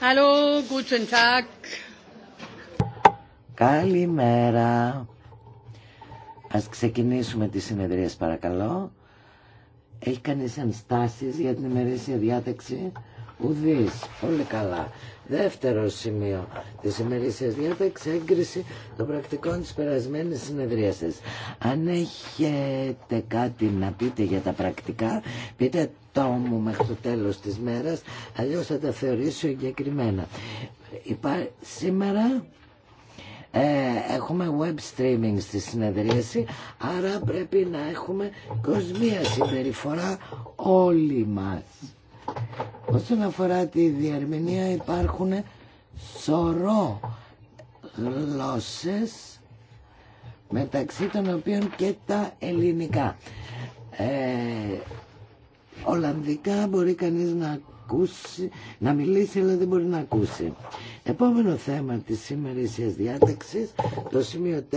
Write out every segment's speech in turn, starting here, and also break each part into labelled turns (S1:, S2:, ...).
S1: guten Tag. Καλημέρα. Ας ξεκινήσουμε τις συνεδρίες παρακαλώ. Έχει κανείς για την ημερήσια διάταξη. Ουδής. Πολύ καλά. Δεύτερο σημείο της ημερήσιας διάταξης έγκριση των πρακτικών της περασμένης συνεδρίασης. Αν έχετε κάτι να πείτε για τα πρακτικά, πείτε τα μου μέχρι το τέλος της μέρας, αλλιώς θα τα θεωρήσω εγκεκριμένα. Υπά... Σήμερα ε, έχουμε web streaming στη συνεδρίαση, άρα πρέπει να έχουμε κοσμία συμπεριφορά όλοι μας. Όσον αφορά τη διαρμηνία υπάρχουν σωρό γλώσσες μεταξύ των οποίων και τα ελληνικά. Ε, Ολλανδικά μπορεί κανείς να ακούσει, να μιλήσει αλλά δεν μπορεί να ακούσει. Επόμενο θέμα της σημερινής διάταξης, το σημείο 4,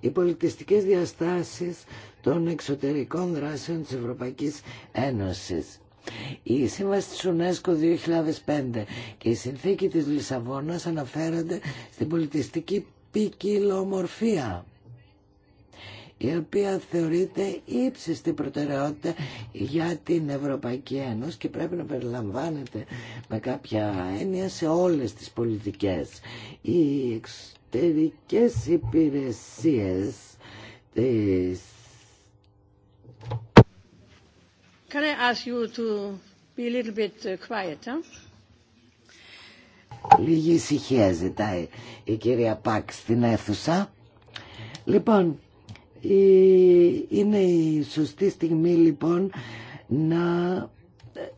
S1: οι πολιτιστικές διαστάσεις των εξωτερικών δράσεων της Ευρωπαϊκής Ένωσης. Η σύμβαση της UNESCO 2005 και η συνθήκη της Λισαβόνας αναφέρονται στην πολιτιστική ποικιλομορφία η οποία θεωρείται ύψιστη προτεραιότητα για την Ευρωπαϊκή Ένωση και πρέπει να περιλαμβάνεται με κάποια έννοια σε όλες τις πολιτικές. Οι εξωτερικές υπηρεσίες της... Can I ask you to be a little bit uh, quiet, Λίγη ησυχία ζητάει η κυρία Πάκ στην αίθουσα. Λοιπόν, είναι η σωστή στιγμή λοιπόν να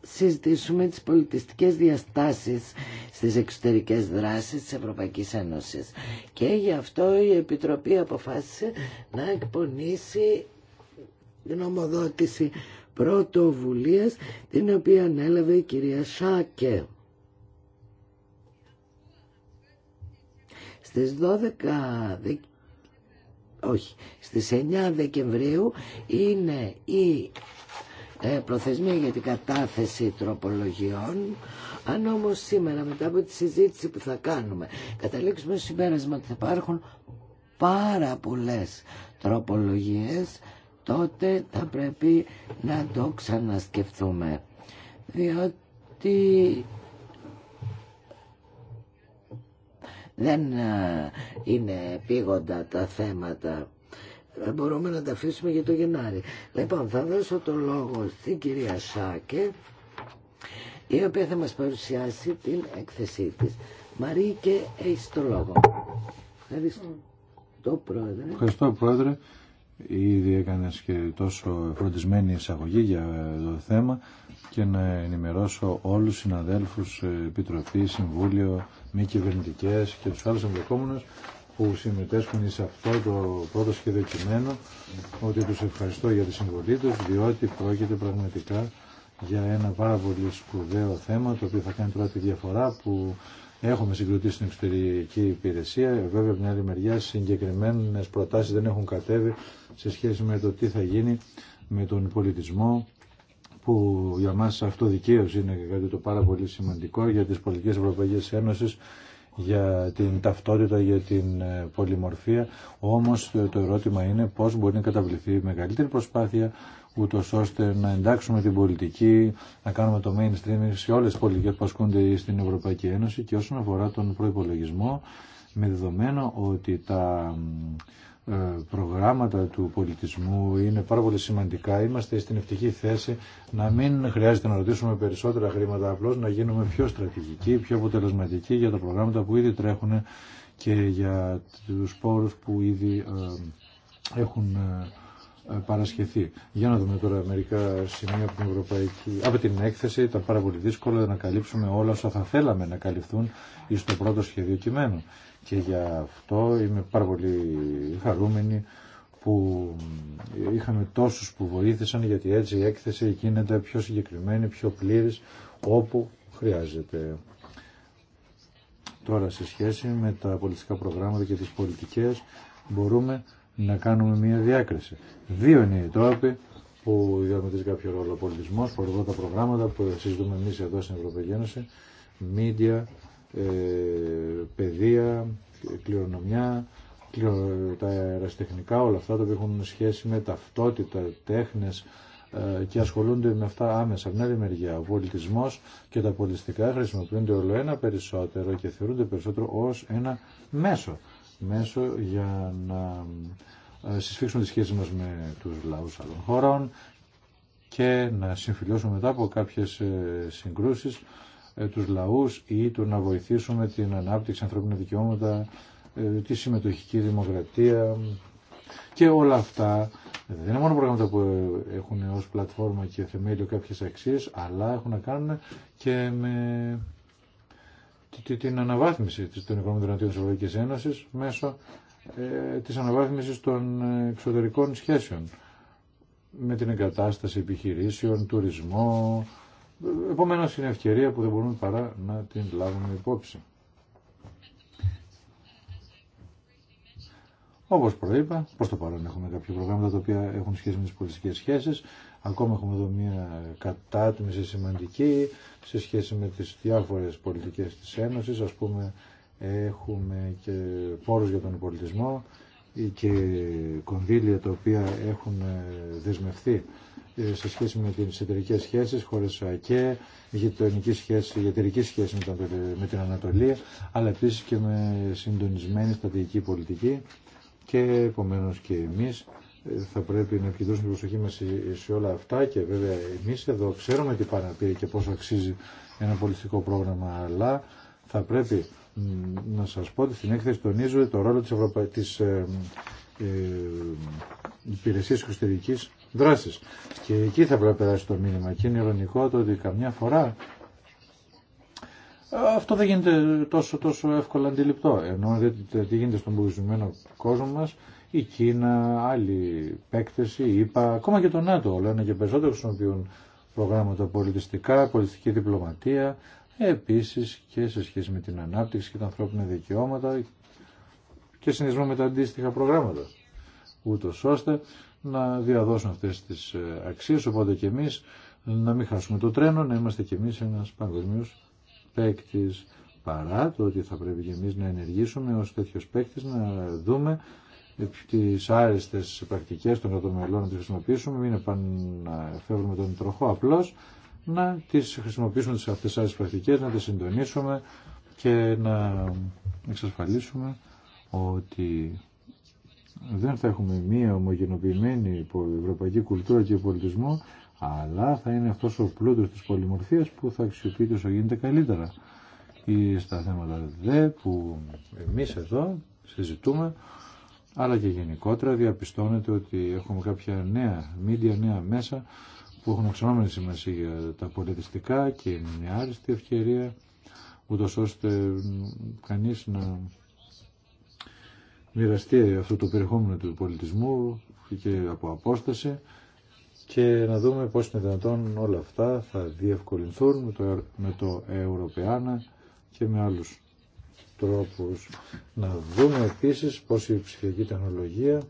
S1: συζητήσουμε τις πολιτιστικές διαστάσεις στις εξωτερικές δράσεις της Ευρωπαϊκής Ένωσης. Και γι' αυτό η Επιτροπή αποφάσισε να εκπονήσει γνωμοδότηση πρωτοβουλίας την οποία ανέλαβε η κυρία Σάκε. Στις 12 όχι, στις 9 Δεκεμβρίου είναι η ε, προθεσμία για την κατάθεση τροπολογιών. Αν όμως σήμερα μετά από τη συζήτηση που θα κάνουμε καταλήξουμε στο συμπέρασμα ότι θα υπάρχουν πάρα πολλές τροπολογίες, τότε θα πρέπει να το ξανασκεφτούμε. Διότι Δεν ε, είναι πήγοντα τα θέματα. Ε, μπορούμε να τα αφήσουμε για το Γενάρη. Λοιπόν, θα δώσω το λόγο στην κυρία Σάκε, η οποία θα μας παρουσιάσει την έκθεσή της. Μαρίκε, έχει το λόγο. Ευχαριστώ, mm. Πρόεδρε.
S2: Ευχαριστώ, Πρόεδρε. Ήδη έκανες και τόσο φροντισμένη εισαγωγή για το θέμα και να ενημερώσω όλους τους συναδέλφους, ε, Επιτροπή, Συμβούλιο, μη κυβερνητικέ και του άλλου εμπλεκόμενου που συμμετέσχουν σε αυτό το πρώτο σχέδιο κειμένου ότι του ευχαριστώ για τη συμβολή του, διότι πρόκειται πραγματικά για ένα πάρα πολύ σπουδαίο θέμα, το οποίο θα κάνει τώρα τη διαφορά που έχουμε συγκροτήσει στην εξωτερική υπηρεσία. Βέβαια, από την άλλη μεριά, συγκεκριμένε προτάσει δεν έχουν κατέβει σε σχέση με το τι θα γίνει με τον πολιτισμό που για μας αυτό δικαίως είναι κάτι το πάρα πολύ σημαντικό για τις πολιτικές Ευρωπαϊκές Ένωσης, για την ταυτότητα, για την ε, πολυμορφία. Όμως το ερώτημα είναι πώς μπορεί να καταβληθεί μεγαλύτερη προσπάθεια ούτω ώστε να εντάξουμε την πολιτική, να κάνουμε το mainstream σε όλες τις πολιτικές που ασκούνται στην Ευρωπαϊκή Ένωση και όσον αφορά τον προϋπολογισμό, με δεδομένο ότι τα ε, προγράμματα του πολιτισμού είναι πάρα πολύ σημαντικά. Είμαστε στην ευτυχή θέση να μην χρειάζεται να ρωτήσουμε περισσότερα χρήματα, απλώς να γίνουμε πιο στρατηγικοί, πιο αποτελεσματικοί για τα προγράμματα που ήδη τρέχουν και για τους πόρους που ήδη ε, έχουν ε, παρασχεθεί. Για να δούμε τώρα μερικά σημεία από την, Ευρωπαϊκή, από την έκθεση. Ήταν πάρα πολύ δύσκολο να καλύψουμε όλα όσα θα θέλαμε να καλυφθούν στο πρώτο σχέδιο κειμένου και για αυτό είμαι πάρα πολύ χαρούμενη που είχαμε τόσους που βοήθησαν γιατί έτσι η έκθεση γίνεται πιο συγκεκριμένη, πιο πλήρης όπου χρειάζεται. Τώρα σε σχέση με τα πολιτικά προγράμματα και τις πολιτικές μπορούμε να κάνουμε μια διάκριση. Δύο είναι οι τόποι που διαδραματίζει κάποιο ρόλο ο πολιτισμό, τα προγράμματα που συζητούμε εμεί εδώ στην Ευρωπαϊκή Ένωση, media, ε, παιδεία, κληρονομιά, τα αεραστεχνικά, όλα αυτά τα οποία έχουν σχέση με ταυτότητα, τέχνες ε, και ασχολούνται με αυτά άμεσα. Μια άλλη μεριά, ο πολιτισμός και τα πολιτιστικά χρησιμοποιούνται όλο ένα περισσότερο και θεωρούνται περισσότερο ως ένα μέσο. Μέσο για να ε, συσφίξουν τις σχέσεις μας με τους λαούς άλλων χωρών και να συμφιλώσουν μετά από κάποιες συγκρούσεις ε, τους λαούς ή το να βοηθήσουμε την ανάπτυξη ανθρώπινα δικαιώματα, ε, τη συμμετοχική δημοκρατία και όλα αυτά δεν είναι μόνο προγράμματα που ε, έχουν ως πλατφόρμα και θεμέλιο κάποιες αξίες, αλλά έχουν να κάνουν και με την αναβάθμιση των οικονομικών δυνατήτων της Ευρωπαϊκής Ένωσης μέσω της αναβάθμισης των εξωτερικών σχέσεων με την εγκατάσταση επιχειρήσεων, τουρισμό, Επομένω είναι ευκαιρία που δεν μπορούμε παρά να την λάβουμε υπόψη. Όπω προείπα, προ το παρόν έχουμε κάποια προγράμματα τα οποία έχουν σχέση με τι πολιτικέ σχέσει. Ακόμα έχουμε εδώ μια κατάτμιση σημαντική σε σχέση με τι διάφορε πολιτικέ τη Ένωση. Α πούμε, έχουμε και πόρου για τον πολιτισμό και κονδύλια τα οποία έχουν δεσμευθεί. Ε, σε σχέση με τι εταιρικέ σχέσει, χώρες ΑΚΕ, γειτονική σχέση, εταιρική σχέση με, την Ανατολία, αλλά επίση και με συντονισμένη στρατηγική πολιτική και επομένως και εμεί ε, θα πρέπει να επικεντρώσουμε την προσοχή μα σε όλα αυτά και βέβαια εμεί εδώ ξέρουμε τι πάνε πει και πόσο αξίζει ένα πολιτικό πρόγραμμα, αλλά θα πρέπει να σα πω ότι στην έκθεση τονίζω το ρόλο τη Ευρωπα... της ε, υπηρεσίας δράσεις. Και εκεί θα πρέπει να περάσει το μήνυμα. Και είναι ηρωνικό το ότι καμιά φορά ε, αυτό δεν γίνεται τόσο, τόσο εύκολα αντιληπτό. Ενώ τι γίνεται στον πολιτισμένο κόσμο μας, η Κίνα, άλλη παίκτεση, η ΙΠΑ, ακόμα και το ΝΑΤΟ, όλα ένα και περισσότερο χρησιμοποιούν προγράμματα πολιτιστικά, πολιτιστική διπλωματία, επίσης και σε σχέση με την ανάπτυξη και τα ανθρώπινα δικαιώματα και συνδυασμό με τα αντίστοιχα προγράμματα. Ούτω ώστε να διαδώσουν αυτές τις ε, αξίες, οπότε και εμείς να μην χάσουμε το τρένο, να είμαστε και εμείς ένας παγκοσμίο παίκτη παρά το ότι θα πρέπει και εμείς να ενεργήσουμε ως τέτοιος παίκτη να δούμε τις άρεστες πρακτικές των κρατομελών να τις χρησιμοποιήσουμε, μην να φεύγουμε τον τροχό απλώς, να τις χρησιμοποιήσουμε τις αυτές τις άρεστες πρακτικές, να τις συντονίσουμε και να εξασφαλίσουμε ότι δεν θα έχουμε μία ομογενοποιημένη ευρωπαϊκή κουλτούρα και πολιτισμό, αλλά θα είναι αυτός ο πλούτος της πολυμορφίας που θα αξιοποιείται όσο γίνεται καλύτερα. Ή στα θέματα δε που εμείς εδώ συζητούμε, αλλά και γενικότερα διαπιστώνεται ότι έχουμε κάποια νέα μίντια, νέα μέσα που έχουν αυξανόμενη σημασία για τα πολιτιστικά και είναι μια άριστη ευκαιρία ούτως ώστε κανείς να μοιραστεί αυτό το περιεχόμενο του πολιτισμού και από απόσταση και να δούμε πώς είναι δυνατόν όλα αυτά θα διευκολυνθούν με το, με το και με άλλους τρόπους. Να δούμε επίσης πώς η ψηφιακή τεχνολογία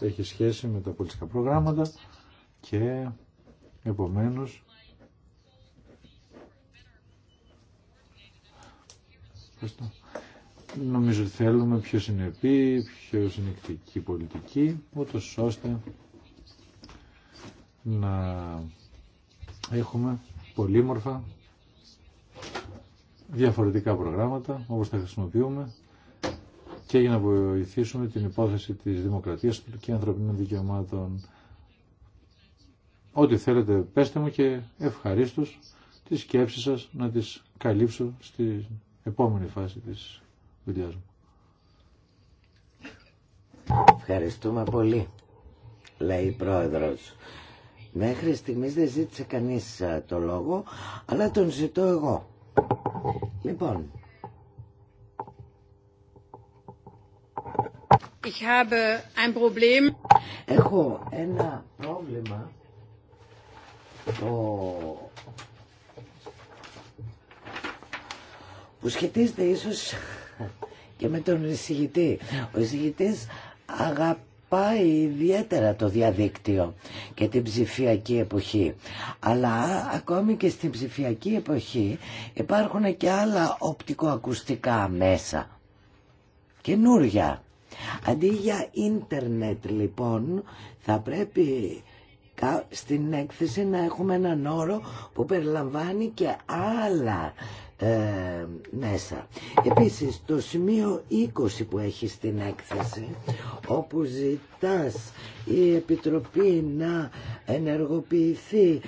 S2: έχει σχέση με τα πολιτικά προγράμματα και επομένως Νομίζω ότι θέλουμε πιο συνεπή, πιο συνεκτική πολιτική, ούτω ώστε να έχουμε πολύμορφα διαφορετικά προγράμματα όπως τα χρησιμοποιούμε και για να βοηθήσουμε την υπόθεση της δημοκρατίας και ανθρωπινών δικαιωμάτων. Ό,τι θέλετε πέστε μου και ευχαρίστως τις σκέψεις σας να τις καλύψω στη επόμενη φάση της Ευχαριστούμε πολύ, λέει η πρόεδρος.
S1: Μέχρι στιγμής δεν ζήτησε κανείς το λόγο, αλλά τον ζητώ εγώ. Λοιπόν.
S3: Ich habe ein Problem.
S1: Έχω ένα πρόβλημα. Το... που σχετίζεται ίσως και με τον εισηγητή. Ο εισηγητής αγαπάει ιδιαίτερα το διαδίκτυο και την ψηφιακή εποχή. Αλλά ακόμη και στην ψηφιακή εποχή υπάρχουν και άλλα οπτικοακουστικά μέσα. Καινούρια. Αντί για ίντερνετ λοιπόν θα πρέπει στην έκθεση να έχουμε έναν όρο που περιλαμβάνει και άλλα ε, μέσα. Επίσης το σημείο 20 που έχει στην έκθεση όπου ζητάς η Επιτροπή να ενεργοποιηθεί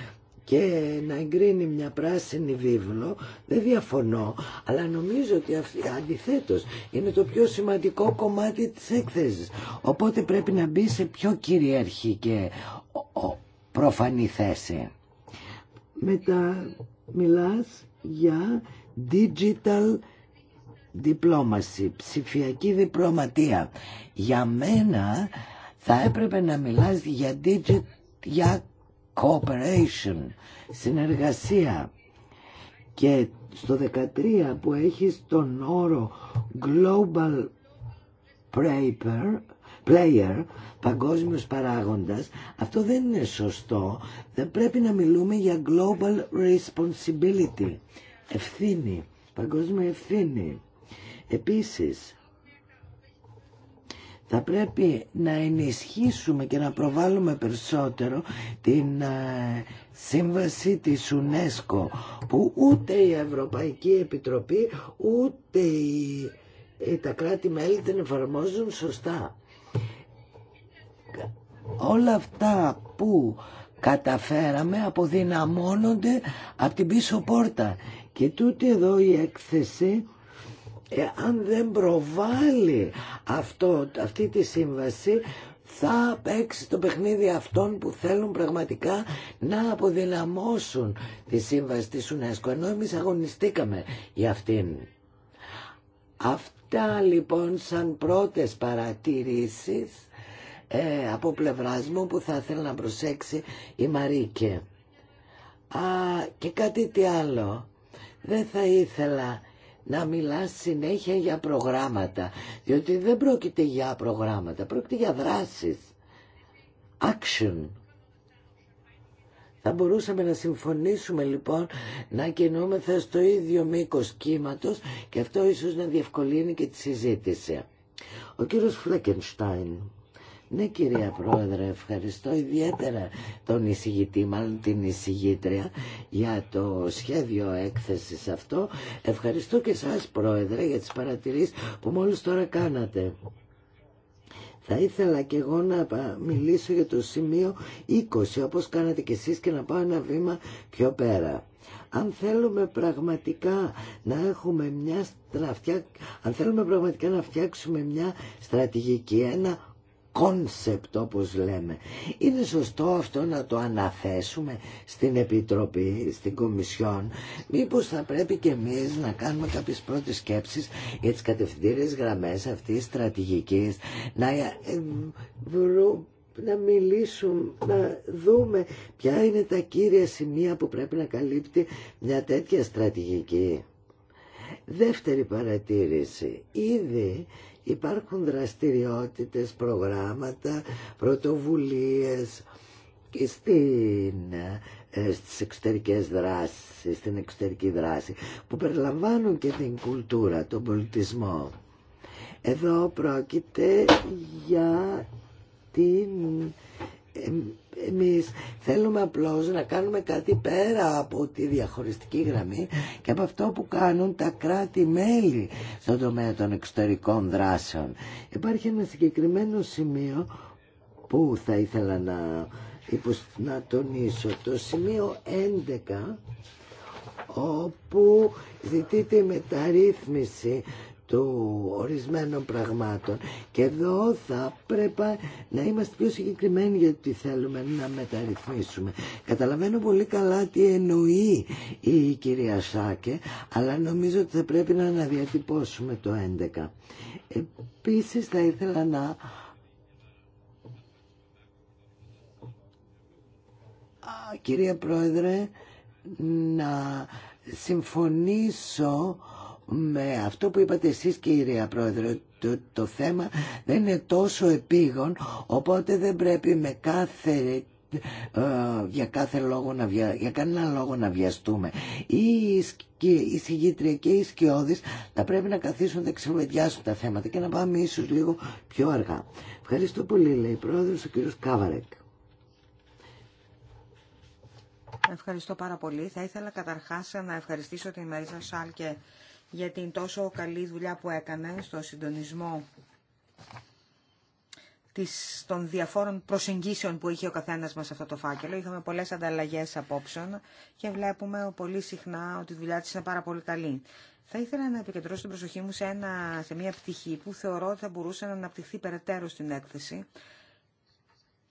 S1: και να εγκρίνει μια πράσινη βίβλο δεν διαφωνώ αλλά νομίζω ότι αντιθέτως είναι το πιο σημαντικό κομμάτι της έκθεσης οπότε πρέπει να μπει σε πιο κυριαρχή και προφανή θέση μετά μιλάς για digital diplomacy, ψηφιακή διπλωματία. Για μένα θα έπρεπε να μιλάς για digital, για cooperation, συνεργασία. Και στο 13 που έχει τον όρο global paper, player, παγκόσμιος παράγοντας, αυτό δεν είναι σωστό. Δεν πρέπει να μιλούμε για global responsibility, ευθύνη, παγκόσμια ευθύνη. Επίσης, θα πρέπει να ενισχύσουμε και να προβάλλουμε περισσότερο την ε, σύμβαση της UNESCO που ούτε η Ευρωπαϊκή Επιτροπή ούτε η, ε, τα κράτη-μέλη την εφαρμόζουν σωστά όλα αυτά που καταφέραμε αποδυναμώνονται από την πίσω πόρτα. Και τούτη εδώ η έκθεση, ε, αν δεν προβάλλει αυτό, αυτή τη σύμβαση, θα παίξει το παιχνίδι αυτών που θέλουν πραγματικά να αποδυναμώσουν τη σύμβαση της UNESCO. Ενώ εμείς αγωνιστήκαμε για αυτήν. Αυτά λοιπόν σαν πρώτες παρατηρήσεις ε, από πλευρά μου που θα ήθελα να προσέξει η Μαρίκε. Α, και κάτι τι άλλο. Δεν θα ήθελα να μιλάς συνέχεια για προγράμματα, διότι δεν πρόκειται για προγράμματα, πρόκειται για δράσεις. Action. Θα μπορούσαμε να συμφωνήσουμε λοιπόν να κινούμεθα στο ίδιο μήκος κύματος και αυτό ίσως να διευκολύνει και τη συζήτηση. Ο κύριος Φλέκενστάιν. Ναι κυρία Πρόεδρε, ευχαριστώ ιδιαίτερα τον εισηγητή, μάλλον την εισηγήτρια για το σχέδιο έκθεσης αυτό. Ευχαριστώ και σας Πρόεδρε για τις παρατηρήσεις που μόλις τώρα κάνατε. Θα ήθελα και εγώ να μιλήσω για το σημείο 20 όπως κάνατε και εσείς και να πάω ένα βήμα πιο πέρα. Αν θέλουμε πραγματικά να έχουμε μια αν θέλουμε πραγματικά να φτιάξουμε μια στρατηγική, ένα concept όπως λέμε. Είναι σωστό αυτό να το αναθέσουμε στην Επιτροπή, στην Κομισιόν. Μήπως θα πρέπει και εμείς να κάνουμε κάποιες πρώτες σκέψεις για τις κατευθυντήριες γραμμές αυτής στρατηγικής. Να, ε, να μιλήσουμε, να δούμε ποια είναι τα κύρια σημεία που πρέπει να καλύπτει μια τέτοια στρατηγική. Δεύτερη παρατήρηση. Ήδη Υπάρχουν δραστηριότητες, προγράμματα, πρωτοβουλίες και στην, ε, στις εξωτερικές δράσεις, στην εξωτερική δράση που περιλαμβάνουν και την κουλτούρα, τον πολιτισμό. Εδώ πρόκειται για την εμείς θέλουμε απλώς να κάνουμε κάτι πέρα από τη διαχωριστική γραμμή και από αυτό που κάνουν τα κράτη-μέλη στον τομέα των εξωτερικών δράσεων. Υπάρχει ένα συγκεκριμένο σημείο που θα ήθελα να, να τονίσω. Το σημείο 11 όπου ζητείται η μεταρρύθμιση του ορισμένων πραγμάτων. Και εδώ θα πρέπει να είμαστε πιο συγκεκριμένοι γιατί θέλουμε να μεταρρυθμίσουμε. Καταλαβαίνω πολύ καλά τι εννοεί η κυρία Σάκε, αλλά νομίζω ότι θα πρέπει να αναδιατυπώσουμε το 11. Επίσης θα ήθελα να κυρία Πρόεδρε, να συμφωνήσω με αυτό που είπατε εσείς κύριε Πρόεδρε το, το θέμα δεν είναι τόσο επίγον οπότε δεν πρέπει με κάθε ε, για κάθε λόγο να για κανένα λόγο να βιαστούμε ή και οι συγγήτρια και οι σκιώδεις θα πρέπει να καθίσουν να ξεβεδιάσουν τα θέματα και να πάμε ίσως λίγο πιο αργά. Ευχαριστώ πολύ λέει η πρόεδρος ο κύριος Κάβαρεκ.
S3: Ευχαριστώ πάρα πολύ. Θα ήθελα καταρχάς να ευχαριστήσω την Μαρίζα Σάλκε και για την τόσο καλή δουλειά που έκανε στο συντονισμό της, των διαφόρων προσεγγίσεων που είχε ο καθένας μας σε αυτό το φάκελο. Είχαμε πολλές ανταλλαγές απόψεων και βλέπουμε πολύ συχνά ότι η δουλειά της είναι πάρα πολύ καλή. Θα ήθελα να επικεντρώσω την προσοχή μου σε, ένα, σε μια πτυχή που θεωρώ ότι θα μπορούσε να αναπτυχθεί περαιτέρω στην έκθεση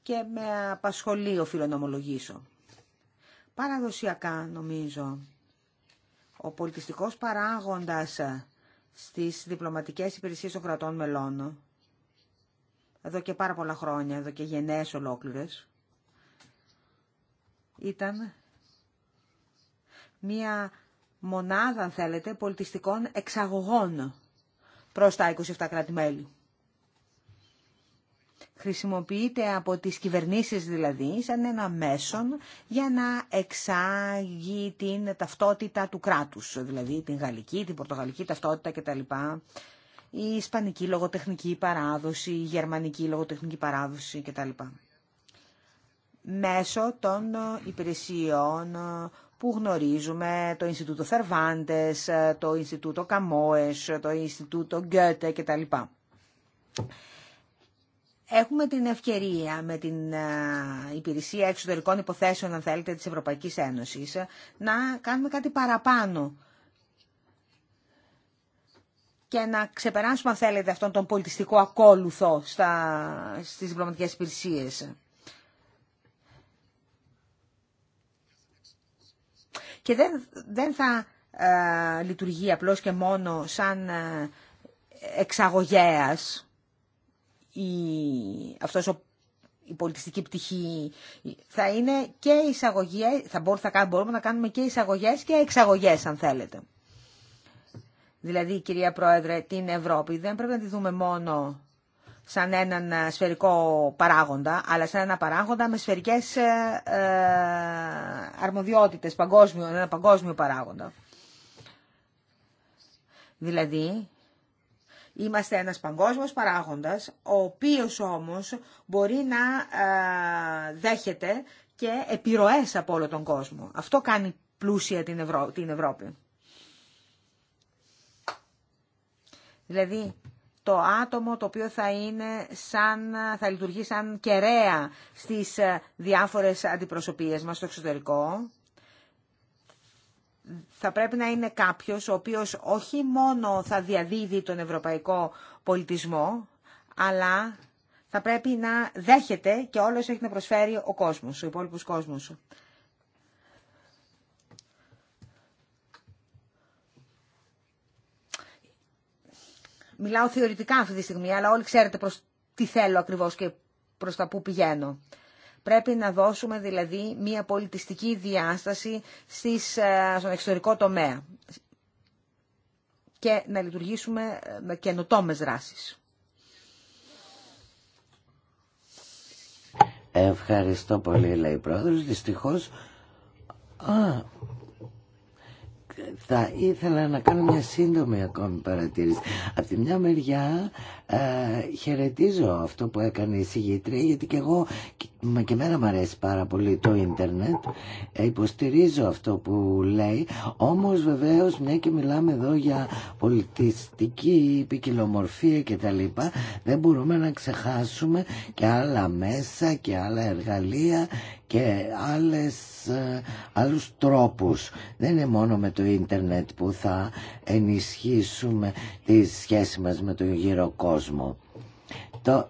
S3: και με απασχολεί οφείλω να ομολογήσω. Παραδοσιακά νομίζω ο πολιτιστικός παράγοντας ε, στις διπλωματικές υπηρεσίες των κρατών μελών, εδώ και πάρα πολλά χρόνια, εδώ και γενναίες ολόκληρες, ήταν μία μονάδα, αν θέλετε, πολιτιστικών εξαγωγών προς τα 27 κράτη-μέλη χρησιμοποιείται από τις κυβερνήσεις δηλαδή σαν ένα μέσον για να εξάγει την ταυτότητα του κράτους, δηλαδή την γαλλική, την πορτογαλική ταυτότητα κτλ. Η ισπανική λογοτεχνική παράδοση, η γερμανική λογοτεχνική παράδοση κτλ. Μέσω των υπηρεσιών που γνωρίζουμε, το Ινστιτούτο Θερβάντες, το Ινστιτούτο Καμόες, το Ινστιτούτο Γκέτε κτλ. Έχουμε την ευκαιρία με την ε, υπηρεσία εξωτερικών υποθέσεων, αν θέλετε, της Ευρωπαϊκής Ένωσης, να κάνουμε κάτι παραπάνω και να ξεπεράσουμε, αν θέλετε, αυτόν τον πολιτιστικό ακόλουθο στα, στις διπλωματικές υπηρεσίες. Και δεν, δεν θα ε, λειτουργεί απλώς και μόνο σαν ε, εξαγωγέας, η, αυτός ο η πολιτιστική πτυχή θα είναι και εισαγωγέ, θα μπορούμε, θα μπορούμε να κάνουμε και εισαγωγέ και εξαγωγέ αν θέλετε. Δηλαδή, κυρία Πρόεδρε, την Ευρώπη δεν πρέπει να τη δούμε μόνο σαν έναν ε, σφαιρικό παράγοντα, αλλά σαν ένα παράγοντα με σφαιρικές ε, ε αρμοδιότητες, ένα παγκόσμιο παράγοντα. Δηλαδή, Είμαστε ένας παγκόσμιος παράγοντας, ο οποίος όμως μπορεί να ε, δέχεται και επιρροές από όλο τον κόσμο. Αυτό κάνει πλούσια την, την Ευρώπη. Δηλαδή, το άτομο το οποίο θα, είναι σαν, θα λειτουργεί σαν κεραία στις ε, διάφορες αντιπροσωπείες μας στο εξωτερικό, θα πρέπει να είναι κάποιος ο οποίος όχι μόνο θα διαδίδει τον ευρωπαϊκό πολιτισμό, αλλά θα πρέπει να δέχεται και όλος έχει να προσφέρει ο κόσμος, ο υπόλοιπος κόσμος. Μιλάω θεωρητικά αυτή τη στιγμή, αλλά όλοι ξέρετε τι θέλω ακριβώς και προς τα που πηγαίνω. Πρέπει να δώσουμε δηλαδή μια πολιτιστική διάσταση στις, ε, στον εξωτερικό τομέα και να λειτουργήσουμε ε, με καινοτόμες δράσεις.
S1: Ευχαριστώ πολύ, λέει η πρόεδρος. Δυστυχώς, α, θα ήθελα να κάνω μια σύντομη ακόμη παρατήρηση. Από τη μια μεριά ε, χαιρετίζω αυτό που έκανε η συγγήτρια, γιατί και εγώ Μα και εμένα μου αρέσει πάρα πολύ το ίντερνετ, ε, υποστηρίζω αυτό που λέει, όμως βεβαίως μια και μιλάμε εδώ για πολιτιστική ποικιλομορφία και τα λοιπά, δεν μπορούμε να ξεχάσουμε και άλλα μέσα και άλλα εργαλεία και άλλες, ε, άλλους τρόπους. Δεν είναι μόνο με το ίντερνετ που θα ενισχύσουμε τη σχέση μας με τον γύρο κόσμο. Το,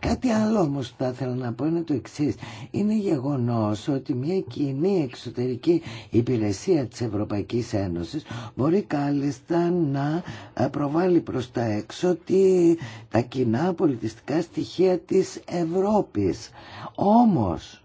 S1: Κάτι άλλο όμως θα ήθελα να πω είναι το εξή. Είναι γεγονός ότι μια κοινή εξωτερική υπηρεσία της Ευρωπαϊκής Ένωσης μπορεί κάλλιστα να προβάλλει προς τα έξω τα κοινά πολιτιστικά στοιχεία της Ευρώπης. Όμως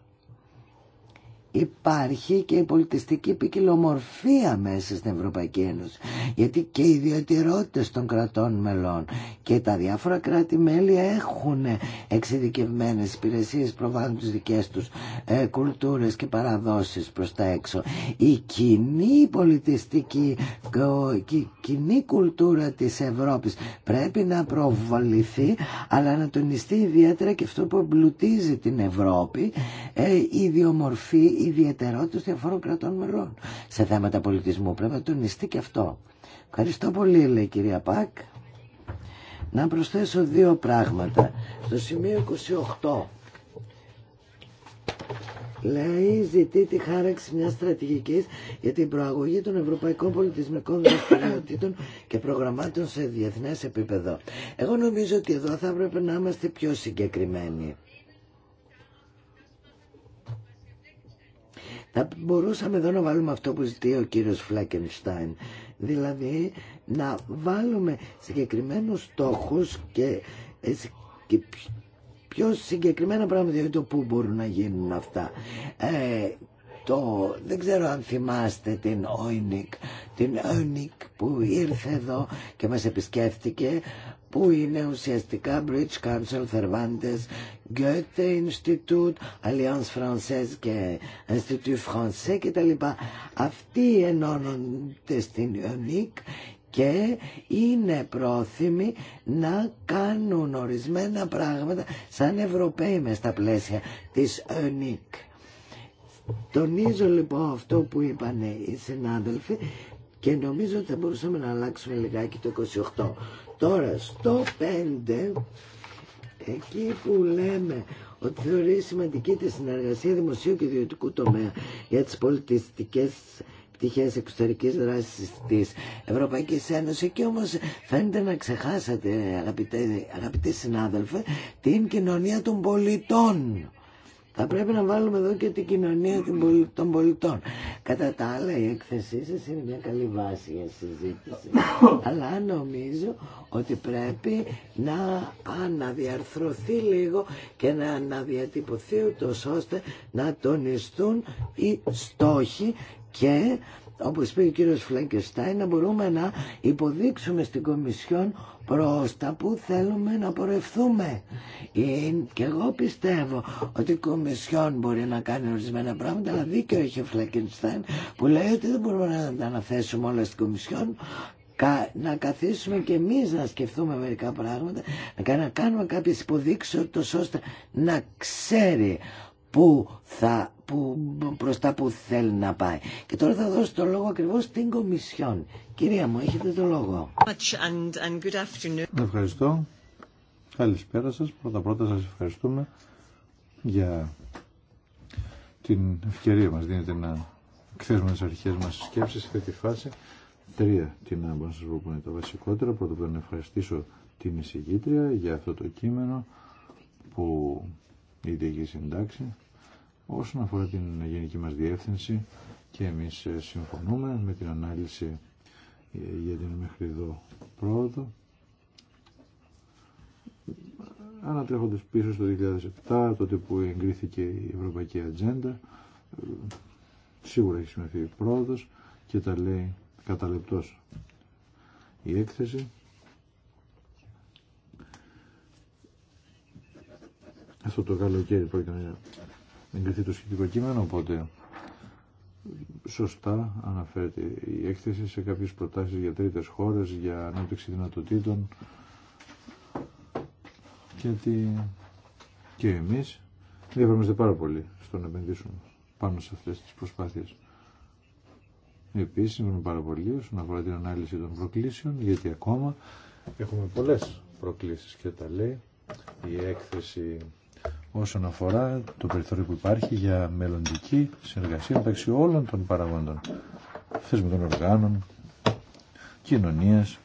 S1: υπάρχει και η πολιτιστική ποικιλομορφία μέσα στην Ευρωπαϊκή Ένωση γιατί και οι ιδιαιτερότητες των κρατών μελών και τα διάφορα κράτη-μέλη έχουν εξειδικευμένες υπηρεσίες προβάλλουν τις δικές τους ε, κουλτούρες και παραδόσεις προς τα έξω η κοινή πολιτιστική η κοινή κουλτούρα της Ευρώπης πρέπει να προβληθεί αλλά να τονιστεί ιδιαίτερα και αυτό που εμπλουτίζει την Ευρώπη ε, η ιδιαιτερότητε διαφόρων κρατών μερών. σε θέματα πολιτισμού. Πρέπει να τονιστεί και αυτό. Ευχαριστώ πολύ, λέει κυρία Πακ. Να προσθέσω δύο πράγματα. Στο σημείο 28 λέει ζητεί τη χάραξη μιας στρατηγικής για την προαγωγή των ευρωπαϊκών πολιτισμικών δραστηριοτήτων και προγραμμάτων σε διεθνές επίπεδο. Εγώ νομίζω ότι εδώ θα έπρεπε να είμαστε πιο συγκεκριμένοι. Θα μπορούσαμε εδώ να βάλουμε αυτό που ζητεί ο κύριος Φλάκενστάιν. Δηλαδή να βάλουμε συγκεκριμένους στόχους και, ε, και πιο συγκεκριμένα πράγματα για δηλαδή το πού μπορούν να γίνουν αυτά. Ε, το, δεν ξέρω αν θυμάστε την Όινικ, την Όινικ που ήρθε εδώ και μας επισκέφτηκε που είναι ουσιαστικά Bridge Council, Cervantes, Goethe Institute, Alliance Française και Institut Français κτλ. Αυτοί ενώνονται στην UNIC και είναι πρόθυμοι να κάνουν ορισμένα πράγματα σαν Ευρωπαίοι με στα πλαίσια της ΕΝΙΚ. Τονίζω λοιπόν αυτό που είπαν οι συνάδελφοι και νομίζω ότι θα μπορούσαμε να αλλάξουμε λιγάκι το 28 Τώρα στο 5 εκεί που λέμε ότι θεωρεί σημαντική τη συνεργασία δημοσίου και ιδιωτικού τομέα για τις πολιτιστικές πτυχές εξωτερικής δράσης της Ευρωπαϊκής Ένωσης και όμως φαίνεται να ξεχάσατε αγαπητέ, αγαπητοί συνάδελφοι την κοινωνία των πολιτών θα πρέπει να βάλουμε εδώ και την κοινωνία των πολιτών. Κατά τα άλλα η έκθεσή σα είναι μια καλή βάση για συζήτηση. Αλλά νομίζω ότι πρέπει να αναδιαρθρωθεί λίγο και να αναδιατυπωθεί ούτω ώστε να τονιστούν οι στόχοι και όπως είπε ο κύριος Φλέγκεστάιν, να μπορούμε να υποδείξουμε στην Κομισιόν προς τα που θέλουμε να πορευθούμε. Και εγώ πιστεύω ότι η Κομισιόν μπορεί να κάνει ορισμένα πράγματα, αλλά δίκιο έχει ο Φλέγκεστάιν που λέει ότι δεν μπορούμε να τα αναθέσουμε όλα στην Κομισιόν, να καθίσουμε και εμεί να σκεφτούμε μερικά πράγματα, να κάνουμε κάποιε υποδείξει ώστε να ξέρει πού θα που, προς τα που θέλει να πάει. Και τώρα θα δώσω το λόγο ακριβώς στην
S2: Κομισιόν. Κυρία μου, έχετε το λόγο. Ευχαριστώ. Καλησπέρα σας. Πρώτα-πρώτα σας ευχαριστούμε για την ευκαιρία μας δίνετε να εκθέσουμε τις αρχές μας σκέψεις σε αυτή τη φάση. Τρία Τι να σας πω που είναι τα βασικότερα. Πρώτα Πρώτα-πρώτα να ευχαριστήσω την εισηγήτρια για αυτό το κείμενο που η έχει συντάξει Όσον αφορά την γενική μας διεύθυνση και εμείς ε, συμφωνούμε με την ανάλυση ε, για την μέχρι εδώ πρόοδο. Ανατρέχοντας πίσω στο 2007, τότε που εγκρίθηκε η Ευρωπαϊκή Ατζέντα, ε, σίγουρα έχει συμμεθεί η πρόοδος και τα λέει κατά η έκθεση. Αυτό το καλοκαίρι πρόκειται να εγκριθεί το σχετικό κείμενο, οπότε σωστά αναφέρεται η έκθεση σε κάποιες προτάσεις για τρίτες χώρες, για ανάπτυξη δυνατοτήτων και, ότι και εμείς διαφορεμαστε πάρα πολύ στο να επενδύσουμε πάνω σε αυτές τις προσπάθειες. Επίσης, συμβαίνουν πάρα πολύ όσον αφορά την ανάλυση των προκλήσεων, γιατί ακόμα έχουμε πολλές προκλήσεις και τα λέει η έκθεση όσον αφορά το περιθώριο που υπάρχει για μελλοντική συνεργασία μεταξύ όλων των παραγόντων θεσμικών οργάνων, κοινωνίας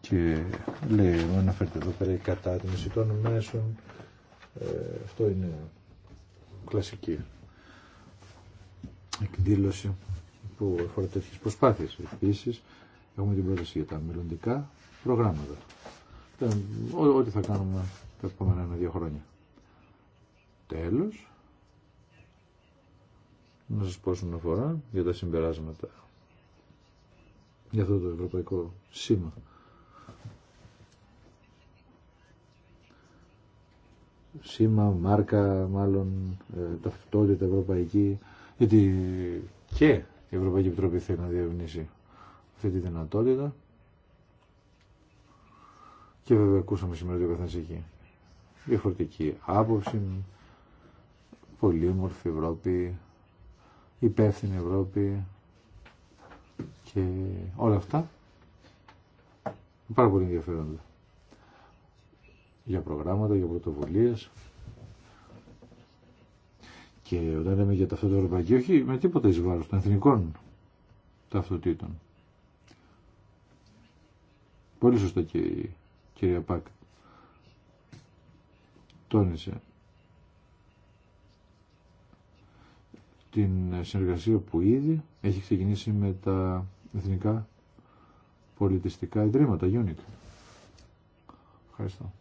S2: και λέει, αναφέρεται εδώ πέρα η κατάτιμηση των μέσων, ε, αυτό είναι κλασική εκδήλωση που αφορά τέτοιες προσπάθειες. Επίσης, έχουμε την πρόταση για τα μελλοντικά προγράμματα. Ό,τι θα κάνουμε τα επόμενα ένα-δύο χρόνια. Τέλος, να σας πω όσον αφορά για τα συμπεράσματα για αυτό το ευρωπαϊκό σήμα. Σήμα, μάρκα, μάλλον ε, ταυτότητα ευρωπαϊκή, γιατί και η Ευρωπαϊκή Επιτροπή θέλει να διευνήσει αυτή τη δυνατότητα. Και βέβαια ακούσαμε σήμερα ότι ο καθένας έχει διαφορετική άποψη, πολύμορφη Ευρώπη, υπεύθυνη Ευρώπη και όλα αυτά πάρα πολύ ενδιαφέροντα για προγράμματα, για πρωτοβουλίε. Και όταν λέμε για ταυτότητα ευρωπαϊκή, όχι με τίποτα εις των εθνικών ταυτοτήτων. Πολύ σωστά και η κυρία Πάκ τόνισε την συνεργασία που ήδη έχει ξεκινήσει με τα εθνικά πολιτιστικά ιδρύματα, UNIC. Ευχαριστώ.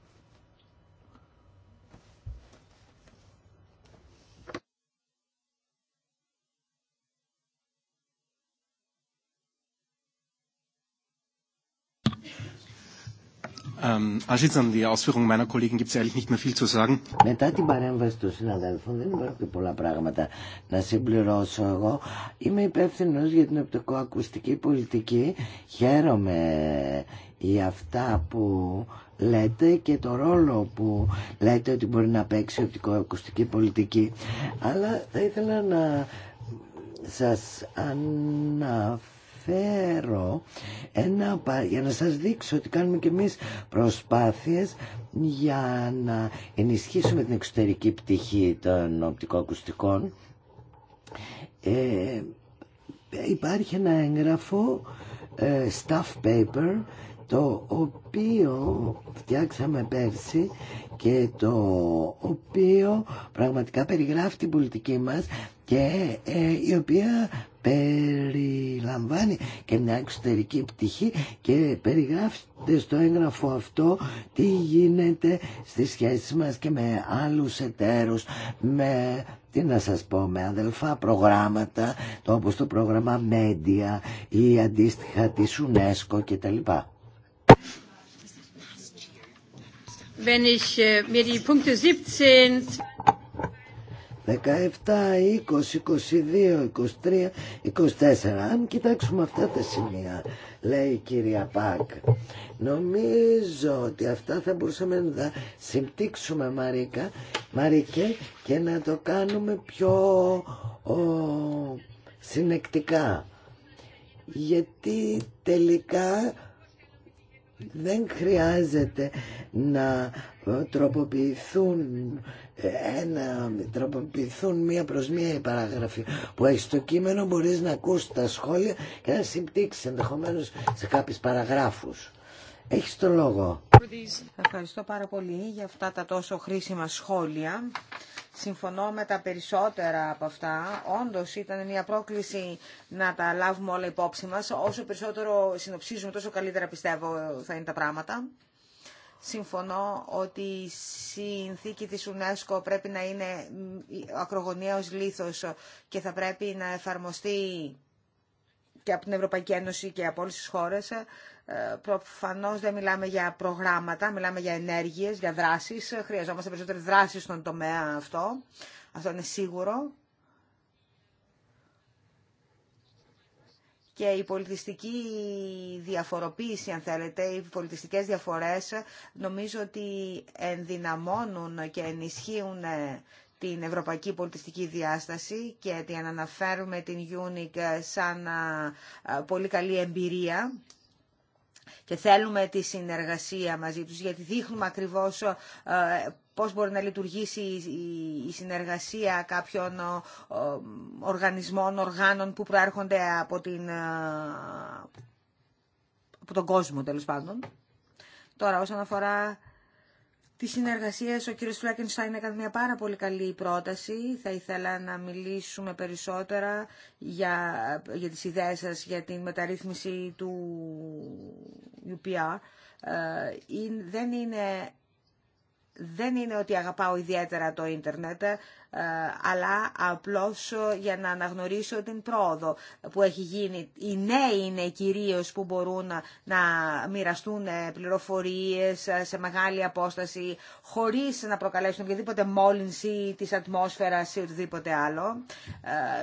S1: Μετά την παρέμβαση των συναδέλφων δεν υπάρχουν πολλά πράγματα να συμπληρώσω εγώ. Είμαι υπεύθυνο για την οπτικοακουστική πολιτική. Χαίρομαι για αυτά που λέτε και το ρόλο που λέτε ότι μπορεί να παίξει η οπτικοακουστική πολιτική. Αλλά θα ήθελα να σας αναφέρω φέρω ένα, για να σας δείξω ότι κάνουμε και εμείς προσπάθειες για να ενισχύσουμε την εξωτερική πτυχή των οπτικοακουστικών. Ε, υπάρχει ένα έγγραφο ε, staff paper το οποίο φτιάξαμε πέρσι και το οποίο πραγματικά περιγράφει την πολιτική μας και ε, η οποία περιλαμβάνει και μια εξωτερική πτυχή και περιγράφεται στο έγγραφο αυτό τι γίνεται στις σχέσεις μας και με άλλους εταίρους, με τι να σας πω, με αδελφά προγράμματα, το όπως το πρόγραμμα Media ή αντίστοιχα της UNESCO κτλ.
S3: Wenn ich äh, mir die Punkte 17
S1: 17, 20, 22, 23, 24. Αν κοιτάξουμε αυτά τα σημεία, λέει η κυρία Πακ, νομίζω ότι αυτά θα μπορούσαμε να συμπτύξουμε Μαρίκα, Μαρίκε και να το κάνουμε πιο ο, συνεκτικά. Γιατί τελικά δεν χρειάζεται να τροποποιηθούν ένα τροποποιηθούν μία προς μία η παράγραφη που έχει στο κείμενο μπορείς να ακούσει τα σχόλια και να συμπτύξεις ενδεχομένω σε κάποιους παραγράφους. Έχεις το λόγο.
S2: Ευχαριστώ
S3: πάρα πολύ για αυτά τα τόσο χρήσιμα σχόλια. Συμφωνώ με τα περισσότερα από αυτά. Όντως ήταν μια πρόκληση να τα λάβουμε όλα υπόψη μας. Όσο περισσότερο συνοψίζουμε τόσο καλύτερα πιστεύω θα είναι τα πράγματα. Συμφωνώ ότι η συνθήκη της UNESCO πρέπει να είναι ακρογωνιαίος λίθος και θα πρέπει να εφαρμοστεί και από την Ευρωπαϊκή Ένωση και από όλες τις χώρες. Ε, προφανώς δεν μιλάμε για προγράμματα, μιλάμε για ενέργειες, για δράσεις. Χρειαζόμαστε περισσότερες δράσεις στον τομέα αυτό. Αυτό είναι σίγουρο. και η πολιτιστική διαφοροποίηση, αν θέλετε, οι πολιτιστικές διαφορές νομίζω ότι ενδυναμώνουν και ενισχύουν ε, την ευρωπαϊκή πολιτιστική διάσταση και την αναφέρουμε την UNIC σαν πολύ καλή εμπειρία και θέλουμε τη συνεργασία μαζί τους γιατί δείχνουμε ακριβώς ε, πώς μπορεί να λειτουργήσει η συνεργασία κάποιων οργανισμών, οργάνων που προέρχονται από, την, ε, από τον κόσμο τέλος πάντων. Τώρα όσον αφορά τις συνεργασίες, ο κύριος Φλέκενστάιν έκανε μια πάρα πολύ καλή πρόταση. Θα ήθελα να μιλήσουμε περισσότερα για, για τις ιδέες σας για την μεταρρύθμιση του UPR. Ε, δεν είναι δεν είναι ότι αγαπάω ιδιαίτερα το ίντερνετ, ε, αλλά απλώς ε, για να αναγνωρίσω την πρόοδο που έχει γίνει. Οι νέοι είναι κυρίως που μπορούν να μοιραστούν ε, πληροφορίες σε μεγάλη απόσταση, χωρίς να προκαλέσουν οποιαδήποτε μόλυνση της ατμόσφαιρας ή οτιδήποτε άλλο.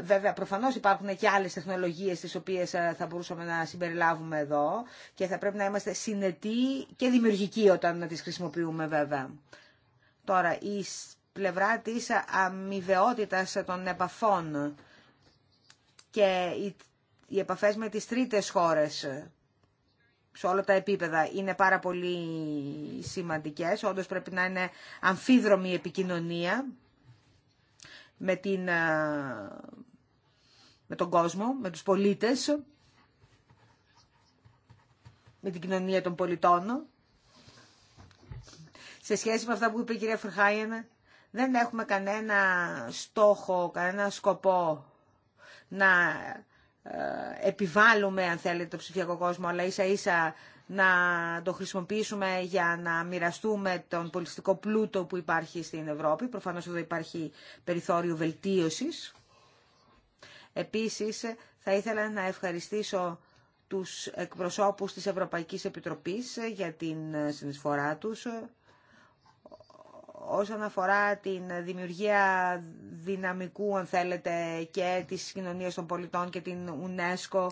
S3: Βέβαια, προφανώς υπάρχουν και άλλες τεχνολογίες τις οποίες θα μπορούσαμε να συμπεριλάβουμε εδώ και θα πρέπει να είμαστε συνετοί και δημιουργικοί όταν να τις χρησιμοποιούμε βέβαια. Τώρα, η πλευρά της αμοιβαιότητας των επαφών και οι επαφές με τις τρίτες χώρες σε όλα τα επίπεδα είναι πάρα πολύ σημαντικές. Όντως πρέπει να είναι αμφίδρομη η επικοινωνία με, την, με τον κόσμο, με τους πολίτες, με την κοινωνία των πολιτών σε σχέση με αυτά που είπε η κυρία Φερχάιεν δεν έχουμε κανένα στόχο, κανένα σκοπό να ε, επιβάλλουμε, αν θέλετε, το ψηφιακό κόσμο, αλλά ίσα ίσα να το χρησιμοποιήσουμε για να μοιραστούμε τον πολιτιστικό πλούτο που υπάρχει στην Ευρώπη. Προφανώς εδώ υπάρχει περιθώριο βελτίωσης. Επίσης, θα ήθελα να ευχαριστήσω τους εκπροσώπους της Ευρωπαϊκής Επιτροπής για την συνεισφορά τους όσον αφορά την δημιουργία δυναμικού, αν θέλετε, και της κοινωνίας των πολιτών και την UNESCO.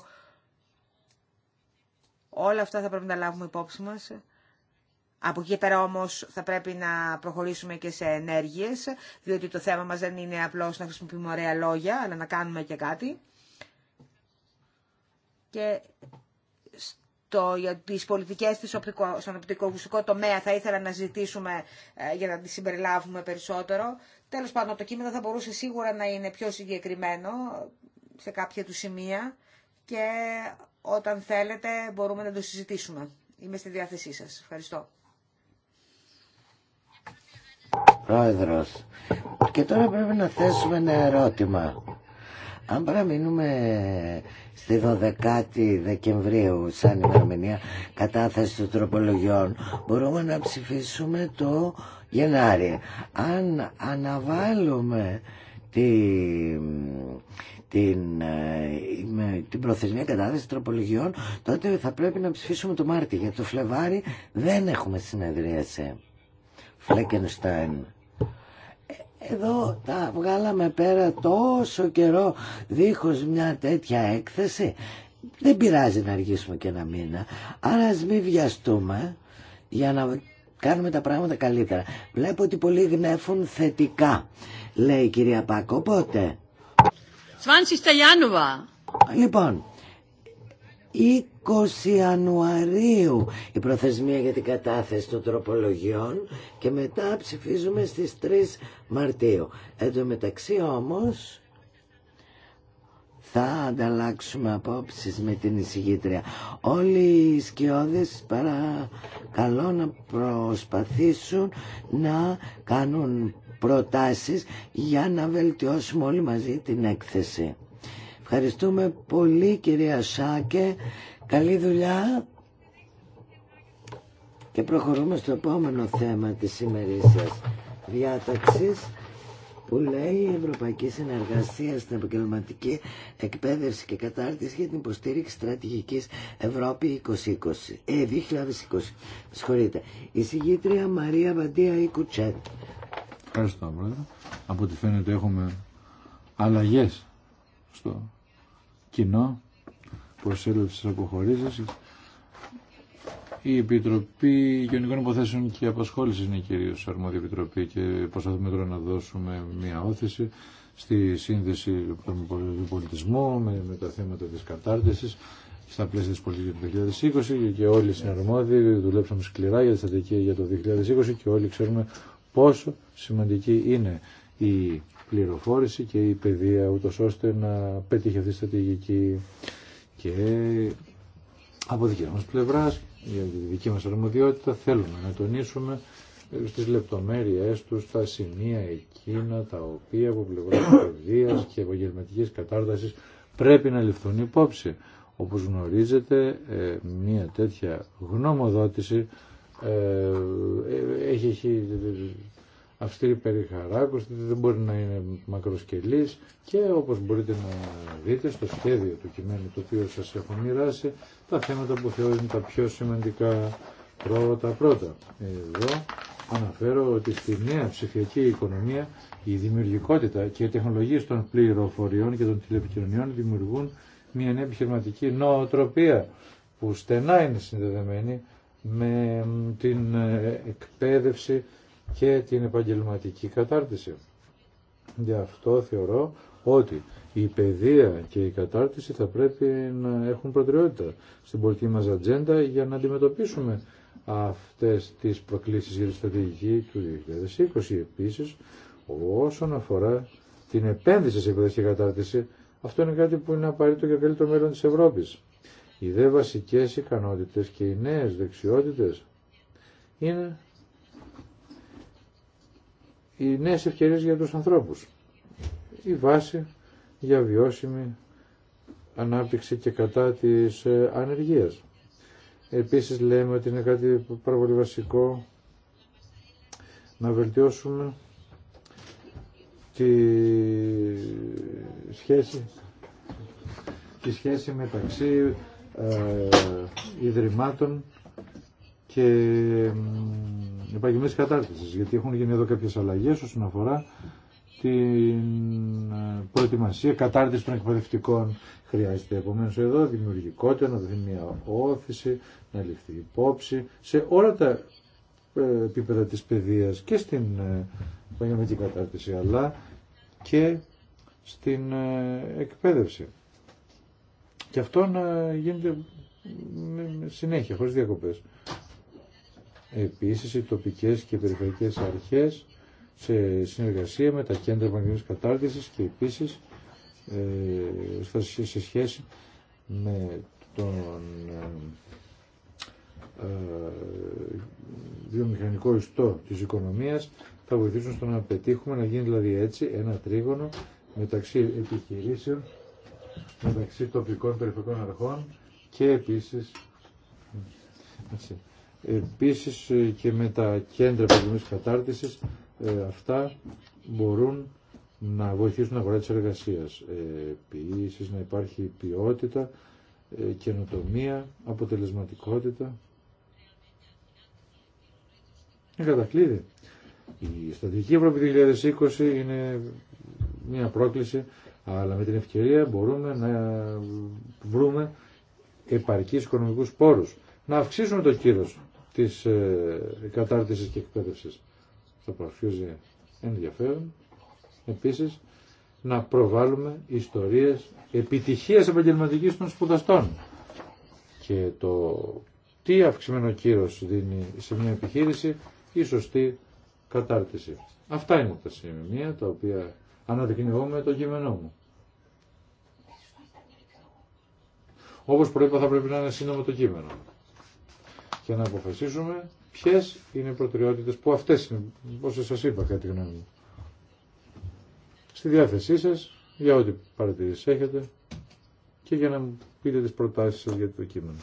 S3: Όλα αυτά θα πρέπει να τα λάβουμε υπόψη μας. Από εκεί πέρα όμως θα πρέπει να προχωρήσουμε και σε ενέργειες, διότι το θέμα μας δεν είναι απλώς να χρησιμοποιούμε ωραία λόγια, αλλά να κάνουμε και κάτι το, για τις πολιτικές της οπτικο, στον τομέα θα ήθελα να ζητήσουμε ε, για να τη συμπεριλάβουμε περισσότερο. Τέλος πάντων, το κείμενο θα μπορούσε σίγουρα να είναι πιο συγκεκριμένο σε κάποια του σημεία και όταν θέλετε μπορούμε να το συζητήσουμε. Είμαι στη διάθεσή σας. Ευχαριστώ.
S1: Πρόεδρος, και τώρα πρέπει να θέσουμε ένα ερώτημα. Αν παραμείνουμε στη 12η Δεκεμβρίου σαν ημερομηνία κατάθεση των τροπολογιών, μπορούμε να ψηφίσουμε το Γενάρη. Αν αναβάλουμε τη, την, ε, την προθεσμία κατάθεση τροπολογιών, τότε θα πρέπει να ψηφίσουμε το Μάρτιο. Για το Φλεβάρι δεν έχουμε συνεδρίαση. Φλέκενστάιν. Εδώ τα βγάλαμε πέρα τόσο καιρό δίχως μια τέτοια έκθεση. Δεν πειράζει να αργήσουμε και ένα μήνα. Άρα ας μην βιαστούμε για να κάνουμε τα πράγματα καλύτερα. Βλέπω ότι πολλοί γνέφουν θετικά, λέει η κυρία Πάκο. Πότε? 20 Λοιπόν, Η 20 Ιανουαρίου η προθεσμία για την κατάθεση των τροπολογιών και μετά ψηφίζουμε στις 3 Μαρτίου. Εν τω μεταξύ όμως θα ανταλλάξουμε απόψεις με την εισηγήτρια. Όλοι οι σκιώδες παρακαλώ να προσπαθήσουν να κάνουν προτάσεις για να βελτιώσουμε όλοι μαζί την έκθεση. Ευχαριστούμε πολύ κυρία Σάκε. Καλή δουλειά και προχωρούμε στο επόμενο θέμα της ημερήσιας διάταξης που λέει η Ευρωπαϊκή Συνεργασία στην Επαγγελματική Εκπαίδευση και Κατάρτιση για την υποστήριξη στρατηγικής Ευρώπη 2020. Ε, 2020. Συγχωρείτε. Η συγγήτρια Μαρία Βαντία Ικουτσέν.
S2: Ευχαριστώ, Πρόεδρε. Από ό,τι φαίνεται έχουμε αλλαγές στο κοινό προσέλευσης αποχωρήσεις. Η Επιτροπή Γενικών Υποθέσεων και Απασχόληση είναι κυρίω αρμόδια επιτροπή και προσπαθούμε τώρα να δώσουμε μια όθηση στη σύνδεση του πολιτισμού με, με τα θέματα τη κατάρτιση, στα πλαίσια τη πολιτική του 2020 και όλοι οι συναρμόδιοι δουλέψαμε σκληρά για τη στρατηγική για το 2020 και όλοι ξέρουμε πόσο σημαντική είναι η πληροφόρηση και η παιδεία ούτω ώστε να πετύχει αυτή η στρατηγική και από δική μας πλευράς, για τη δική μας αρμοδιότητα, θέλουμε να τονίσουμε στις λεπτομέρειές τους τα σημεία εκείνα τα οποία από πλευρά παιδείας και επαγγελματική κατάρτασης πρέπει να ληφθούν υπόψη. Όπως γνωρίζετε, ε, μια τέτοια γνωμοδότηση ε, ε, έχει, έχει αυστηρή περιχαράκωση, δηλαδή δεν μπορεί να είναι μακροσκελής και όπως μπορείτε να δείτε στο σχέδιο του κειμένου το οποίο σας έχω μοιράσει τα θέματα που θεωρούν τα πιο σημαντικά πρώτα πρώτα. Εδώ αναφέρω ότι στη νέα ψηφιακή οικονομία η δημιουργικότητα και οι τεχνολογίες των πληροφοριών και των τηλεπικοινωνιών δημιουργούν μια νέα επιχειρηματική νοοτροπία που στενά είναι συνδεδεμένη με την εκπαίδευση και την επαγγελματική κατάρτιση. Γι' αυτό θεωρώ ότι η παιδεία και η κατάρτιση θα πρέπει να έχουν προτεραιότητα στην πολιτική μας ατζέντα για να αντιμετωπίσουμε αυτές τις προκλήσεις για τη στρατηγική του 2020 επίσης όσον αφορά την επένδυση σε παιδεία κατάρτιση αυτό είναι κάτι που είναι απαραίτητο για καλύτερο μέλλον της Ευρώπης. Οι δε βασικές ικανότητες και οι νέες δεξιότητες είναι οι νέες ευκαιρίες για τους ανθρώπους. Η βάση για βιώσιμη ανάπτυξη και κατά της ε, ανεργίας. Επίσης λέμε ότι είναι κάτι πάρα πολύ βασικό να βελτιώσουμε τη σχέση, τη σχέση μεταξύ ε, ιδρυμάτων και επαγγελματική κατάρτιση, γιατί έχουν γίνει εδώ κάποιε αλλαγέ όσον αφορά την ε, προετοιμασία, κατάρτιση των εκπαιδευτικών. Χρειάζεται επομένω εδώ δημιουργικότητα, να δοθεί μια όθηση, να ληφθεί υπόψη σε όλα τα ε, επίπεδα της παιδείας και στην ε, επαγγελματική κατάρτιση αλλά και στην εκπαίδευση. Και αυτό να γίνεται συνέχεια, χωρίς διακοπές. Επίσης οι τοπικές και περιφερειακές αρχές σε συνεργασία με τα κέντρα επαγγελματικής κατάρτισης και επίσης ε, σε σχέση με τον ε, ε, βιομηχανικό ιστό της οικονομίας θα βοηθήσουν στο να πετύχουμε να γίνει δηλαδή έτσι ένα τρίγωνο μεταξύ επιχειρήσεων, μεταξύ τοπικών περιφερειακών αρχών και επίσης Επίσης ε, και με τα κέντρα επαγγελματικής κατάρτισης ε, αυτά μπορούν να βοηθήσουν την αγορά της εργασίας. Ε, επίσης να υπάρχει ποιότητα, καινοτομία, αποτελεσματικότητα. Είναι κατακλείδη. Η Στατική Ευρώπη 2020 είναι μια πρόκληση, αλλά με την ευκαιρία μπορούμε να βρούμε επαρκείς οικονομικούς πόρους. Να αυξήσουμε το κύρος της ε, κατάρτισης και εκπαίδευσης. Θα προσφύγει ενδιαφέρον επίσης να προβάλλουμε ιστορίες επιτυχίας επαγγελματικής των σπουδαστών και το τι αυξημένο κύρος δίνει σε μια επιχείρηση η σωστή κατάρτιση. Αυτά είναι τα σημεία τα οποία αναδεικνύω με το κείμενό μου. Όπως προείπα θα πρέπει να είναι σύντομο το κείμενο και να αποφασίσουμε ποιες είναι οι προτεραιότητες που αυτές είναι, όσο σας είπα τη γνώμη μου. Στη διάθεσή σας για ό,τι παρατηρήσεις έχετε και για να μου πείτε τις προτάσεις σας για το κείμενο.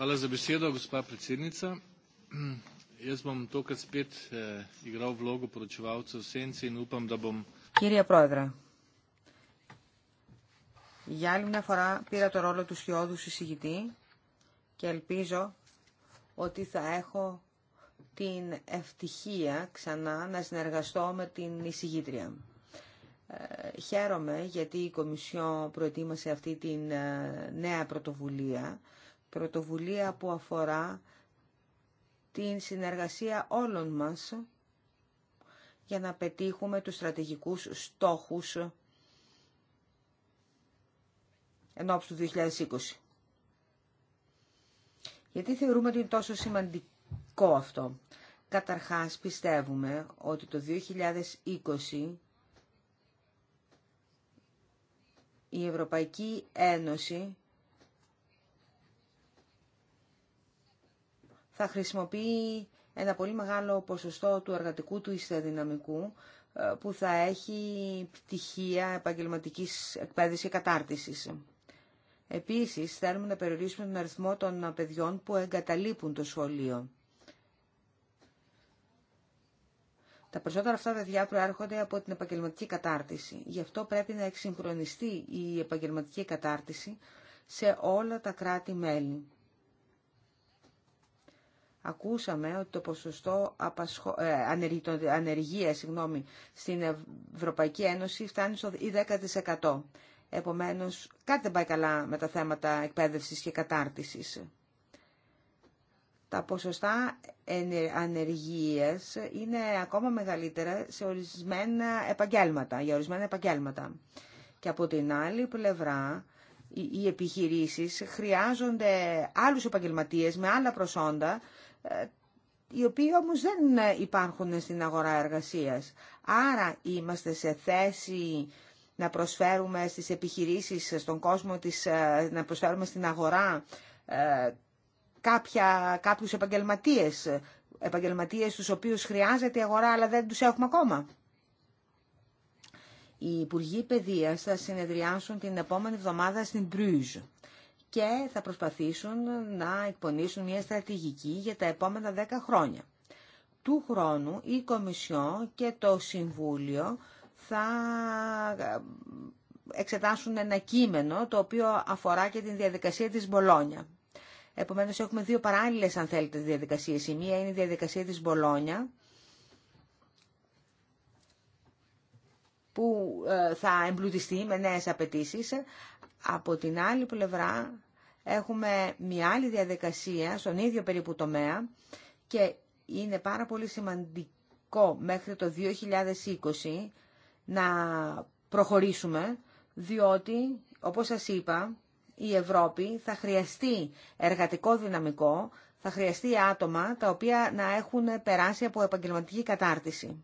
S2: Hvala za besedo, gospa predsednica. Jaz bom tokrat spet eh, igral vlogo poročevalca v senci in upam, da bom
S3: Κύριε Πρόεδρε, για άλλη μια φορά πήρα το ρόλο του σιώδου συζητητή και ελπίζω ότι θα έχω την ευτυχία ξανά να συνεργαστώ με την εισηγήτρια. Ε, χαίρομαι γιατί η Κομισιό προετοίμασε αυτή την ε, νέα πρωτοβουλία, πρωτοβουλία που αφορά την συνεργασία όλων μας για να πετύχουμε τους στρατηγικούς στόχους ενώπιση του 2020. Γιατί θεωρούμε ότι είναι τόσο σημαντικό αυτό. Καταρχάς πιστεύουμε ότι το 2020 η Ευρωπαϊκή Ένωση θα χρησιμοποιεί ένα πολύ μεγάλο ποσοστό του εργατικού του ιστοδυναμικού ε, που θα έχει πτυχία επαγγελματικής εκπαίδευσης και κατάρτισης. Επίσης, θέλουμε να περιορίσουμε τον αριθμό των παιδιών που εγκαταλείπουν το σχολείο. Τα περισσότερα αυτά παιδιά προέρχονται από την επαγγελματική κατάρτιση. Γι' αυτό πρέπει να εξυγχρονιστεί η επαγγελματική κατάρτιση σε όλα τα κράτη-μέλη. Ακούσαμε ότι το ποσοστό απασχο... ε, ανεργία στην Ευρωπαϊκή Ένωση φτάνει στο 10%. Επομένως, κάτι δεν πάει καλά με τα θέματα εκπαίδευσης και κατάρτισης. Τα ποσοστά ανεργίας είναι ακόμα μεγαλύτερα σε ορισμένα επαγγέλματα, για ορισμένα επαγγέλματα. Και από την άλλη πλευρά, οι επιχειρήσεις χρειάζονται άλλους επαγγελματίες με άλλα προσόντα οι οποίοι όμως δεν υπάρχουν στην αγορά εργασίας. Άρα είμαστε σε θέση να προσφέρουμε στις επιχειρήσεις, στον κόσμο της, ε, να προσφέρουμε στην αγορά ε, κάποια, κάποιους επαγγελματίες, επαγγελματίες τους οποίους χρειάζεται η αγορά αλλά δεν τους έχουμε ακόμα. Οι Υπουργοί Παιδείας θα συνεδριάσουν την επόμενη εβδομάδα στην Μπρούζ και θα προσπαθήσουν να εκπονήσουν μια στρατηγική για τα επόμενα 10 χρόνια. Του χρόνου η Κομισιό και το Συμβούλιο θα ε, εξετάσουν ένα κείμενο το οποίο αφορά και την διαδικασία της Μπολόνια. Επομένως έχουμε δύο παράλληλες αν θέλετε διαδικασίες. Η μία είναι η διαδικασία της Μπολόνια που ε, θα εμπλουτιστεί με νέες απαιτήσει. Από την άλλη πλευρά έχουμε μια άλλη διαδικασία στον ίδιο περίπου τομέα και είναι πάρα πολύ σημαντικό μέχρι το 2020 να προχωρήσουμε διότι όπως σας είπα η Ευρώπη θα χρειαστεί εργατικό δυναμικό, θα χρειαστεί άτομα τα οποία να έχουν περάσει από επαγγελματική κατάρτιση.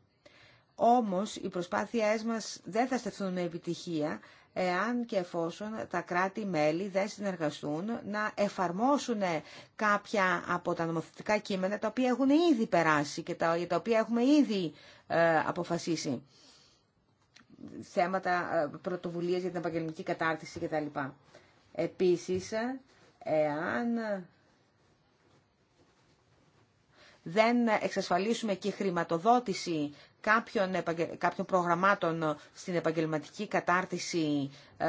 S3: Όμως οι προσπάθειές μας δεν θα στεφθούν με επιτυχία εάν και εφόσον τα κράτη-μέλη δεν συνεργαστούν να εφαρμόσουν κάποια από τα νομοθετικά κείμενα τα οποία έχουν ήδη περάσει και τα, τα οποία έχουμε ήδη ε, αποφασίσει θέματα ε, πρωτοβουλίες για την επαγγελματική κατάρτιση κτλ. Επίσης, εάν δεν εξασφαλίσουμε και χρηματοδότηση κάποιων, κάποιων προγραμμάτων στην επαγγελματική κατάρτιση ε,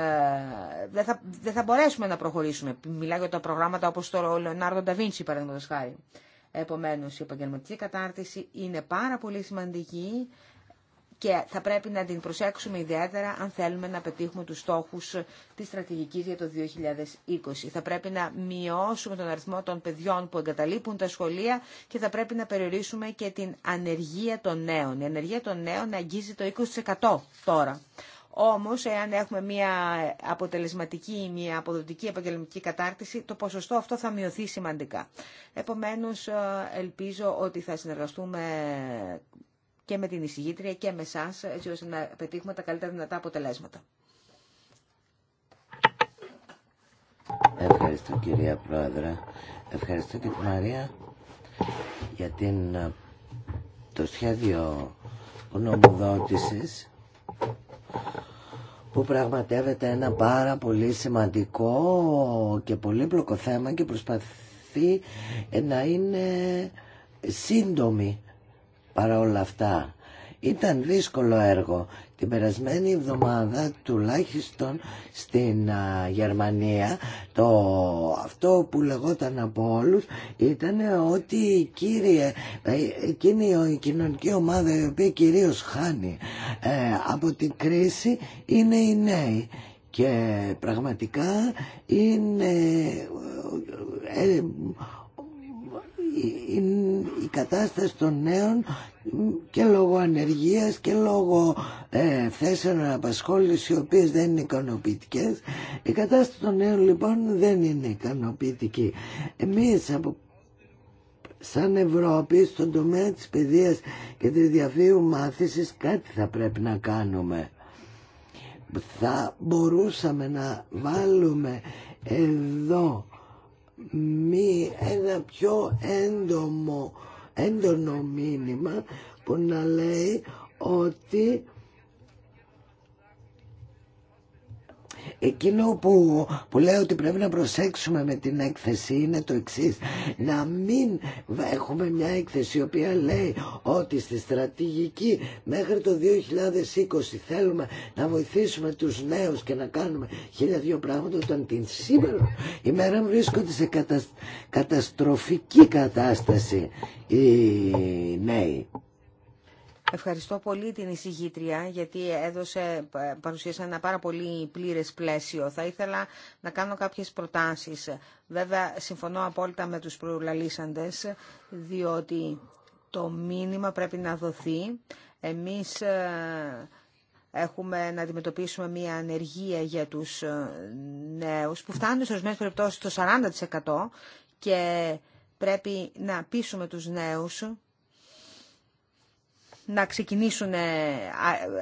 S3: δεν, θα, δεν θα μπορέσουμε να προχωρήσουμε. Μιλάω για τα προγράμματα όπως το Λεωνάρδο Νταβίντσι, παραδείγματος χάρη. Επομένως, η επαγγελματική κατάρτιση είναι πάρα πολύ σημαντική και θα πρέπει να την προσέξουμε ιδιαίτερα αν θέλουμε να πετύχουμε τους στόχους της στρατηγικής για το 2020. Θα πρέπει να μειώσουμε τον αριθμό των παιδιών που εγκαταλείπουν τα σχολεία και θα πρέπει να περιορίσουμε και την ανεργία των νέων. Η ανεργία των νέων αγγίζει το 20% τώρα. Όμως, εάν έχουμε μια αποτελεσματική ή μια αποδοτική επαγγελματική κατάρτιση, το ποσοστό αυτό θα μειωθεί σημαντικά. Επομένως, ε, ελπίζω ότι θα συνεργαστούμε και με την εισηγήτρια και με εσά, έτσι ώστε να πετύχουμε τα καλύτερα δυνατά αποτελέσματα.
S1: Ευχαριστώ κυρία Πρόεδρε. Ευχαριστώ και τη Μαρία για την, ε, το σχέδιο νομοδότησης που πραγματεύεται ένα πάρα πολύ σημαντικό και πολύπλοκο θέμα και προσπαθεί να είναι σύντομη Παρά όλα αυτά, ήταν δύσκολο έργο. Την περασμένη εβδομάδα, τουλάχιστον στην Γερμανία, το, αυτό που λεγόταν από όλου ήταν ότι η κύριε, ε, εκείνη η κοινωνική ομάδα η οποία κυρίως χάνει ε, από την κρίση είναι οι νέοι. Και πραγματικά είναι... Ε, η, η κατάσταση των νέων και λόγω ανεργίας και λόγω ε, θέσεων απασχόληση οι οποίες δεν είναι ικανοποιητικές η κατάσταση των νέων λοιπόν δεν είναι ικανοποιητική εμείς από σαν Ευρώπη στον τομέα της παιδείας και της διαβίου μάθησης κάτι θα πρέπει να κάνουμε θα μπορούσαμε να βάλουμε εδώ μη, ένα πιο έντομο, έντονο μήνυμα που να λέει ότι Εκείνο που, που λέω ότι πρέπει να προσέξουμε με την έκθεση είναι το εξή. Να μην έχουμε μια έκθεση η οποία λέει ότι στη στρατηγική μέχρι το 2020 θέλουμε να βοηθήσουμε τους νέους και να κάνουμε χίλια δύο πράγματα όταν την σήμερα η μέρα βρίσκονται σε καταστροφική κατάσταση οι νέοι. Ευχαριστώ πολύ την εισηγήτρια
S3: γιατί έδωσε, παρουσίασε ένα πάρα πολύ πλήρες πλαίσιο. Θα ήθελα να κάνω κάποιες προτάσεις. Βέβαια, συμφωνώ απόλυτα με τους προλαλήσαντες, διότι το μήνυμα πρέπει να δοθεί. Εμείς ε, έχουμε να αντιμετωπίσουμε μια ανεργία για τους ε, νέους που φτάνουν σε ορισμένες περιπτώσεις το 40% και πρέπει να πείσουμε τους νέους να ξεκινήσουν ε,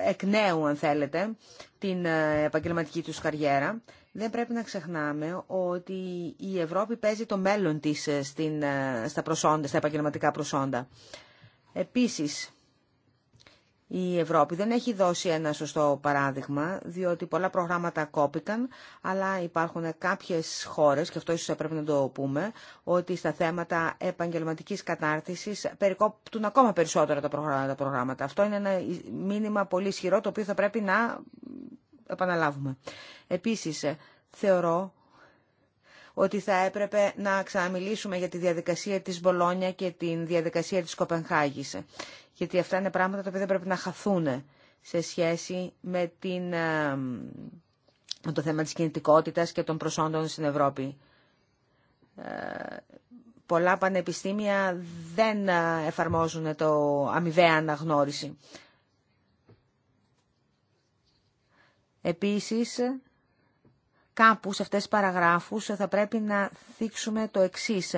S3: εκ νέου, αν θέλετε, την ε, επαγγελματική τους καριέρα. Δεν πρέπει να ξεχνάμε ότι η Ευρώπη παίζει το μέλλον της ε, στην, στα, προσόντα, στα επαγγελματικά προσόντα. Επίσης, η Ευρώπη δεν έχει δώσει ένα σωστό παράδειγμα, διότι πολλά προγράμματα κόπηκαν, αλλά υπάρχουν κάποιες χώρες, και αυτό ίσως πρέπει να το πούμε, ότι στα θέματα επαγγελματικής κατάρτισης περικόπτουν ακόμα περισσότερα τα προγράμματα. Αυτό είναι ένα μήνυμα πολύ ισχυρό, το οποίο θα πρέπει να επαναλάβουμε. Επίσης, θεωρώ ότι θα έπρεπε να ξαναμιλήσουμε για τη διαδικασία της Μπολόνια και τη διαδικασία της Κοπενχάγης γιατί αυτά είναι πράγματα τα οποία δεν πρέπει να χαθούν σε σχέση με, την, ε, το θέμα της κινητικότητας και των προσόντων στην Ευρώπη. Ε, πολλά πανεπιστήμια δεν ε, εφαρμόζουν το αμοιβαία αναγνώριση. Επίσης, κάπου σε αυτές τις παραγράφους θα πρέπει να δείξουμε το εξής.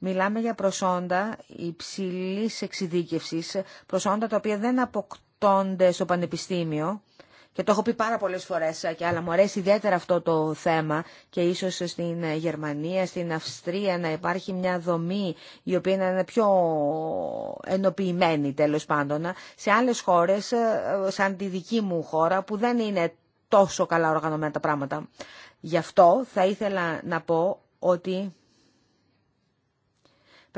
S3: Μιλάμε για προσόντα υψηλή εξειδίκευση, προσόντα τα οποία δεν αποκτώνται στο πανεπιστήμιο, και το έχω πει πάρα πολλέ φορές και άλλα μου αρέσει ιδιαίτερα αυτό το θέμα και ίσως στην Γερμανία, στην Αυστρία να υπάρχει μια δομή η οποία να είναι πιο ενοποιημένη τέλος πάντων σε άλλες χώρες σαν τη δική μου χώρα που δεν είναι τόσο καλά οργανωμένα τα πράγματα. Γι' αυτό θα ήθελα να πω ότι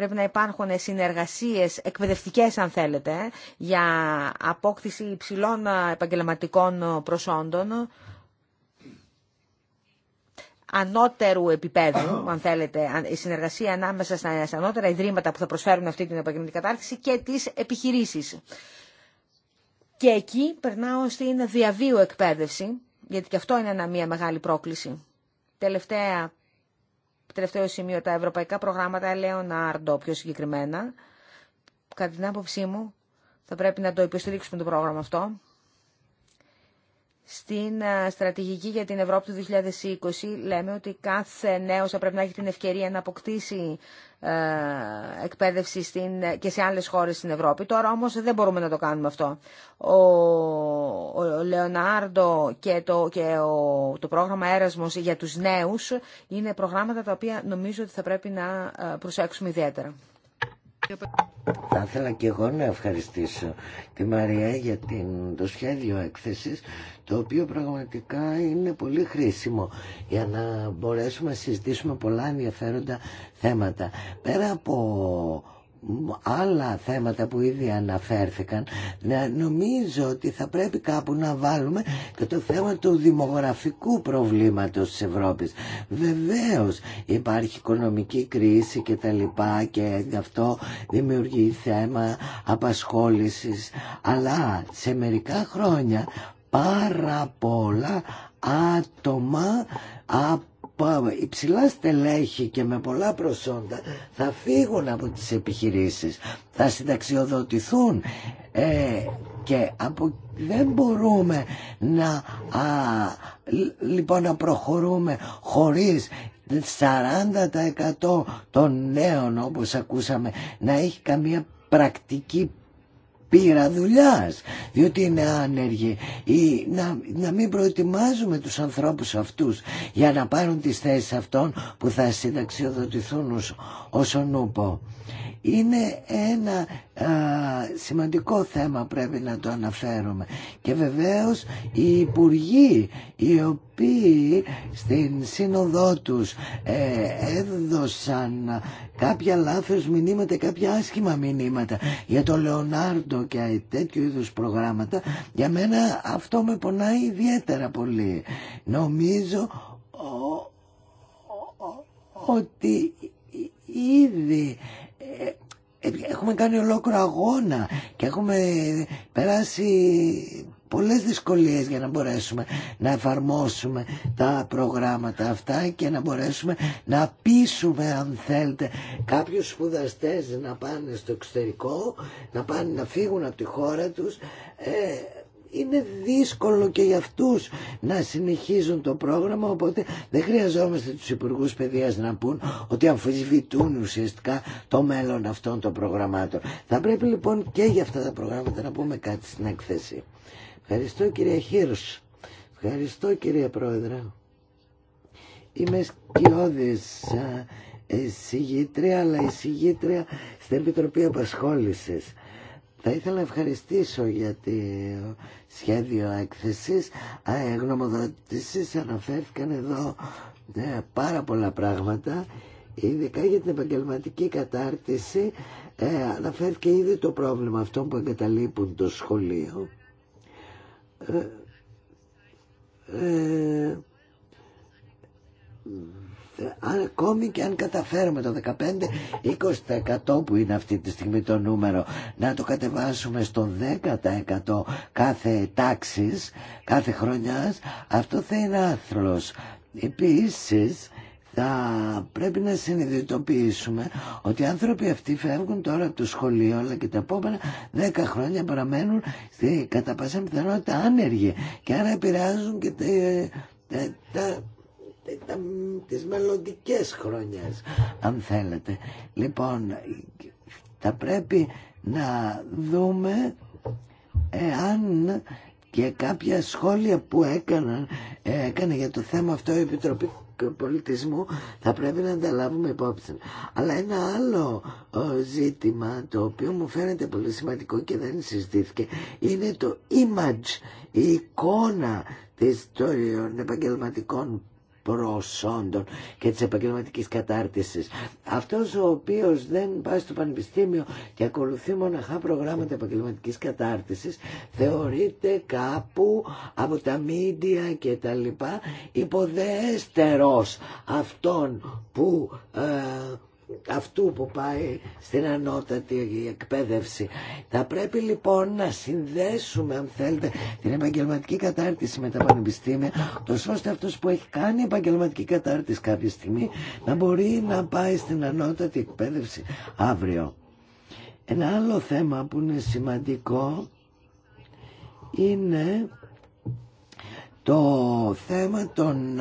S3: Πρέπει να υπάρχουν συνεργασίες εκπαιδευτικές αν θέλετε για απόκτηση υψηλών ε, επαγγελματικών ε, προσόντων ανώτερου επίπεδου, αν θέλετε, η συνεργασία ανάμεσα στα ανώτερα ιδρύματα που θα προσφέρουν αυτή την επαγγελματική κατάρτιση και τις επιχειρήσεις. Και εκεί περνάω στην διαβίου εκπαίδευση, γιατί και αυτό είναι μια μεγάλη πρόκληση. Τελευταία τελευταίο σημείο, τα ευρωπαϊκά προγράμματα Λεωνάρντο πιο συγκεκριμένα, κατά την άποψή μου θα πρέπει να το υποστηρίξουμε το πρόγραμμα αυτό. Στην ε, στρατηγική για την Ευρώπη του 2020 λέμε ότι κάθε νέος θα πρέπει να έχει την ευκαιρία να αποκτήσει ε, εκπαίδευση στην, και σε άλλες χώρες στην Ευρώπη. Τώρα όμως δεν μπορούμε να το κάνουμε αυτό. Ο, ο Λεωνάρντο και, το, και το πρόγραμμα Έρασμος για τους νέους είναι προγράμματα τα οποία νομίζω ότι θα πρέπει να ε, προσέξουμε ιδιαίτερα.
S1: Θα ήθελα και εγώ να ευχαριστήσω τη Μαρία για την, το σχέδιο έκθεσης το οποίο πραγματικά είναι πολύ χρήσιμο για να μπορέσουμε να συζητήσουμε πολλά ενδιαφέροντα θέματα. Πέρα από άλλα θέματα που ήδη αναφέρθηκαν νομίζω ότι θα πρέπει κάπου να βάλουμε και το θέμα του δημογραφικού προβλήματος της Ευρώπης βεβαίως υπάρχει οικονομική κρίση και τα λοιπά και αυτό δημιουργεί θέμα απασχόλησης αλλά σε μερικά χρόνια πάρα πολλά άτομα από υψηλά στελέχη και με πολλά προσόντα θα φύγουν από τις επιχειρήσεις, θα συνταξιοδοτηθούν ε, και από, δεν μπορούμε να α, λοιπόν να προχωρούμε χωρίς 40% των νέων όπως ακούσαμε να έχει καμία πρακτική Πήρα δουλειά, διότι είναι άνεργοι. Ή να, να μην προετοιμάζουμε τους ανθρώπους αυτούς για να πάρουν τις θέσεις αυτών που θα συνταξιοδοτηθούν ως Νούπο» είναι ένα σημαντικό θέμα πρέπει να το αναφέρουμε και βεβαίως οι υπουργοί οι οποίοι στην σύνοδό τους ε, έδωσαν κάποια λάθος μηνύματα κάποια άσχημα μηνύματα για το Λεωνάρντο και τέτοιου είδους προγράμματα για μένα αυτό με πονάει ιδιαίτερα πολύ νομίζω ότι ήδη έχουμε κάνει ολόκληρο αγώνα και έχουμε περάσει πολλές δυσκολίες για να μπορέσουμε να εφαρμόσουμε τα προγράμματα αυτά και να μπορέσουμε να πείσουμε αν θέλετε κάποιους σπουδαστές να πάνε στο εξωτερικό να πάνε να φύγουν από τη χώρα τους ε, είναι δύσκολο και για αυτούς να συνεχίζουν το πρόγραμμα οπότε δεν χρειαζόμαστε τους υπουργού παιδείας να πούν ότι αμφισβητούν ουσιαστικά το μέλλον αυτών των προγραμμάτων. Θα πρέπει λοιπόν και για αυτά τα προγράμματα να πούμε κάτι στην έκθεση. Ευχαριστώ κυρία Χίρς. Ευχαριστώ κυρία Πρόεδρε. Είμαι σκιώδης ε, συγγήτρια, αλλά συγγήτρια στην Επιτροπή Απασχόλησης. Θα ήθελα να ευχαριστήσω για το σχέδιο έκθεσης, γνωμοδότησης, αναφέρθηκαν εδώ ναι, πάρα πολλά πράγματα, ειδικά για την επαγγελματική κατάρτιση, ε, αναφέρθηκε ήδη το πρόβλημα αυτών που εγκαταλείπουν το σχολείο. Ε, ε, αν ακόμη και αν καταφέρουμε το 15-20% που είναι αυτή τη στιγμή το νούμερο να το κατεβάσουμε στο 10% κάθε τάξης, κάθε χρονιάς, αυτό θα είναι άθρος. Επίσης, θα πρέπει να συνειδητοποιήσουμε ότι οι άνθρωποι αυτοί φεύγουν τώρα από το σχολείο αλλά και τα επόμενα 10 χρόνια παραμένουν στη, κατά πάσα πιθανότητα άνεργοι και άρα επηρεάζουν και τα τα, τις μελλοντικές χρονιές αν θέλετε λοιπόν θα πρέπει να δούμε εάν και κάποια σχόλια που έκαναν ε, έκανε για το θέμα αυτό η Επιτροπή Πολιτισμού θα πρέπει να τα λάβουμε υπόψη αλλά ένα άλλο ε, ζήτημα το οποίο μου φαίνεται πολύ σημαντικό και δεν συζητήθηκε είναι το image η εικόνα των επαγγελματικών προσόντων και της επαγγελματικής κατάρτισης. Αυτός ο οποίος δεν πάει στο πανεπιστήμιο και ακολουθεί μοναχά προγράμματα επαγγελματικής κατάρτισης θεωρείται κάπου από τα μίντια και τα λοιπά υποδέστερος αυτών που ε, αυτού που πάει στην ανώτατη εκπαίδευση. Θα πρέπει λοιπόν να συνδέσουμε, αν θέλετε, την επαγγελματική κατάρτιση με τα πανεπιστήμια, τόσο ώστε αυτός που έχει κάνει επαγγελματική κατάρτιση κάποια στιγμή να μπορεί να πάει στην ανώτατη εκπαίδευση αύριο. Ένα άλλο θέμα που είναι σημαντικό είναι το θέμα των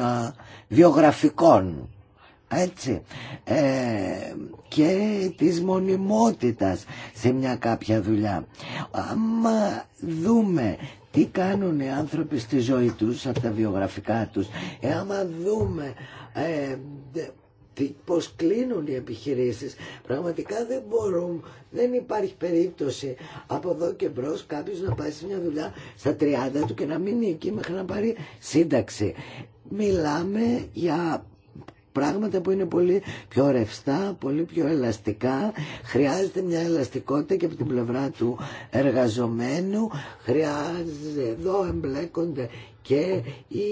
S1: βιογραφικών έτσι ε, και της μονιμότητας σε μια κάποια δουλειά. Άμα δούμε τι κάνουν οι άνθρωποι στη ζωή τους από τα βιογραφικά τους, ε, άμα δούμε ε, πως κλείνουν οι επιχειρήσεις πραγματικά δεν μπορούν δεν υπάρχει περίπτωση από εδώ και μπρο κάποιο να πάει σε μια δουλειά στα 30 του και να μείνει εκεί μέχρι να πάρει σύνταξη μιλάμε για πράγματα που είναι πολύ πιο ρευστά, πολύ πιο ελαστικά. Χρειάζεται μια ελαστικότητα και από την πλευρά του εργαζομένου. Χρειάζεται, εδώ εμπλέκονται και οι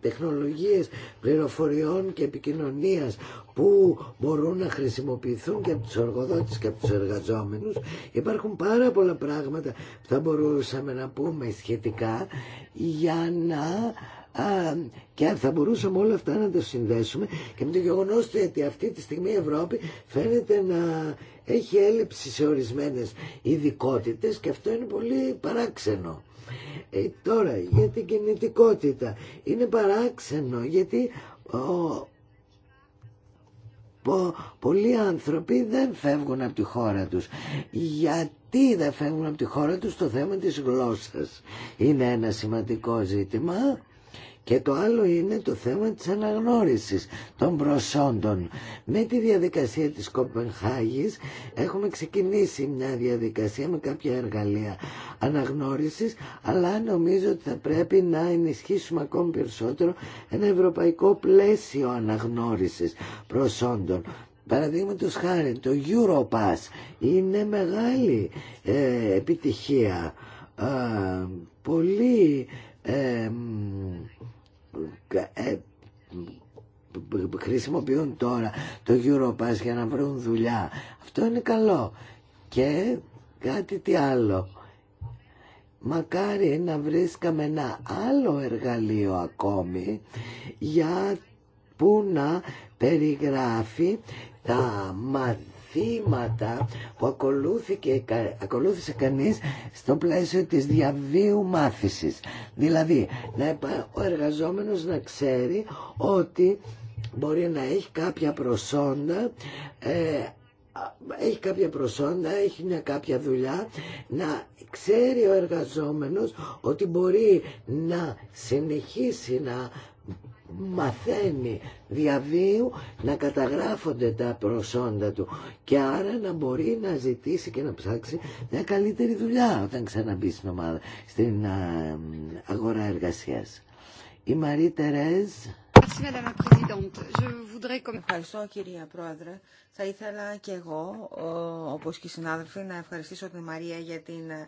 S1: τεχνολογίες πληροφοριών και επικοινωνίας που μπορούν να χρησιμοποιηθούν και από τους εργοδότες και από τους εργαζόμενους υπάρχουν πάρα πολλά πράγματα που θα μπορούσαμε να πούμε σχετικά για να και θα μπορούσαμε όλα αυτά να τα συνδέσουμε και με το γεγονό ότι αυτή τη στιγμή η Ευρώπη φαίνεται να έχει έλλειψη σε ορισμένε ειδικότητε και αυτό είναι πολύ παράξενο. Ε, τώρα για την κινητικότητα είναι παράξενο γιατί ο, πολλοί άνθρωποι δεν φεύγουν από τη χώρα τους γιατί δεν φεύγουν από τη χώρα τους το θέμα της γλώσσας είναι ένα σημαντικό ζήτημα και το άλλο είναι το θέμα της αναγνώρισης των προσόντων. Με τη διαδικασία της Κοπενχάγης έχουμε ξεκινήσει μια διαδικασία με κάποια εργαλεία αναγνώρισης, αλλά νομίζω ότι θα πρέπει να ενισχύσουμε ακόμη περισσότερο ένα ευρωπαϊκό πλαίσιο αναγνώρισης προσόντων. Παραδείγματος χάρη, το Europass είναι μεγάλη ε, επιτυχία. πολύ... Ε, χρησιμοποιούν τώρα το Europass για να βρουν δουλειά. Αυτό είναι καλό. Και κάτι τι άλλο. Μακάρι να βρίσκαμε ένα άλλο εργαλείο ακόμη για που να περιγράφει τα μαθήματα που ακολούθηκε, ακολούθησε κανείς στο πλαίσιο της διαβίου μάθησης. Δηλαδή, να, ο εργαζόμενος να ξέρει ότι μπορεί να έχει κάποια προσόντα ε, έχει κάποια προσόντα, έχει μια κάποια δουλειά, να ξέρει ο εργαζόμενος ότι μπορεί να συνεχίσει να μαθαίνει διαβίου να καταγράφονται τα προσόντα του και άρα να μπορεί να ζητήσει και να ψάξει μια καλύτερη δουλειά όταν ξαναμπεί στην ομάδα, στην α, αγορά εργασίας. Η Μαρή Τερέζ.
S3: Ευχαριστώ κυρία Πρόεδρε. Θα ήθελα και εγώ, όπως και οι συνάδελφοι, να ευχαριστήσω την Μαρία για την ε,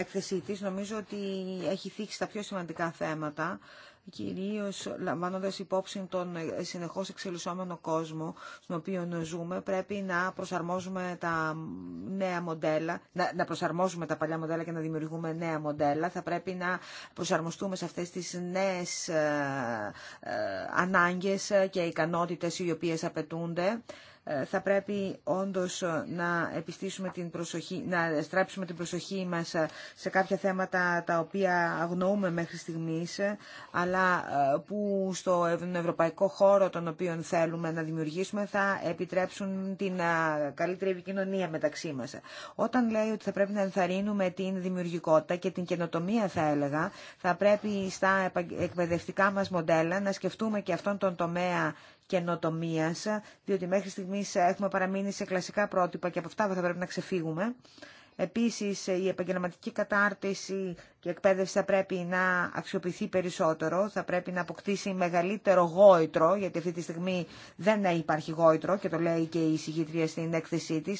S3: έκθεσή της. Νομίζω ότι έχει θίξει τα πιο σημαντικά θέματα κυρίως λαμβάνοντας υπόψη τον συνεχώς εξελισσόμενο κόσμο στον οποίο ζούμε, πρέπει να προσαρμόζουμε τα νέα μοντέλα, να, προσαρμόζουμε τα παλιά μοντέλα και να δημιουργούμε νέα μοντέλα. Θα πρέπει να προσαρμοστούμε σε αυτές τις νέες ε, ε ανάγκες και ικανότητες οι οποίες απαιτούνται. Ε, θα πρέπει όντως ε, να επιστήσουμε την προσοχή, να στράψουμε την προσοχή μας ε, σε κάποια θέματα τα οποία αγνοούμε μέχρι στιγμής, αλλά που στο ευρωπαϊκό χώρο τον οποίο θέλουμε να δημιουργήσουμε θα επιτρέψουν την καλύτερη επικοινωνία μεταξύ μας. Όταν λέει ότι θα πρέπει να ενθαρρύνουμε την δημιουργικότητα και την καινοτομία θα έλεγα, θα πρέπει στα εκπαιδευτικά μας μοντέλα να σκεφτούμε και αυτόν τον τομέα καινοτομία, διότι μέχρι στιγμή έχουμε παραμείνει σε κλασικά πρότυπα και από αυτά θα πρέπει να ξεφύγουμε. Επίση, η επαγγελματική κατάρτιση και εκπαίδευση θα πρέπει να αξιοποιηθεί περισσότερο, θα πρέπει να αποκτήσει μεγαλύτερο γόητρο, γιατί αυτή τη στιγμή δεν υπάρχει γόητρο και το λέει και η συγκήτρια στην έκθεσή τη.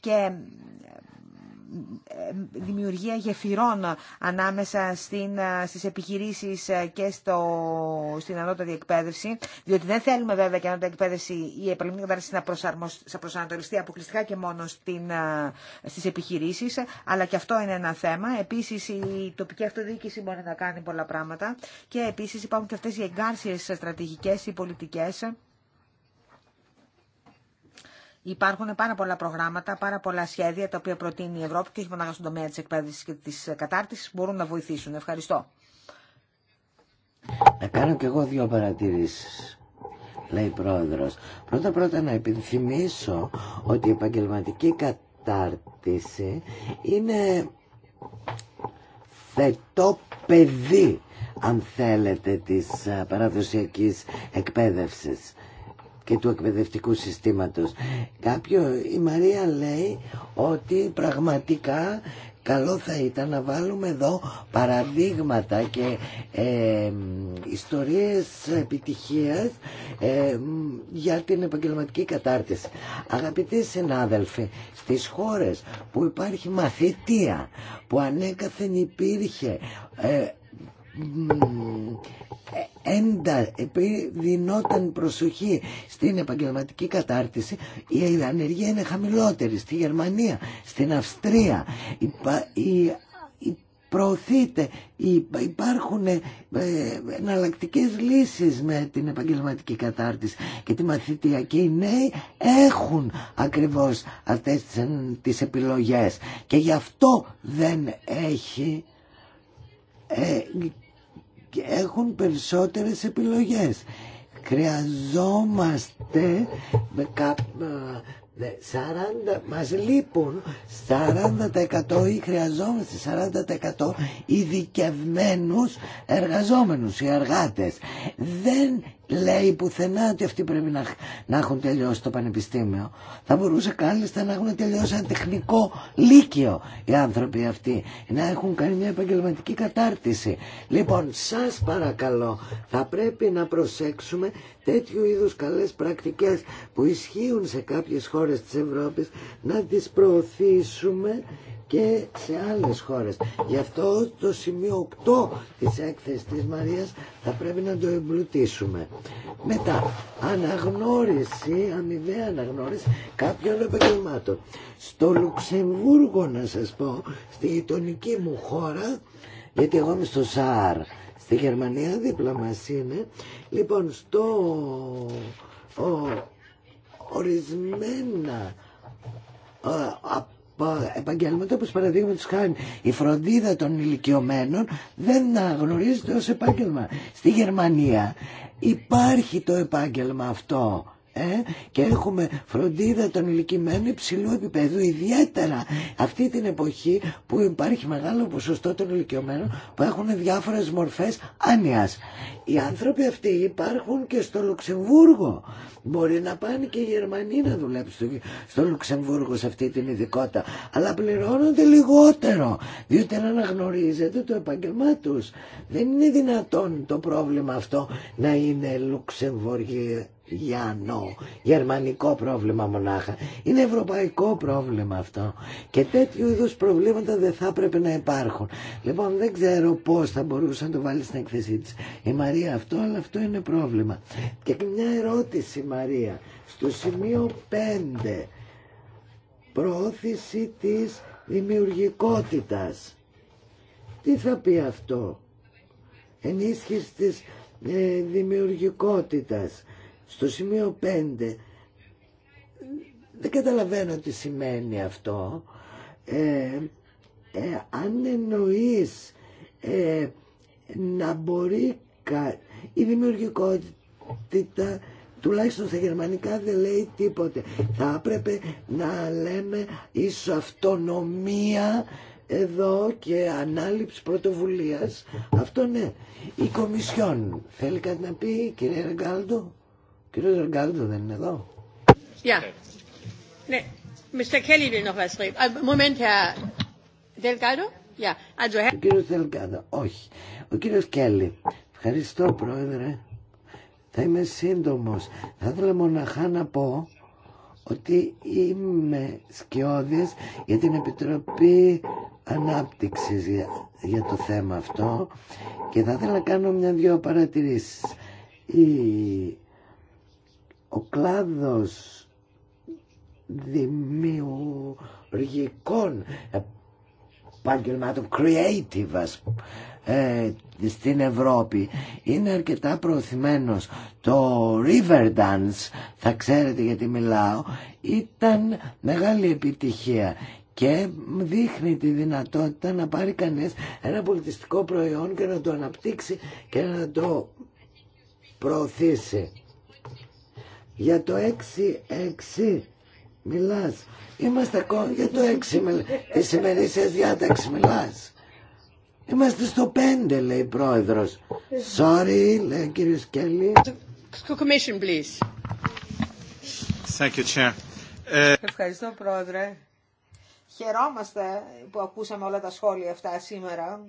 S3: και δημιουργία γεφυρών ανάμεσα στην, ε, στις επιχειρήσεις ε, και στο, στην ανώτατη εκπαίδευση, διότι δεν θέλουμε βέβαια και η ανώτατη εκπαίδευση, η επαγγελματική κατάρτιση να, να προσανατολιστεί αποκλειστικά και μόνο στην, ε, στις επιχειρήσεις, αλλά και αυτό είναι ένα θέμα. Επίσης η τοπική αυτοδιοίκηση μπορεί να κάνει πολλά πράγματα και επίσης υπάρχουν και αυτές οι εγκάρσιες στρατηγικές ή πολιτικές Υπάρχουν πάρα πολλά προγράμματα, πάρα πολλά σχέδια τα οποία προτείνει η Ευρώπη και όχι μόνο στον τομέα της εκπαίδευση και της κατάρτισης μπορούν να βοηθήσουν. Ευχαριστώ.
S1: Να κάνω κι εγώ δύο παρατηρήσει, λέει πρόεδρος. Πρώτα πρώτα να επιθυμίσω ότι η επαγγελματική κατάρτιση είναι θετό παιδί αν θέλετε της παραδοσιακής εκπαίδευσης και του εκπαιδευτικού συστήματος. Κάποιο, η Μαρία λέει ότι πραγματικά καλό θα ήταν να βάλουμε εδώ παραδείγματα και ε, ιστορίες επιτυχίας για την επαγγελματική κατάρτιση. Αγαπητοί συνάδελφοι, στις χώρες που υπάρχει μαθητεία, που ανέκαθεν υπήρχε ε, ε, έντα, δινόταν προσοχή στην επαγγελματική κατάρτιση, η ανεργία είναι χαμηλότερη στη Γερμανία, στην Αυστρία. Η, η υπάρχουν ε, εναλλακτικέ λύσεις με την επαγγελματική κατάρτιση και τη μαθητιακή οι νέοι έχουν ακριβώς αυτές τις, επιλογές και γι' αυτό δεν έχει ε, έχουν περισσότερες επιλογές. Χρειαζόμαστε με 40, μας λείπουν 40% ή χρειαζόμαστε 40% ειδικευμένους εργαζόμενους, ή εργάτες. Δεν λέει πουθενά ότι αυτοί πρέπει να, να έχουν τελειώσει το πανεπιστήμιο. Θα μπορούσε κάλλιστα να έχουν τελειώσει ένα τεχνικό λύκειο οι άνθρωποι αυτοί, να έχουν κάνει μια επαγγελματική κατάρτιση. Λοιπόν, σας παρακαλώ, θα πρέπει να προσέξουμε τέτοιου είδους καλές πρακτικές που ισχύουν σε κάποιες χώρες της Ευρώπης, να τις προωθήσουμε και σε άλλες χώρες. Γι' αυτό το σημείο 8 της έκθεσης της Μαρίας θα πρέπει να το εμπλουτίσουμε. Μετά, αναγνώριση, αμοιβαία αναγνώριση κάποιων επαγγελμάτων. Στο Λουξεμβούργο να σας πω, στη γειτονική μου χώρα, γιατί εγώ είμαι στο ΣΑΡ, στη Γερμανία δίπλα μας είναι, λοιπόν στο ο, ορισμένα επαγγέλματα όπως παραδείγματο χάρη η φροντίδα των ηλικιωμένων δεν αναγνωρίζεται ως επάγγελμα. Στη Γερμανία υπάρχει το επάγγελμα αυτό ε, και έχουμε φροντίδα των ηλικιμένων υψηλού επίπεδου, ιδιαίτερα αυτή την εποχή που υπάρχει μεγάλο ποσοστό των ηλικιωμένων που έχουν διάφορες μορφές άνοιας. Οι άνθρωποι αυτοί υπάρχουν και στο Λουξεμβούργο. Μπορεί να πάνε και οι Γερμανοί να δουλέψουν στο Λουξεμβούργο σε αυτή την ειδικότητα, αλλά πληρώνονται λιγότερο, διότι δεν αναγνωρίζεται το επάγγελμά τους. Δεν είναι δυνατόν το πρόβλημα αυτό να είναι Λουξεμβούργοι Ιταλιανό, γερμανικό πρόβλημα μονάχα. Είναι ευρωπαϊκό πρόβλημα αυτό. Και τέτοιου είδους προβλήματα δεν θα έπρεπε να υπάρχουν. Λοιπόν, δεν ξέρω πώς θα μπορούσε να το βάλει στην εκθεσή της η Μαρία αυτό, αλλά αυτό είναι πρόβλημα. Και μια ερώτηση Μαρία, στο σημείο 5, προώθηση της δημιουργικότητας. Τι θα πει αυτό, ενίσχυση της ε, δημιουργικότητας στο σημείο 5 δεν καταλαβαίνω τι σημαίνει αυτό. Ε, ε, αν εννοείς ε, να μπορεί κα... η δημιουργικότητα τουλάχιστον στα γερμανικά δεν λέει τίποτε. Θα έπρεπε να λέμε ίσως αυτονομία εδώ και ανάληψη πρωτοβουλίας. Αυτό ναι. Η Κομισιόν θέλει κάτι να πει, κύριε Ρεγκάλντο. Κύριε Ρογκάλντο δεν είναι εδώ.
S3: Ναι. Äh,
S1: Ο κύριο Δελκάδο, όχι. Ο κύριο Κέλλη. Ευχαριστώ, Πρόεδρε. Θα είμαι σύντομο. Θα ήθελα μοναχά να πω ότι είμαι σκιώδη για την Επιτροπή ανάπτυξη για, για το θέμα αυτό και θα ήθελα να κάνω μια-δυο παρατηρήσει. Η ο κλάδος δημιουργικών επαγγελμάτων, creative ε, στην Ευρώπη είναι αρκετά προωθημένος το Riverdance θα ξέρετε γιατί μιλάω ήταν μεγάλη επιτυχία και δείχνει τη δυνατότητα να πάρει κανείς ένα πολιτιστικό προϊόν και να το αναπτύξει και να το προωθήσει για το 6-6 μιλάς. Είμαστε ακόμα για το 6 μιλάς. Της ημερήσιας διάταξη μιλάς. Είμαστε στο 5 λέει η πρόεδρος. Sorry λέει ο κύριος Κέλλη.
S3: Commission please.
S2: Thank you, Chair. Ε,
S3: Ευχαριστώ πρόεδρε. Χαιρόμαστε που ακούσαμε όλα τα σχόλια αυτά σήμερα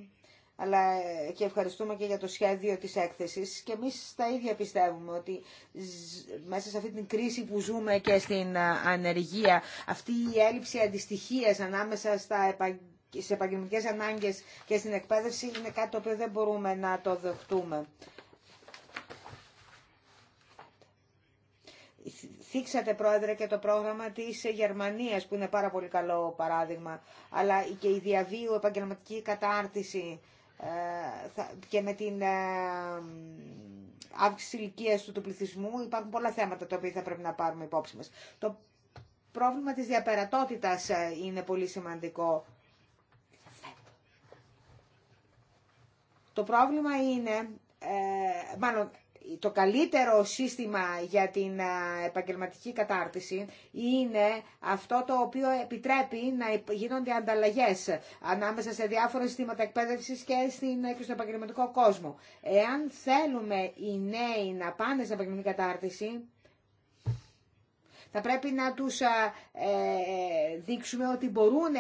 S3: αλλά ε, και ευχαριστούμε και για το σχέδιο της έκθεσης και εμείς τα ίδια πιστεύουμε ότι μέσα σε αυτή την κρίση που ζούμε και στην ε, ανεργία αυτή η έλλειψη αντιστοιχίας ανάμεσα στα στις επαγγελματικές ανάγκες και στην εκπαίδευση είναι κάτι το οποίο δεν μπορούμε να το δεχτούμε. Θίξατε, Πρόεδρε, και το πρόγραμμα της Γερμανίας, που είναι πάρα πολύ καλό παράδειγμα, αλλά και η διαβίου επαγγελματική κατάρτιση ε, και με την ε, αύξηση ηλικία του, του πληθυσμού υπάρχουν πολλά θέματα τα οποία θα πρέπει να πάρουμε υπόψη μας. Το πρόβλημα της διαπερατότητας ε, είναι πολύ σημαντικό. Το πρόβλημα είναι, μάλλον το καλύτερο σύστημα για την επαγγελματική κατάρτιση είναι αυτό το οποίο επιτρέπει να γίνονται ανταλλαγές ανάμεσα σε διάφορα συστήματα εκπαίδευσης και, στην, στον επαγγελματικό κόσμο. Εάν θέλουμε οι νέοι να πάνε σε επαγγελματική κατάρτιση, θα πρέπει να τους ε, δείξουμε ότι μπορούν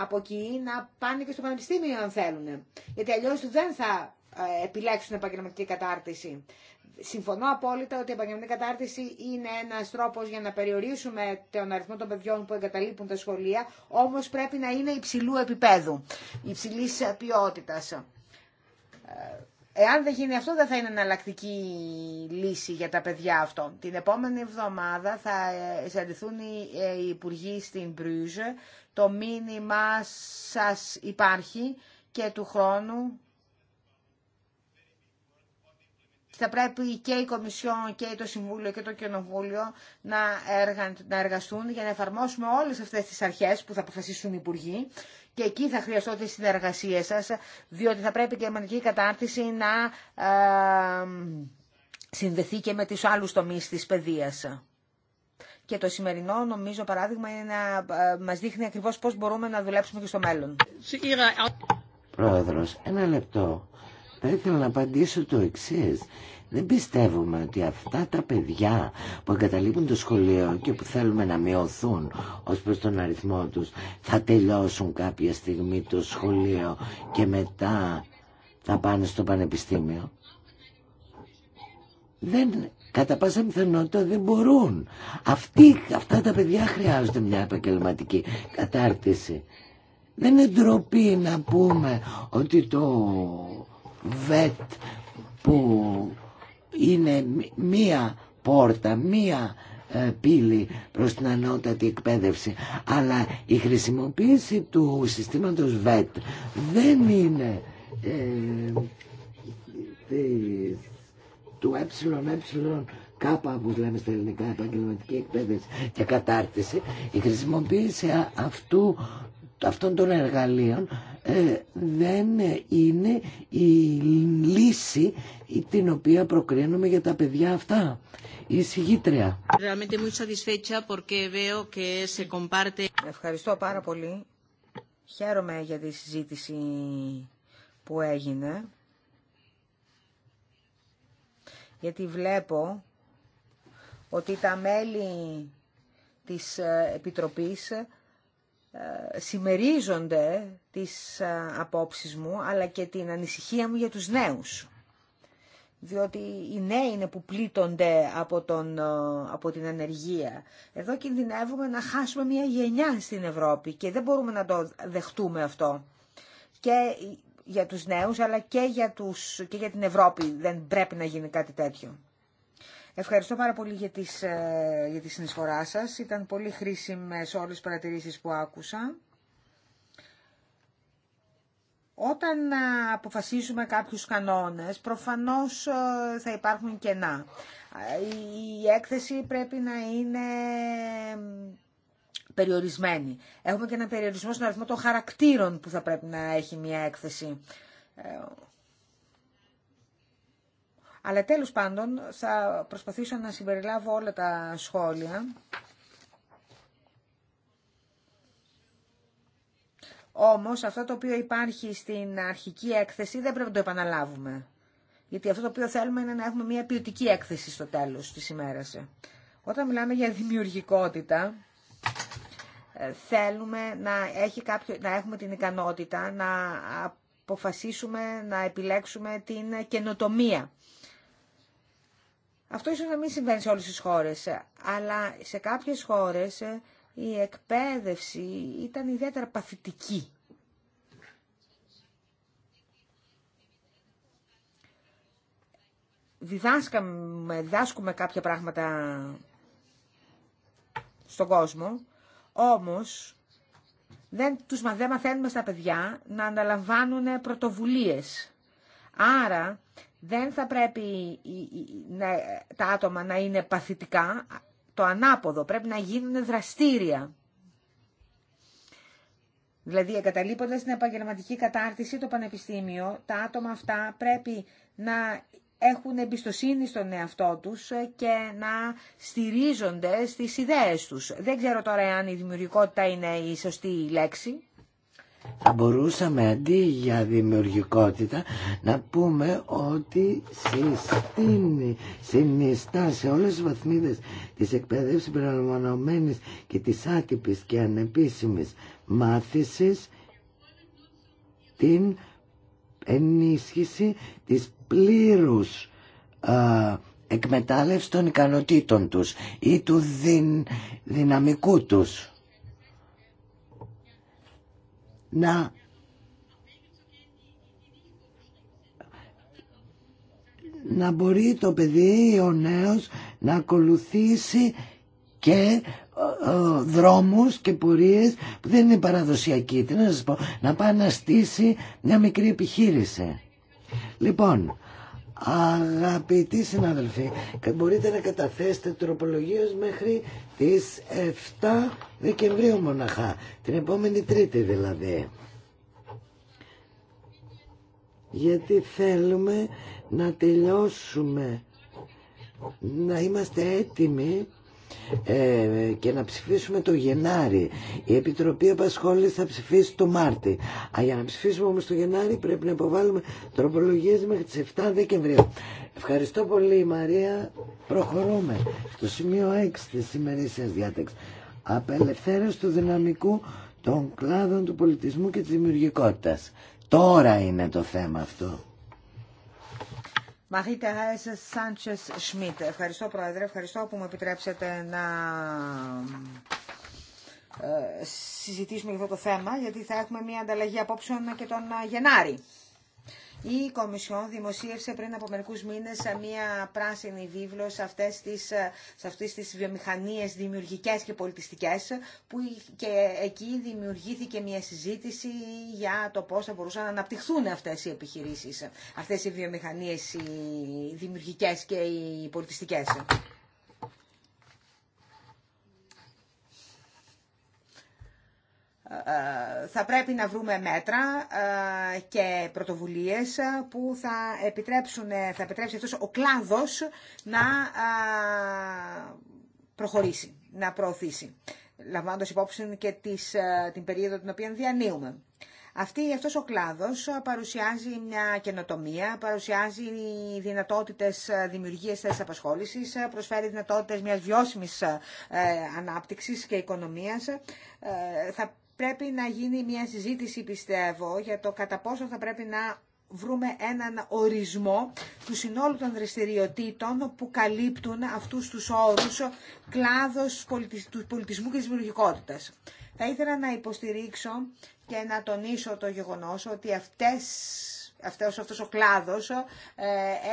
S3: από εκεί να πάνε και στο πανεπιστήμιο αν θέλουν. Γιατί αλλιώς δεν θα ε, επιλέξουν επαγγελματική κατάρτιση. Συμφωνώ απόλυτα ότι η επαγγελματική κατάρτιση είναι ένα τρόπο για να περιορίσουμε τον αριθμό των παιδιών που εγκαταλείπουν τα σχολεία, όμω πρέπει να είναι υψηλού επίπεδου, υψηλή ποιότητα. Ε, εάν δεν γίνει αυτό, δεν θα είναι εναλλακτική λύση για τα παιδιά αυτό. Την επόμενη εβδομάδα θα συναντηθούν ε, οι υπουργοί στην Μπρούζ. Το μήνυμα σας υπάρχει και του χρόνου θα πρέπει και η Κομισιόν και το Συμβούλιο και το Κοινοβούλιο να, να εργαστούν για να εφαρμόσουμε όλες αυτές τις αρχές που θα αποφασίσουν οι Υπουργοί και εκεί θα χρειαστώ τη συνεργασία σας, διότι θα πρέπει και η Γερμανική κατάρτιση να ε, συνδεθεί και με τους άλλους τομείς της παιδείας. Και το σημερινό, νομίζω, παράδειγμα είναι να ε, μας δείχνει ακριβώς πώς μπορούμε να δουλέψουμε και στο μέλλον.
S1: Πρόεδρος, ένα λεπτό. Θα ήθελα να απαντήσω το εξή. Δεν πιστεύουμε ότι αυτά τα παιδιά που εγκαταλείπουν το σχολείο και που θέλουμε να μειωθούν ως προς τον αριθμό τους θα τελειώσουν κάποια στιγμή το σχολείο και μετά θα πάνε στο πανεπιστήμιο. Δεν, κατά πάσα πιθανότητα δεν μπορούν. Αυτοί, αυτά τα παιδιά χρειάζονται μια επαγγελματική κατάρτιση. Δεν είναι ντροπή να πούμε ότι το ΒΕΤ που είναι μία πόρτα, μία ε, πύλη προς την ανώτατη εκπαίδευση αλλά η χρησιμοποίηση του συστήματος ΒΕΤ δεν είναι ε, του ΕΕ κάπα που λέμε στα ελληνικά επαγγελματική εκπαίδευση και κατάρτιση η χρησιμοποίηση αυτού αυτών των εργαλείων ε, δεν είναι η λύση την οποία προκρίνουμε για τα παιδιά αυτά. Η συγγήτρια.
S3: Ευχαριστώ πάρα πολύ. Χαίρομαι για τη συζήτηση που έγινε. Γιατί βλέπω ότι τα μέλη της ε, Επιτροπής ε, συμμερίζονται τις ε, απόψεις μου, αλλά και την ανησυχία μου για τους νέους. Διότι οι νέοι είναι που πλήττονται από, τον, ε, από την ανεργία. Εδώ κινδυνεύουμε να χάσουμε μια γενιά στην Ευρώπη και δεν μπορούμε να το δεχτούμε αυτό. Και για τους νέους, αλλά και για, τους, και για την Ευρώπη δεν πρέπει να γίνει κάτι τέτοιο. Ευχαριστώ πάρα πολύ για, τις, ε, για τη συνεισφορά σας. Ήταν πολύ χρήσιμες όλες τις παρατηρήσεις που άκουσα. Όταν ε, αποφασίζουμε κάποιους κανόνες, προφανώς ε, θα υπάρχουν κενά. Η έκθεση πρέπει να είναι περιορισμένη. Έχουμε και ένα περιορισμό στον αριθμό των χαρακτήρων που θα πρέπει να έχει μια έκθεση. Αλλά τέλος πάντων θα προσπαθήσω να συμπεριλάβω όλα τα σχόλια. Όμως αυτό το οποίο υπάρχει στην αρχική έκθεση δεν πρέπει να το επαναλάβουμε. Γιατί αυτό το οποίο θέλουμε είναι να έχουμε μια ποιοτική έκθεση στο τέλος της ημέρας. Όταν μιλάμε για δημιουργικότητα, ε, θέλουμε να, έχει κάποιο, να έχουμε την ικανότητα να αποφασίσουμε να επιλέξουμε την καινοτομία. Αυτό ίσως να μην συμβαίνει σε όλες τις χώρες, ε, αλλά σε κάποιες χώρες ε, η εκπαίδευση ήταν ιδιαίτερα παθητική. Διδάσκαμε, διδάσκουμε κάποια πράγματα στον κόσμο, όμως δεν, τους, μαθαίνουμε στα παιδιά να αναλαμβάνουν πρωτοβουλίες. Άρα δεν θα πρέπει τα άτομα να είναι παθητικά, το ανάποδο, πρέπει να γίνουν δραστήρια. Δηλαδή, εγκαταλείποντας την επαγγελματική κατάρτιση, το πανεπιστήμιο, τα άτομα αυτά πρέπει να έχουν εμπιστοσύνη στον εαυτό τους και να στηρίζονται στις ιδέες τους. Δεν ξέρω τώρα αν η δημιουργικότητα είναι η σωστή λέξη
S1: θα μπορούσαμε αντί για δημιουργικότητα να πούμε ότι συστήνει, συνιστά σε όλες τις βαθμίδες της εκπαίδευσης περιλαμβανομένης και της άτυπης και ανεπίσημης μάθησης την ενίσχυση της πλήρους α, εκμετάλλευση των ικανοτήτων τους ή του δυναμικού τους να να μπορεί το παιδί, ο νέος, να ακολουθήσει και ε, ε, δρόμους και πορείες που δεν είναι παραδοσιακοί. Τι να σας πω, να πάει να στήσει μια μικρή επιχείρηση. Λοιπόν, Αγαπητοί συνάδελφοι, μπορείτε να καταθέσετε τροπολογίες μέχρι τις 7 Δεκεμβρίου μοναχά, την επόμενη Τρίτη δηλαδή. Γιατί θέλουμε να τελειώσουμε, να είμαστε έτοιμοι ε, και να ψηφίσουμε το Γενάρη. Η Επιτροπή Επασχόλη θα ψηφίσει το Μάρτι. Α, για να ψηφίσουμε όμως το Γενάρη πρέπει να υποβάλουμε τροπολογίες μέχρι τις 7 Δεκεμβρίου. Ευχαριστώ πολύ Μαρία. Προχωρούμε στο σημείο 6 της σας διάταξης. Απελευθέρωση του δυναμικού των κλάδων του πολιτισμού και της δημιουργικότητας. Τώρα είναι το θέμα αυτό.
S3: Μαχίτε Χάισε Σάντσες Σμιτ. Ευχαριστώ Πρόεδρε, ευχαριστώ που μου επιτρέψετε να ε, συζητήσουμε για αυτό το θέμα, γιατί θα έχουμε μια ανταλλαγή απόψεων και τον Γενάρη. Η Κομισιόν δημοσίευσε πριν από μερικούς μήνες μία πράσινη βίβλο σε αυτές τις, ε, σε αυτές τις βιομηχανίες δημιουργικές και πολιτιστικές που και εκεί δημιουργήθηκε μία συζήτηση για το πώς θα μπορούσαν να αναπτυχθούν αυτές οι επιχειρήσεις, αυτές οι βιομηχανίες οι δημιουργικές και οι πολιτιστικές. θα πρέπει να βρούμε μέτρα ε, και πρωτοβουλίες που θα επιτρέψουν, ε, θα επιτρέψει αυτός ο κλάδος να ε, προχωρήσει, να προωθήσει, λαμβάνοντας υπόψη και τις, την περίοδο την οποία διανύουμε. Αυτή, αυτός ο κλάδος παρουσιάζει μια καινοτομία, παρουσιάζει δυνατότητες δημιουργίας θέσης απασχόλησης, προσφέρει δυνατότητες μιας βιώσιμης ανάπτυξης και οικονομίας. θα πρέπει να γίνει μια συζήτηση, πιστεύω, για το κατά πόσο θα πρέπει να βρούμε έναν ορισμό του συνόλου των δραστηριοτήτων που καλύπτουν αυτούς τους όρους κλάδος του πολιτισμού και της δημιουργικότητας. Θα ήθελα να υποστηρίξω και να τονίσω το γεγονός ότι αυτές, αυτός, αυτός ο κλάδος ε,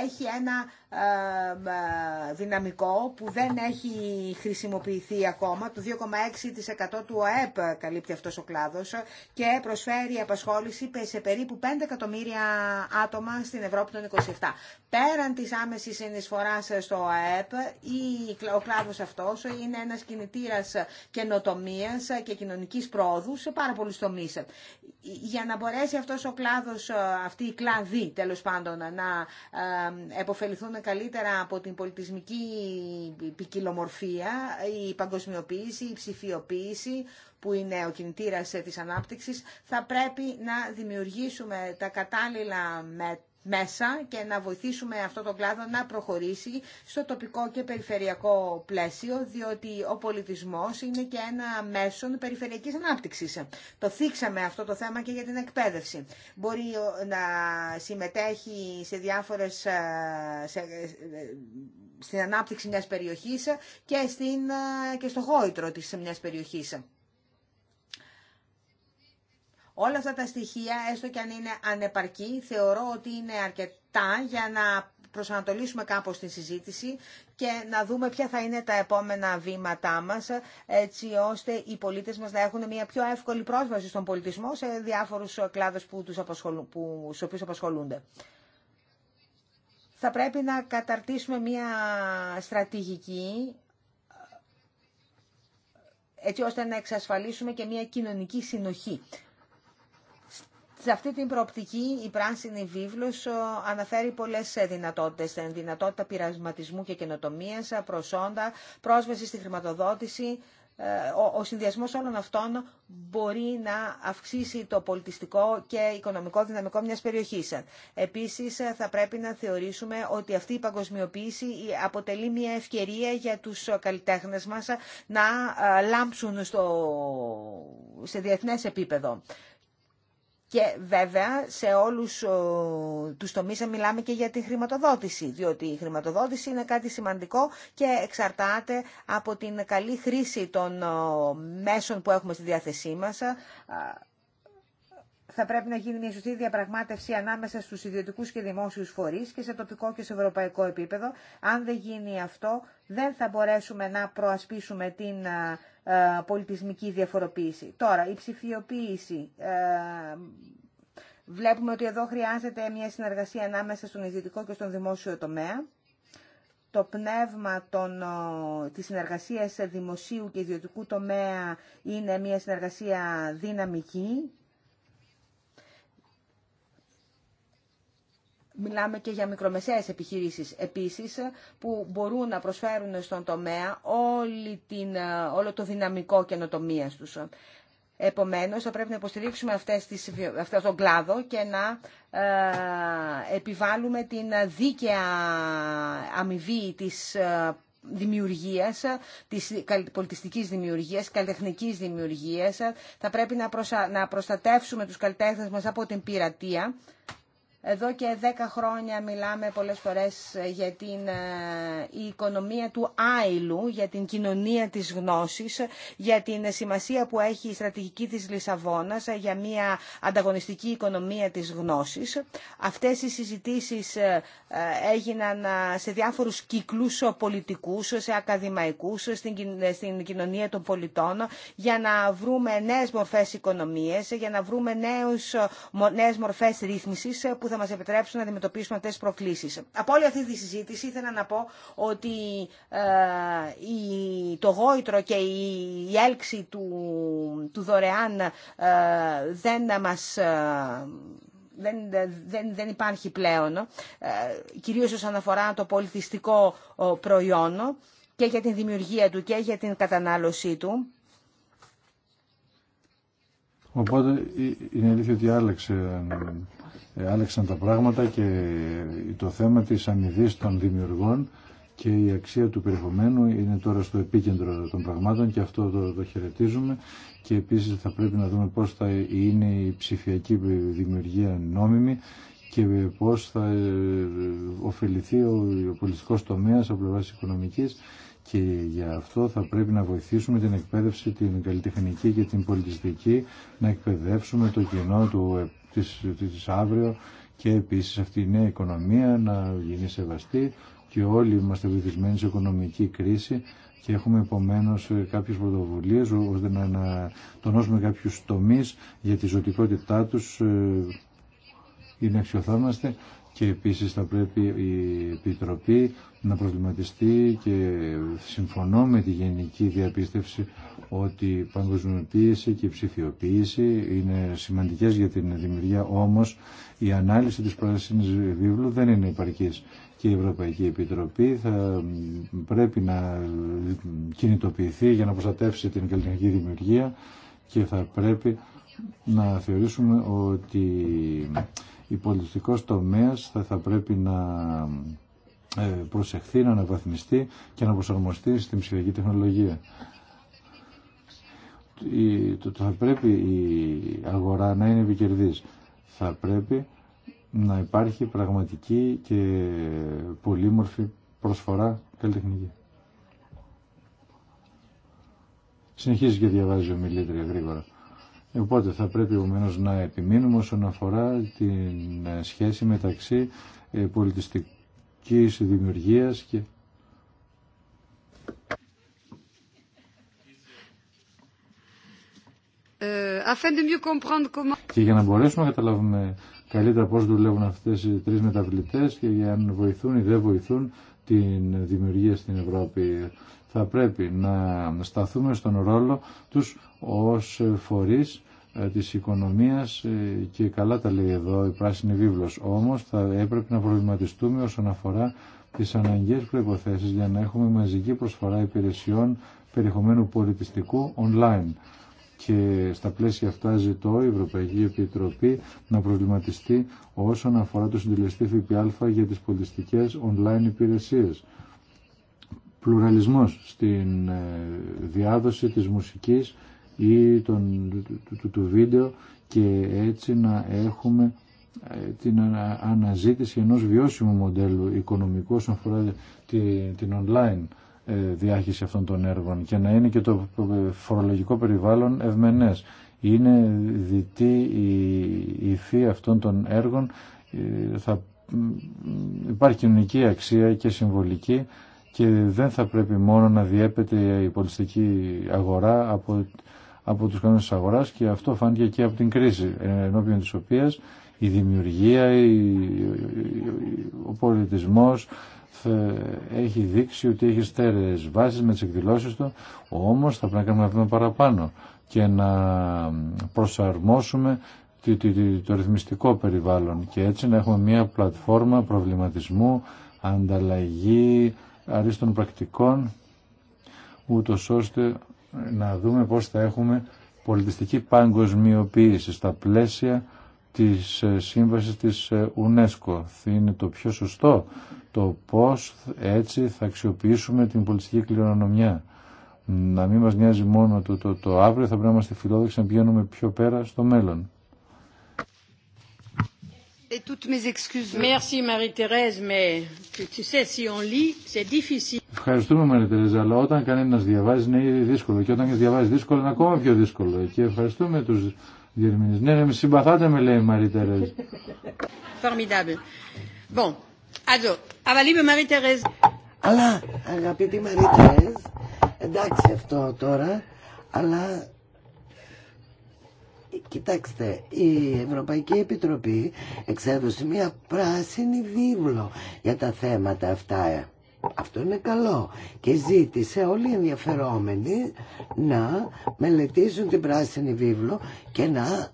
S3: έχει ένα ε, ε, δυναμικό που δεν έχει χρησιμοποιηθεί ακόμα. Το 2,6% του ΑΕΠ καλύπτει αυτός ο κλάδος και προσφέρει απασχόληση σε περίπου 5 εκατομμύρια άτομα στην Ευρώπη των 27. Πέραν της άμεσης συνεισφοράς στο ΑΕΠ, ο κλάδος αυτός είναι ένας κινητήρας καινοτομία και κοινωνικής πρόοδου σε πάρα πολλούς τομείς. Για να μπορέσει αυτός ο κλάδος, ε, αυτή η κλαδή τέλος πάντων, να εποφεληθούν καλύτερα από την πολιτισμική ποικιλομορφία, η παγκοσμιοποίηση, η ψηφιοποίηση που είναι ο κινητήρας ε, της ανάπτυξης, θα πρέπει να δημιουργήσουμε τα κατάλληλα μέτρα μέσα και να βοηθήσουμε αυτό το κλάδο να προχωρήσει στο τοπικό και περιφερειακό πλαίσιο, διότι ο πολιτισμός είναι και ένα μέσον περιφερειακής ανάπτυξης. Το θίξαμε αυτό το θέμα και για την εκπαίδευση. Μπορεί να συμμετέχει σε διάφορες, ε, σε, ε, στην ανάπτυξη μιας περιοχής και, στην, ε, και στο χώρο της μιας περιοχής. Όλα αυτά τα στοιχεία, έστω και αν είναι ανεπαρκή, θεωρώ ότι είναι αρκετά για να προσανατολίσουμε κάπως τη συζήτηση και να δούμε ποια θα είναι τα επόμενα βήματά μας, έτσι ώστε οι πολίτες μας να έχουν μια πιο εύκολη πρόσβαση στον πολιτισμό σε διάφορους κλάδους που τους στους οποίους απασχολούνται. Θα πρέπει να καταρτήσουμε μια στρατηγική έτσι ώστε να εξασφαλίσουμε και μια κοινωνική συνοχή σε αυτή την προοπτική η πράσινη βίβλος αναφέρει πολλές ε, δυνατότητες. Ε, δυνατότητα πειρασματισμού και καινοτομίας, ε, προσόντα, πρόσβαση στη χρηματοδότηση. Ο συνδυασμός όλων αυτών μπορεί να αυξήσει το πολιτιστικό και οικονομικό δυναμικό μιας περιοχής. Επίσης, θα πρέπει να θεωρήσουμε ότι αυτή η παγκοσμιοποίηση αποτελεί μια ευκαιρία για τους καλλιτέχνες μας να λάμψουν στο... σε διεθνές επίπεδο. Και βέβαια σε όλους τους τομείς ε, μιλάμε και για τη χρηματοδότηση, διότι η χρηματοδότηση είναι κάτι σημαντικό και εξαρτάται από την καλή χρήση των ε, μέσων που έχουμε στη διάθεσή μας, ε, θα πρέπει να γίνει μια σωστή διαπραγμάτευση ανάμεσα στους ιδιωτικούς και δημόσιου φορείς και σε τοπικό και σε ευρωπαϊκό επίπεδο. Αν δεν γίνει αυτό, δεν θα μπορέσουμε να προασπίσουμε την ε, ε, πολιτισμική διαφοροποίηση. Τώρα, η ψηφιοποίηση. Ε, βλέπουμε ότι εδώ χρειάζεται μια συνεργασία ανάμεσα στον ιδιωτικό και στον δημόσιο τομέα. Το πνεύμα των, της συνεργασίας δημοσίου και ιδιωτικού τομέα είναι μια συνεργασία δυναμική Μιλάμε και για μικρομεσαίες επιχειρήσεις επίσης που μπορούν να προσφέρουν στον τομέα όλη την, ε, όλο το δυναμικό καινοτομία τους. Επομένως θα πρέπει να υποστηρίξουμε αυτές τις, αυτόν τον κλάδο και να ε, επιβάλλουμε την δίκαια αμοιβή της ε, δημιουργίας, της πολιτιστικής δημιουργίας, καλλιτεχνικής δημιουργίας. Θα πρέπει να, να προστατεύσουμε τους καλλιτέχνες μας από την πειρατεία εδώ και δέκα χρόνια μιλάμε πολλές φορές ε, για την ε, οικονομία του άειλου, για την κοινωνία της γνώσης, για την ε, σημασία που έχει η στρατηγική της Λισαβόνας, για μια ανταγωνιστική οικονομία της γνώσης. Αυτές οι συζητήσεις έγιναν σε διάφορους κύκλους πολιτικούς, σε ακαδημαϊκούς, στην κοινωνία των πολιτών, για να βρούμε νέες μορφές οικονομίες, για να βρούμε νέους, νέες μορφές ρύθμισης θα μας επιτρέψουν να αντιμετωπίσουμε αυτέ τι προκλήσεις. Από όλη αυτή τη συζήτηση ήθελα να πω ότι ε, το γόητρο και η έλξη του δωρεάν ε, δεν ε, Δεν, δεν, δεν υπάρχει πλέον, κυρίως όσον αφορά το πολιτιστικό προϊόν και για την δημιουργία του και για την κατανάλωσή του.
S2: Οπότε είναι αλήθεια ότι άλλαξε ε, άλλαξαν τα πράγματα και το θέμα της αμοιβή των δημιουργών και η αξία του περιεχομένου είναι τώρα στο επίκεντρο των πραγμάτων και αυτό το, το χαιρετίζουμε και επίσης θα πρέπει να δούμε πώς θα είναι η ψηφιακή δημιουργία νόμιμη και πώς θα ε, ωφεληθεί ο πολιτικός τομέας από πλευράς οικονομικής και για αυτό θα πρέπει να βοηθήσουμε την εκπαίδευση, την καλλιτεχνική και την πολιτιστική, να εκπαιδεύσουμε το κοινό του της, της αύριο και επίσης αυτή η νέα οικονομία να γίνει σεβαστή και όλοι είμαστε βυθισμένοι σε οικονομική κρίση και έχουμε επομένω κάποιες πρωτοβουλίε ώστε να, να τονώσουμε κάποιου τομείς για τη ζωτικότητά τους ε, είναι αξιοθαύμαστε και επίσης θα πρέπει η Επιτροπή να προβληματιστεί και συμφωνώ με τη γενική διαπίστευση ότι η παγκοσμιοποίηση και η ψηφιοποίηση είναι σημαντικές για την δημιουργία, όμως η ανάλυση της πράσινης βίβλου δεν είναι υπαρκής και η Ευρωπαϊκή Επιτροπή θα πρέπει να κινητοποιηθεί για να προστατεύσει την καλλιτεχνική δημιουργία και θα πρέπει να θεωρήσουμε ότι η πολιτικός τομέας θα, θα πρέπει να ε, προσεχθεί, να αναβαθμιστεί και να προσαρμοστεί στην ψηφιακή τεχνολογία. Το, το, θα πρέπει η αγορά να είναι επικερδής. Θα πρέπει να υπάρχει πραγματική και πολύμορφη προσφορά καλλιτεχνική. Συνεχίζει και διαβάζει ο μιλήτρια γρήγορα. Οπότε θα πρέπει επομένω να επιμείνουμε όσον αφορά την σχέση μεταξύ ε, πολιτιστικής δημιουργίας ε, και... για να μπορέσουμε να καταλάβουμε καλύτερα πώς δουλεύουν αυτές οι τρεις μεταβλητές και για αν βοηθούν ή δεν βοηθούν την δημιουργία στην Ευρώπη. Θα πρέπει να σταθούμε στον ρόλο τους ως φορείς ε, της οικονομίας ε, και καλά τα λέει εδώ η πράσινη βίβλος. Όμως θα έπρεπε να προβληματιστούμε όσον αφορά τις αναγκαίες προϋποθέσεις για να έχουμε μαζική προσφορά υπηρεσιών περιεχομένου πολιτιστικού online και στα πλαίσια αυτά ζητώ η Ευρωπαϊκή Επιτροπή να προβληματιστεί όσον αφορά το συντελεστή ΦΠΑ για τις πολιτιστικές online υπηρεσίες. Πλουραλισμός στην ε, διάδοση της μουσικής ή του, του, βίντεο και έτσι να έχουμε ε, την αναζήτηση ενός βιώσιμου μοντέλου οικονομικού όσον αφορά την, την online ε, διάχυση αυτών των έργων και να είναι και το φορολογικό περιβάλλον ευμενές. Είναι διτή η υφή αυτών των έργων, ε, θα υπάρχει κοινωνική αξία και συμβολική και δεν θα πρέπει μόνο να διέπεται η πολιτιστική αγορά από, από τους κανόνες της αγοράς και αυτό φάνηκε και από την κρίση ε, ενώπιον της οποίας η δημιουργία, η, ο πολιτισμός, ε, έχει δείξει ότι έχει στέρεες βάσεις με τις εκδηλώσεις του, όμως θα πρέπει να κάνουμε βήμα παραπάνω και να προσαρμόσουμε το ρυθμιστικό περιβάλλον και έτσι να έχουμε μια πλατφόρμα προβληματισμού, ανταλλαγή αρίστων πρακτικών ούτω ώστε να δούμε πώς θα έχουμε πολιτιστική παγκοσμιοποίηση στα πλαίσια της ε, σύμβασης της ε, UNESCO. Είναι το πιο σωστό το πώς έτσι θα αξιοποιήσουμε την πολιτική κληρονομιά. Να μην μας νοιάζει μόνο το, το, το αύριο, θα πρέπει να είμαστε φιλόδοξοι να πηγαίνουμε πιο πέρα στο μέλλον. Ευχαριστούμε Μαρή Τερέζα, αλλά όταν κανένα διαβάζει είναι δύσκολο και όταν διαβάζει δύσκολο είναι ακόμα πιο δύσκολο. Και ευχαριστούμε τους ναι, Ναι, με συμπαθάτε με λέει η Μαρή Τερέζ.
S3: Formidable.
S1: Bon. Ah, αλλά, αγαπητή Μαρή Τερέζ, εντάξει αυτό τώρα, αλλά Κοιτάξτε, η Ευρωπαϊκή Επιτροπή εξέδωσε μια πράσινη βίβλο για τα θέματα αυτά αυτό είναι καλό και ζήτησε όλοι οι ενδιαφερόμενοι να μελετήσουν την πράσινη βίβλο και να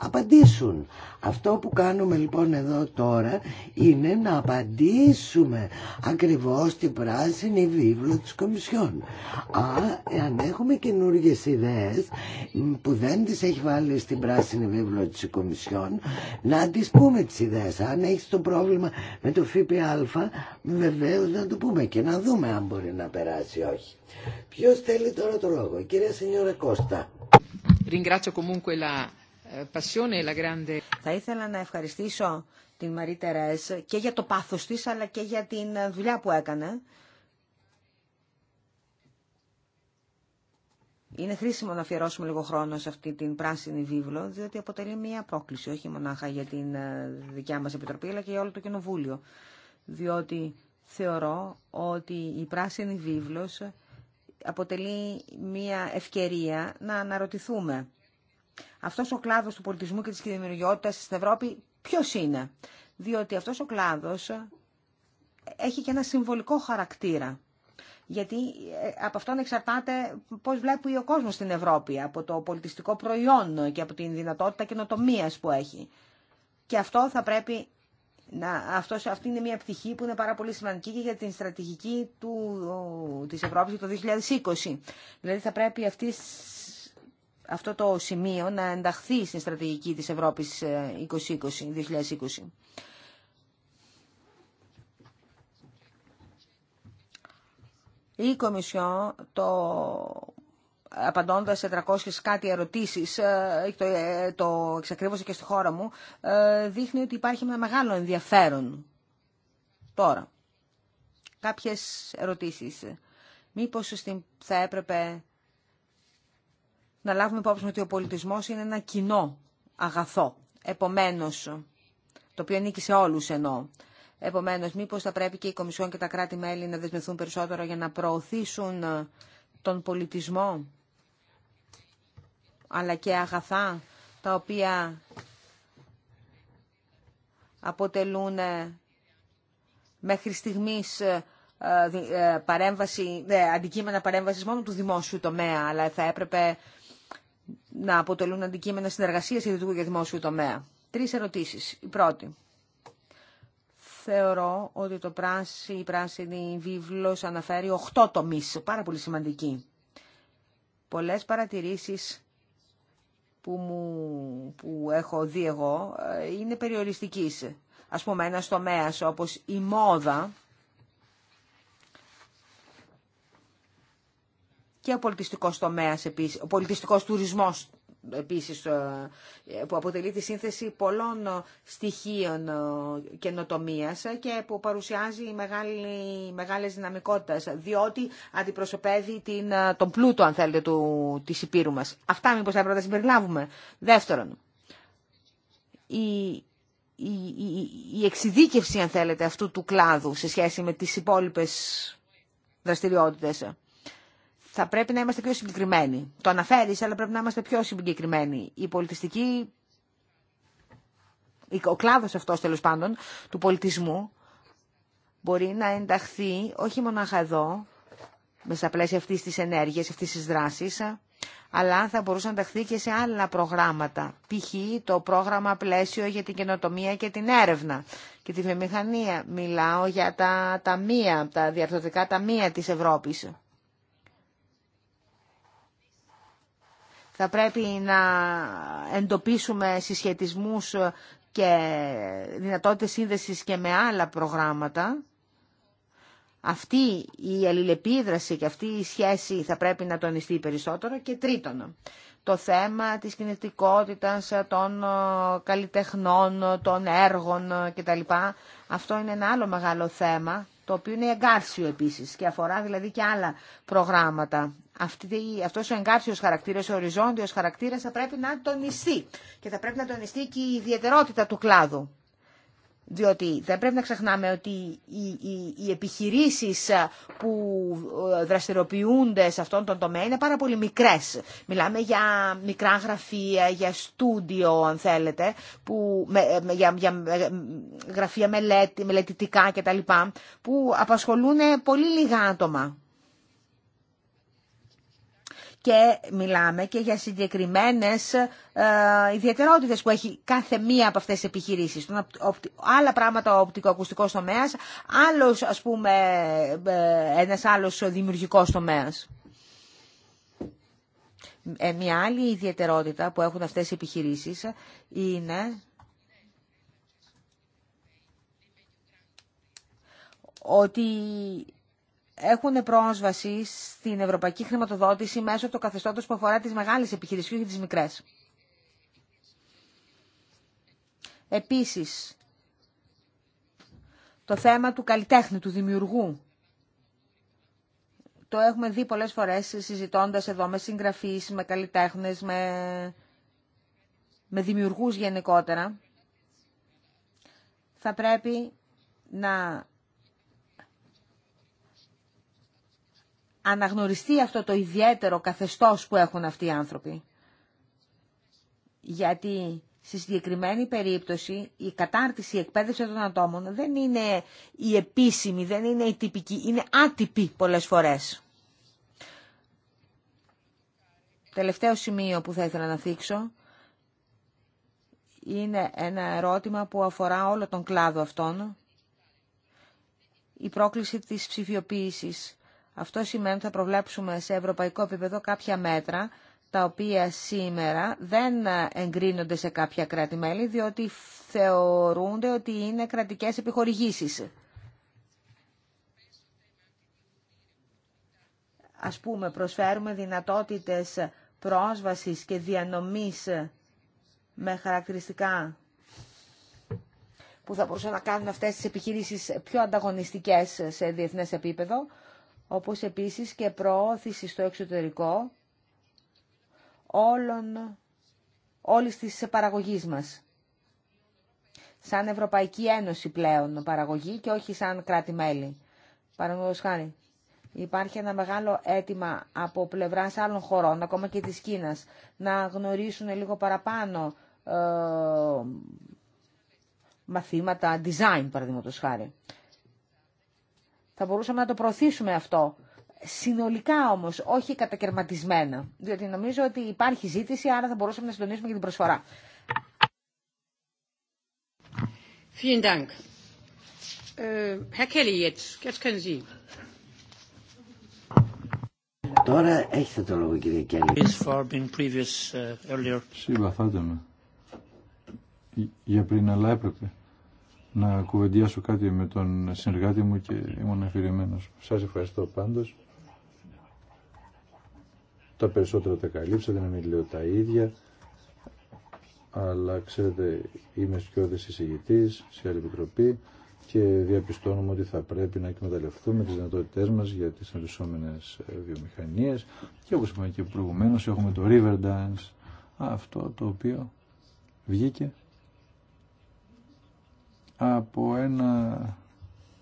S1: απαντήσουν. Αυτό που κάνουμε λοιπόν εδώ τώρα είναι να απαντήσουμε ακριβώς την πράσινη βίβλο της Κομισιόν. Α, αν έχουμε καινούργιε ιδέες που δεν τις έχει βάλει στην πράσινη βίβλο της Κομισιόν, να τις πούμε τις ιδέες. Αν έχεις το πρόβλημα με το ΦΠΑ, βεβαίω να το πούμε και να δούμε αν μπορεί να περάσει ή όχι. Ποιος θέλει τώρα το λόγο, η κυρία το λογο Κώστα.
S3: Ringrazio comunque E Θα ήθελα να ευχαριστήσω την Μαρή Τερές και για το πάθος της αλλά και για την δουλειά που έκανε. Είναι χρήσιμο να αφιερώσουμε λίγο χρόνο σε αυτή την πράσινη βίβλο, διότι αποτελεί μια πρόκληση, όχι μονάχα για την ε, δικιά μας Επιτροπή, αλλά και για όλο το Κοινοβούλιο. Διότι θεωρώ ότι η πράσινη βίβλος αποτελεί μια ευκαιρία να αναρωτηθούμε αυτός ο κλάδος του πολιτισμού και της δημιουργιότητας στην Ευρώπη ποιο είναι. Διότι αυτός ο κλάδος έχει και ένα συμβολικό χαρακτήρα. Γιατί ε, από αυτόν εξαρτάται πώς βλέπει ο κόσμος στην Ευρώπη, από το πολιτιστικό προϊόν και από την δυνατότητα καινοτομία που έχει. Και αυτό θα πρέπει να, αυτή είναι μια πτυχή που είναι πάρα πολύ σημαντική και για την στρατηγική του, της Ευρώπης το 2020. Δηλαδή θα πρέπει αυτή αυτό το σημείο να ενταχθεί στην στρατηγική της Ευρώπης 2020, ε, 2020. Η Κομισιό το απαντώντας σε 300 κάτι ερωτήσεις, ε, το, ε, το εξακρίβωσε και στη χώρα μου, δείχνει ότι υπάρχει ένα μεγάλο ενδιαφέρον. Τώρα, κάποιες ερωτήσεις. Μήπως θα έπρεπε να λάβουμε υπόψη ότι ο πολιτισμός είναι ένα κοινό αγαθό. Επομένως, το οποίο ανήκει σε όλους εννοώ. Επομένως, μήπως θα πρέπει και οι Κομισιόν και τα κράτη-μέλη να δεσμευθούν περισσότερο για να προωθήσουν ε, τον πολιτισμό, αλλά και αγαθά τα οποία αποτελούν ε, μέχρι στιγμής ε, παρέμβαση, αντικείμενα παρέμβασης μόνο του δημόσιου τομέα, αλλά θα έπρεπε να αποτελούν αντικείμενα συνεργασίας ιδιωτικού και δημόσιου τομέα. Τρεις ερωτήσεις. Η πρώτη. Θεωρώ ότι το πράσι, η πράσινη βίβλος αναφέρει 8 τομείς, πάρα πολύ σημαντική. Πολλές παρατηρήσεις που, μου, που έχω δει εγώ ε, είναι περιοριστικής. Ας πούμε ένας τομέας όπως η μόδα, και ο πολιτιστικός τομέας επίσης, ο τουρισμός επίσης ε, που αποτελεί τη σύνθεση πολλών ε, στοιχείων ε, καινοτομία και που παρουσιάζει μεγάλη, μεγάλες δυναμικότητες διότι αντιπροσωπεύει την, τον πλούτο αν θέλετε του, της υπήρου μας. Αυτά μήπως θα πρέπει να συμπεριλάβουμε. Δεύτερον, η, η, εξειδίκευση αν θέλετε αυτού του κλάδου σε σχέση με τις υπόλοιπες δραστηριότητες θα πρέπει να είμαστε πιο συγκεκριμένοι. Το αναφέρει, αλλά πρέπει να είμαστε πιο συγκεκριμένοι. Η πολιτιστική, ο κλάδο αυτό τέλο πάντων του πολιτισμού μπορεί να ενταχθεί όχι μονάχα εδώ, με στα πλαίσια αυτής τη ενέργεια, αυτή τη δράση, αλλά θα μπορούσε να ενταχθεί και σε άλλα προγράμματα. Π.χ. το πρόγραμμα πλαίσιο για την καινοτομία και την έρευνα και τη βιομηχανία. Μιλάω για τα ταμεία, τα διαρθρωτικά ταμεία της Ευρώπης Θα πρέπει να εντοπίσουμε συσχετισμούς και δυνατότητες σύνδεσης και με άλλα προγράμματα. Αυτή η αλληλεπίδραση και αυτή η σχέση θα πρέπει να τονιστεί περισσότερο. Και τρίτον, το θέμα της κινητικότητας των ε, καλλιτεχνών, των έργων ε, κτλ. Αυτό είναι ένα άλλο μεγάλο θέμα, το οποίο είναι εγκάρσιο επίσης και αφορά δηλαδή και άλλα προγράμματα αυτή, αυτός ο εγκάρσιος χαρακτήρας, ο οριζόντιος χαρακτήρας θα πρέπει να τονιστεί και θα πρέπει να τονιστεί και η ιδιαιτερότητα του κλάδου. Διότι δεν πρέπει να ξεχνάμε ότι οι, οι, επιχειρήσεις που ε, δραστηριοποιούνται σε αυτόν τον τομέα είναι πάρα πολύ μικρές. Μιλάμε για μικρά γραφεία, για στούντιο αν θέλετε, που, ε, για, ε, γραφεία μελετητικά κτλ. που απασχολούν πολύ λίγα άτομα και μιλάμε και για συγκεκριμένες ε, ιδιαιτερότητες που έχει κάθε μία από αυτές τις επιχειρήσεις. Άλλα πράγματα ο οπτικοακουστικός τομέας, άλλος ας πούμε ε, ένας άλλος δημιουργικός τομέας. Ε, μια άλλη ιδιαιτερότητα που έχουν αυτές οι επιχειρήσεις είναι ότι έχουν πρόσβαση στην ευρωπαϊκή χρηματοδότηση μέσω του καθεστώτος που αφορά τις μεγάλες επιχειρήσεις και τις μικρές. Επίσης, το θέμα του καλλιτέχνη, του δημιουργού. Το έχουμε δει πολλές φορές συζητώντας εδώ με συγγραφείς, με καλλιτέχνες, με, με δημιουργούς γενικότερα. Θα πρέπει να αναγνωριστεί αυτό το ιδιαίτερο καθεστώς που έχουν αυτοί οι άνθρωποι. Γιατί στη συγκεκριμένη περίπτωση η κατάρτιση, η εκπαίδευση των ατόμων δεν είναι η επίσημη, δεν είναι η τυπική, είναι άτυπη πολλές φορές. Τελευταίο σημείο που θα ήθελα να θίξω είναι ένα ερώτημα που αφορά όλο τον κλάδο αυτόν. Η πρόκληση της ψηφιοποίησης αυτό σημαίνει ότι θα προβλέψουμε σε ευρωπαϊκό επίπεδο κάποια μέτρα τα οποία σήμερα δεν εγκρίνονται σε κάποια κράτη-μέλη διότι θεωρούνται ότι είναι κρατικές επιχορηγήσεις. Ας πούμε, προσφέρουμε δυνατότητες πρόσβασης και διανομής με χαρακτηριστικά που θα μπορούσαν να κάνουν αυτές τις επιχειρήσεις πιο ανταγωνιστικές σε διεθνές επίπεδο όπως επίσης και προώθηση στο εξωτερικό όλων, όλης της παραγωγής μας. Σαν Ευρωπαϊκή Ένωση πλέον παραγωγή και όχι σαν κράτη-μέλη. Παραδείγματος χάρη, υπάρχει ένα μεγάλο αίτημα από πλευράς άλλων χωρών, ακόμα και της Κίνας, να γνωρίσουν λίγο παραπάνω ε, μαθήματα design, παραδείγματος χάρη. Θα μπορούσαμε να το προωθήσουμε αυτό. Συνολικά όμω, όχι κατακαιρματισμένα. Διότι νομίζω ότι υπάρχει ζήτηση, άρα θα μπορούσαμε να συντονίσουμε και την προσφορά. Vielen Dank. Äh, Herr Kelly, jetzt, jetzt können Sie.
S1: Τώρα έχετε το λόγο κύριε Κέλλη. Uh, Συμπαθάτε
S2: με. Για πριν αλλά έπρεπε να κουβεντιάσω κάτι με τον συνεργάτη μου και ήμουν αφηρημένο. Σας ευχαριστώ πάντως. Τα περισσότερα τα καλύψατε, να μην λέω τα ίδια. Αλλά ξέρετε, είμαι σκιώδη εισηγητή σε άλλη επιτροπή και διαπιστώνουμε ότι θα πρέπει να εκμεταλλευτούμε τις δυνατότητε μας για τις αντισώμενες ε, βιομηχανίε και όπως είπαμε και προηγουμένως έχουμε το Riverdance, αυτό το οποίο βγήκε από ένα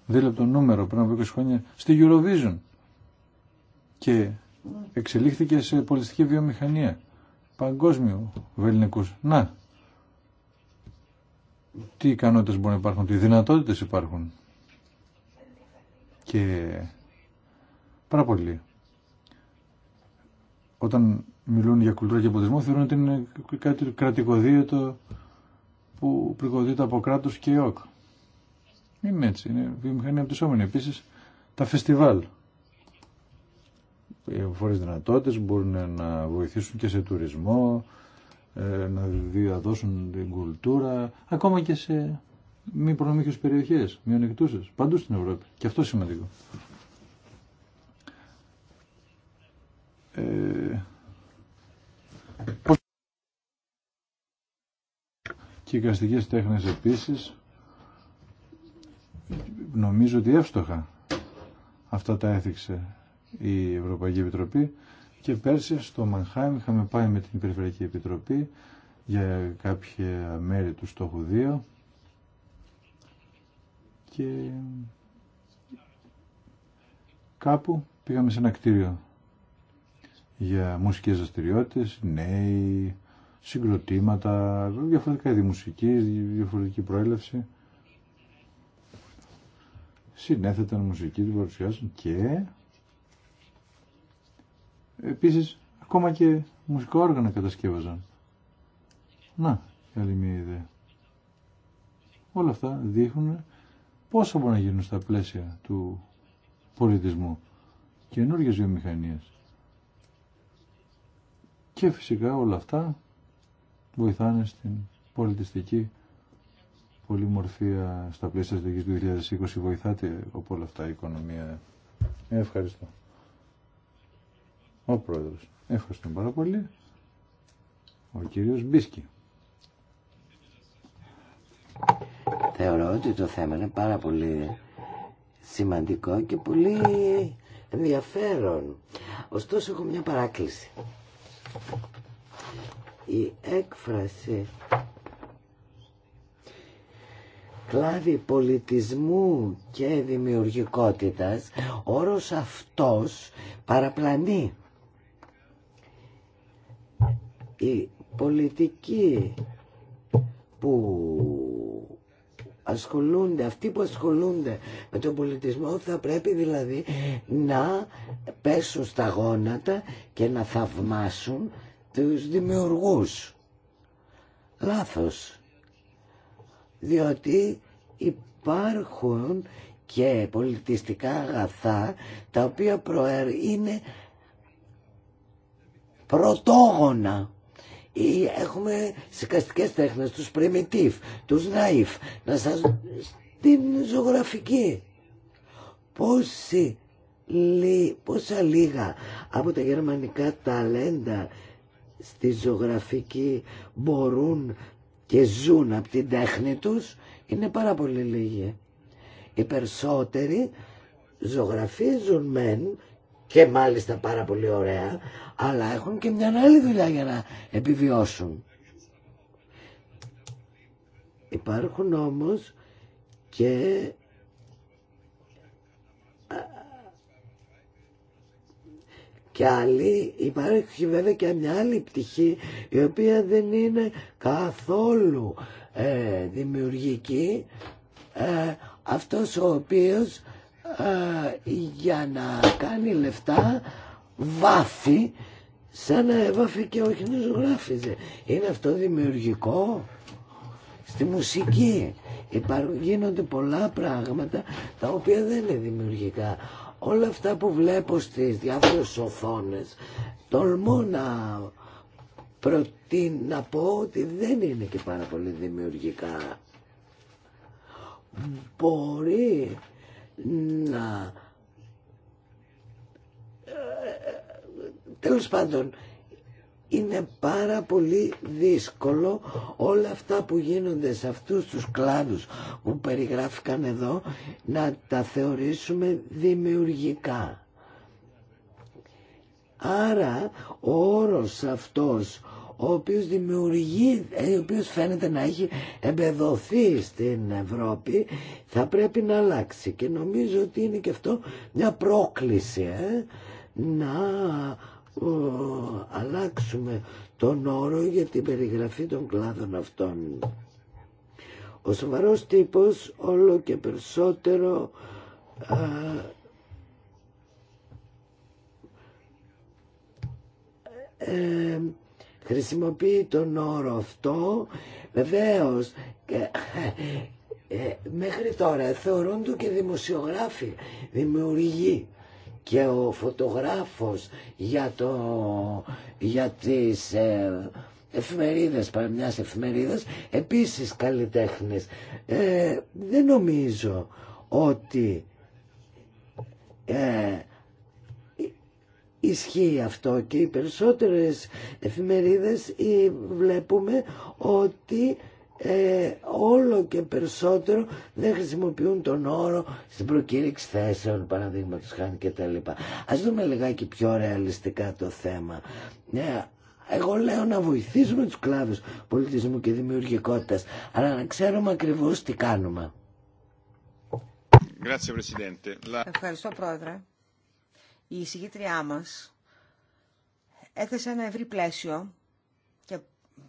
S2: δίλεπτο νούμερο πριν από 20 χρόνια στη Eurovision και εξελίχθηκε σε πολιτιστική βιομηχανία παγκόσμιου βεληνικού. Να, τι ικανότητε μπορούν να υπάρχουν, τι δυνατότητες υπάρχουν. Και πάρα πολύ. Όταν μιλούν για κουλτούρα και πολιτισμό θεωρούν ότι είναι κάτι κρατικοδίαιτο που πληγωδείται από κράτο και όκ είναι έτσι, είναι βιομηχανία απτυσσόμενη. Επίσης, τα φεστιβάλ. Οι φορές δυνατότητε μπορούν να βοηθήσουν και σε τουρισμό, ε, να διαδώσουν την κουλτούρα, ακόμα και σε μη προνομίχε περιοχές, μειονεκτούσε, παντού στην Ευρώπη. Και αυτό σημαντικό. Ε, και οι καστικές τέχνες επίσης νομίζω ότι εύστοχα αυτά τα έθιξε η Ευρωπαϊκή Επιτροπή και πέρσι στο Μανχάιμ είχαμε πάει με την Περιφερειακή Επιτροπή για κάποια μέρη του στόχου 2 και κάπου πήγαμε σε ένα κτίριο για μουσικές δραστηριότητε, νέοι, συγκροτήματα, διαφορετικά είδη μουσικής, διαφορετική προέλευση συνέθεταν μουσική, του παρουσιάζουν και επίσης ακόμα και μουσικό όργανα κατασκεύαζαν. Να, άλλη μια ιδέα. Όλα αυτά δείχνουν πόσο μπορούν να γίνουν στα πλαίσια του πολιτισμού καινούργιες βιομηχανίες. Και φυσικά όλα αυτά βοηθάνε στην πολιτιστική πολυμορφία στα πλαίσια της του 2020 βοηθάτε από όλα αυτά η οικονομία. Ευχαριστώ. Ο Πρόεδρος. Ευχαριστούμε πάρα πολύ. Ο κύριος Μπίσκι. Θεωρώ ότι το θέμα είναι πάρα
S1: πολύ σημαντικό και πολύ ενδιαφέρον. Ωστόσο έχω μια παράκληση. Η έκφραση κλάδι πολιτισμού και δημιουργικότητας, όρος αυτός παραπλανεί. Η πολιτική που ασχολούνται, αυτοί που ασχολούνται με τον πολιτισμό θα πρέπει δηλαδή να πέσουν στα γόνατα και να θαυμάσουν τους δημιουργούς. Λάθος διότι υπάρχουν και πολιτιστικά αγαθά τα οποία είναι πρωτόγωνα ή έχουμε συγκαστικές τέχνες τους πριμιτίφ, τους ναΐφ, να σας την ζωγραφική πόσα λίγα από τα γερμανικά ταλέντα στη ζωγραφική μπορούν και ζουν από την τέχνη τους είναι πάρα πολύ λίγοι. Οι περισσότεροι ζωγραφίζουν μεν και μάλιστα πάρα πολύ ωραία, αλλά έχουν και μια άλλη δουλειά για να επιβιώσουν. Υπάρχουν όμως και και άλλη, υπάρχει βέβαια και μια άλλη πτυχή η οποία δεν είναι καθόλου ε, δημιουργική ε, αυτός ο οποίος ε, για να κάνει λεφτά βάφει σαν να έβαφε και όχι να ζωγράφιζε. Είναι αυτό δημιουργικό στη μουσική. Υπάρχουν, γίνονται πολλά πράγματα τα οποία δεν είναι δημιουργικά όλα αυτά που βλέπω στις διάφορες οθόνες τολμώ να προτείνω πω ότι δεν είναι και πάρα πολύ δημιουργικά μπορεί να ε, ε, τέλος πάντων είναι πάρα πολύ δύσκολο όλα αυτά που γίνονται σε αυτούς τους κλάδους που περιγράφηκαν εδώ να τα θεωρήσουμε δημιουργικά. Άρα ο όρος αυτός ο οποίος δημιουργεί, ε, ο οποίος φαίνεται να έχει εμπεδοθεί στην Ευρώπη θα πρέπει να αλλάξει και νομίζω ότι είναι και αυτό μια πρόκληση ε, να αλλάξουμε τον όρο για την περιγραφή των κλάδων αυτών. Ο σοβαρός τύπος όλο και περισσότερο ε, χρησιμοποιεί τον όρο αυτό βεβαίως ε, μέχρι τώρα θεωρούν του και δημοσιογράφοι δημιουργοί και ο φωτογράφος για, το, για τις ε, εφημερίδες, επίσης καλλιτέχνες. Ε, δεν νομίζω ότι ε, ισχύει αυτό και οι περισσότερες εφημερίδες ε, βλέπουμε ότι ε, όλο και περισσότερο δεν χρησιμοποιούν τον όρο στην προκήρυξη θέσεων παραδείγματο χάνει και τα λοιπά. Ας δούμε λιγάκι πιο ρεαλιστικά το θέμα. Ε, εγώ λέω να βοηθήσουμε τους κλάδους πολιτισμού και δημιουργικότητας, αλλά να ξέρουμε ακριβώς τι κάνουμε.
S3: Ευχαριστώ Πρόεδρε. Η εισηγήτριά μας έθεσε ένα ευρύ πλαίσιο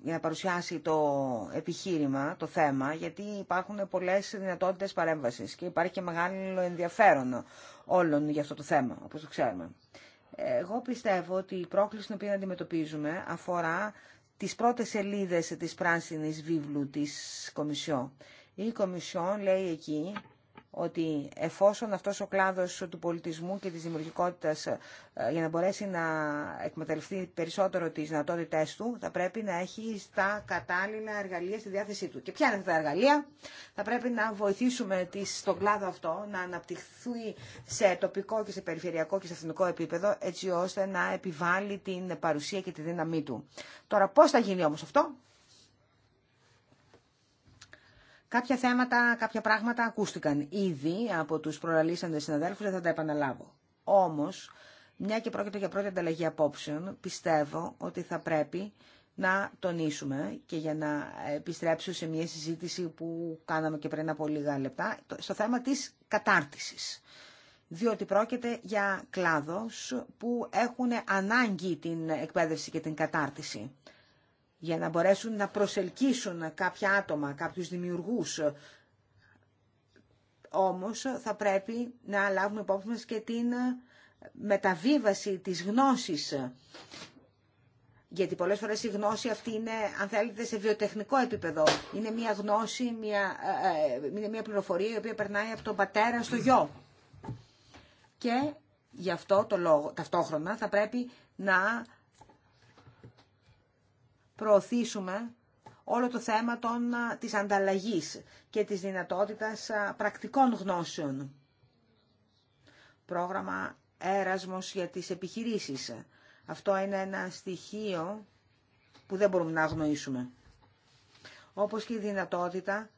S3: για να παρουσιάσει το επιχείρημα, το θέμα, γιατί υπάρχουν πολλές δυνατότητες παρέμβασης και υπάρχει και μεγάλο ενδιαφέρον όλων για αυτό το θέμα, όπως το ξέρουμε. Εγώ πιστεύω ότι η πρόκληση την οποία αντιμετωπίζουμε αφορά τις πρώτες σελίδες της πράσινης βίβλου της Κομισιό. Η Κομισιό λέει εκεί ότι εφόσον αυτός ο κλάδος του πολιτισμού και της δημιουργικότητας ε, για να μπορέσει να εκμεταλλευτεί περισσότερο τις δυνατότητε του, θα πρέπει να έχει τα κατάλληλα εργαλεία στη διάθεσή του. Και ποια είναι αυτά τα εργαλεία? Θα πρέπει να βοηθήσουμε στον κλάδο αυτό να αναπτυχθεί σε τοπικό και σε περιφερειακό και σε εθνικό επίπεδο, έτσι ώστε να επιβάλλει την παρουσία και τη δύναμή του. Τώρα πώς θα γίνει όμως αυτό? Κάποια θέματα, κάποια πράγματα ακούστηκαν ήδη από τους προαλήσαντες συναδέλφους, δεν θα τα επαναλάβω. Όμως, μια και πρόκειται για πρώτη ανταλλαγή απόψεων, πιστεύω ότι θα πρέπει να τονίσουμε και για να επιστρέψω σε μια συζήτηση που κάναμε και πριν από λίγα λεπτά, στο θέμα της κατάρτισης. Διότι πρόκειται για κλάδος που έχουν ανάγκη την εκπαίδευση και την κατάρτιση για να μπορέσουν να προσελκύσουν κάποια άτομα, κάποιους δημιουργούς. Όμως θα πρέπει να λάβουμε υπόψη μας και την μεταβίβαση της γνώσης. Γιατί πολλές φορές η γνώση αυτή είναι, αν θέλετε, σε βιοτεχνικό επίπεδο. Είναι μια γνώση, μια, ε, ε, είναι μια πληροφορία η οποία περνάει από τον πατέρα στο γιο. Και γι' αυτό το λόγο, ταυτόχρονα θα πρέπει να προωθήσουμε όλο το θέμα των, της ανταλλαγής και της δυνατότητας πρακτικών γνώσεων. Πρόγραμμα έρασμος για τις επιχειρήσεις. Αυτό είναι ένα στοιχείο που δεν μπορούμε να αγνοήσουμε. Όπως και η δυνατότητα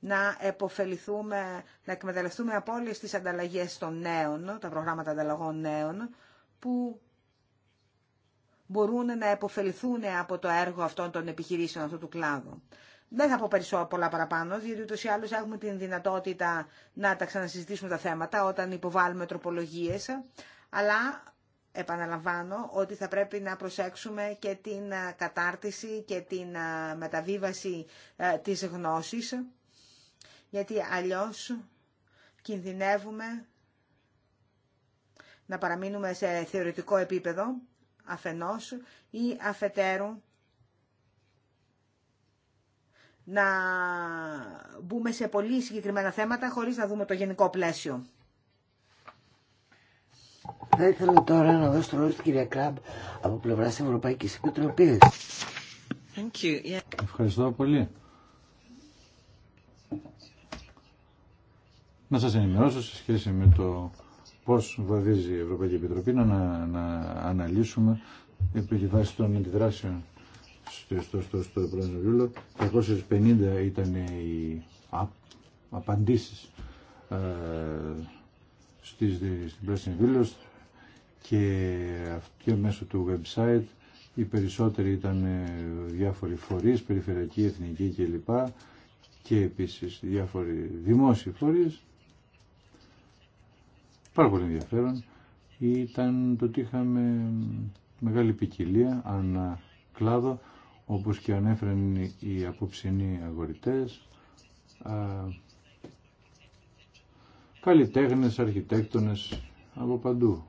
S3: να εποφεληθούμε, να εκμεταλλευτούμε από όλες τις ανταλλαγές των νέων, τα προγράμματα ανταλλαγών νέων, που μπορούν να επωφεληθούν από το έργο αυτών των επιχειρήσεων αυτού του κλάδου. Δεν θα πω περισσότερα πολλά παραπάνω, διότι ούτω ή άλλως έχουμε την δυνατότητα να τα ξανασυζητήσουμε τα θέματα όταν υποβάλουμε τροπολογίες, αλλά επαναλαμβάνω ότι θα πρέπει να προσέξουμε και την ε, κατάρτιση και την ε, μεταβίβαση ε, της γνώσης, γιατί αλλιώς κινδυνεύουμε να παραμείνουμε σε θεωρητικό επίπεδο αφενός ή αφετέρου να μπούμε σε πολύ συγκεκριμένα θέματα χωρίς να δούμε το γενικό πλαίσιο.
S1: Θα ήθελα τώρα να δώσω το λόγο στην κυρία Κραμπ από πλευρά τη Ευρωπαϊκή Επιτροπή.
S2: Ευχαριστώ πολύ.
S1: Να σας ενημερώσω
S2: σε σχέση με το πώς βαδίζει η Ευρωπαϊκή Επιτροπή να, να αναλύσουμε επί τη βάση των αντιδράσεων στο, στο, στο, στο βιβλίο. 350 ήταν οι απαντήσει απαντήσεις ε, στην Πράσινη και, και μέσω του website οι περισσότεροι ήταν ε, διάφοροι φορείς, περιφερειακοί, εθνικοί κλπ. Και επίσης διάφοροι δημόσιοι φορείς Πάρα πολύ ενδιαφέρον ήταν το ότι είχαμε μεγάλη ποικιλία ανά κλάδο, όπως και ανέφεραν οι απόψινοί αγορητές, καλλιτέχνες, αρχιτέκτονες, από παντού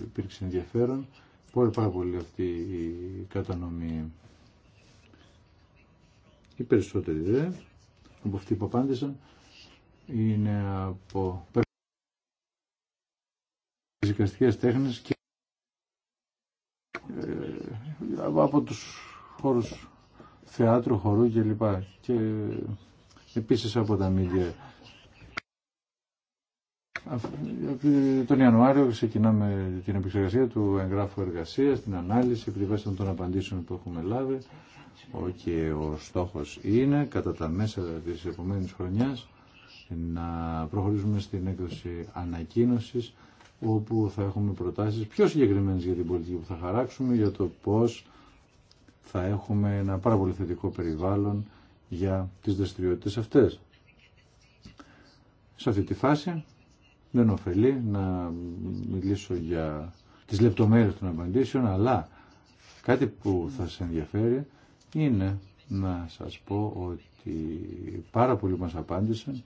S2: υπήρξε ενδιαφέρον. Πολύ πάρα πολύ αυτή η κατανομή. Οι περισσότεροι δε, από αυτοί που απάντησαν, είναι από τέχνες και ε, από του χώρους θεάτρου, χορού και λοιπά και επίσης από τα μίδια. Τον Ιανουάριο ξεκινάμε την επεξεργασία του εγγράφου εργασία την ανάλυση επιβέστων των απαντήσεων που έχουμε λάβει και ο στόχο είναι κατά τα μέσα τη επόμενη χρονιά να προχωρήσουμε στην έκδοση ανακοίνωση όπου θα έχουμε προτάσεις πιο συγκεκριμένες για την πολιτική που θα χαράξουμε, για το πώς θα έχουμε ένα πάρα πολύ θετικό περιβάλλον για τις δραστηριότητε αυτές. Σε αυτή τη φάση δεν ωφελεί να μιλήσω για τις λεπτομέρειες των απαντήσεων, αλλά κάτι που θα σας ενδιαφέρει είναι να σας πω ότι πάρα πολλοί μας απάντησαν,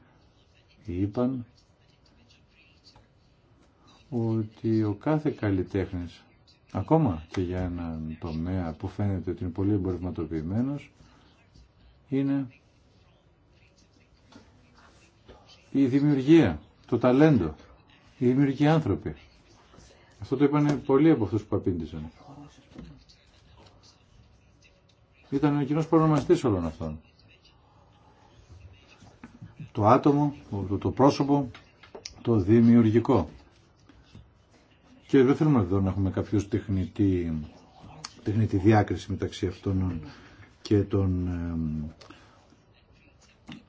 S2: είπαν ότι ο κάθε καλλιτέχνης, ακόμα και για έναν τομέα που φαίνεται ότι είναι πολύ εμπορευματοποιημένο είναι η δημιουργία, το ταλέντο, οι δημιουργικοί άνθρωποι. Αυτό το είπαν πολλοί από αυτούς που απήντησαν. Ήταν ο κοινός προνομαστής όλων αυτών. Το άτομο, το, το πρόσωπο, το δημιουργικό. Και δεν θέλουμε εδώ να έχουμε κάποιο τεχνητή, τεχνητή διάκριση μεταξύ αυτών και των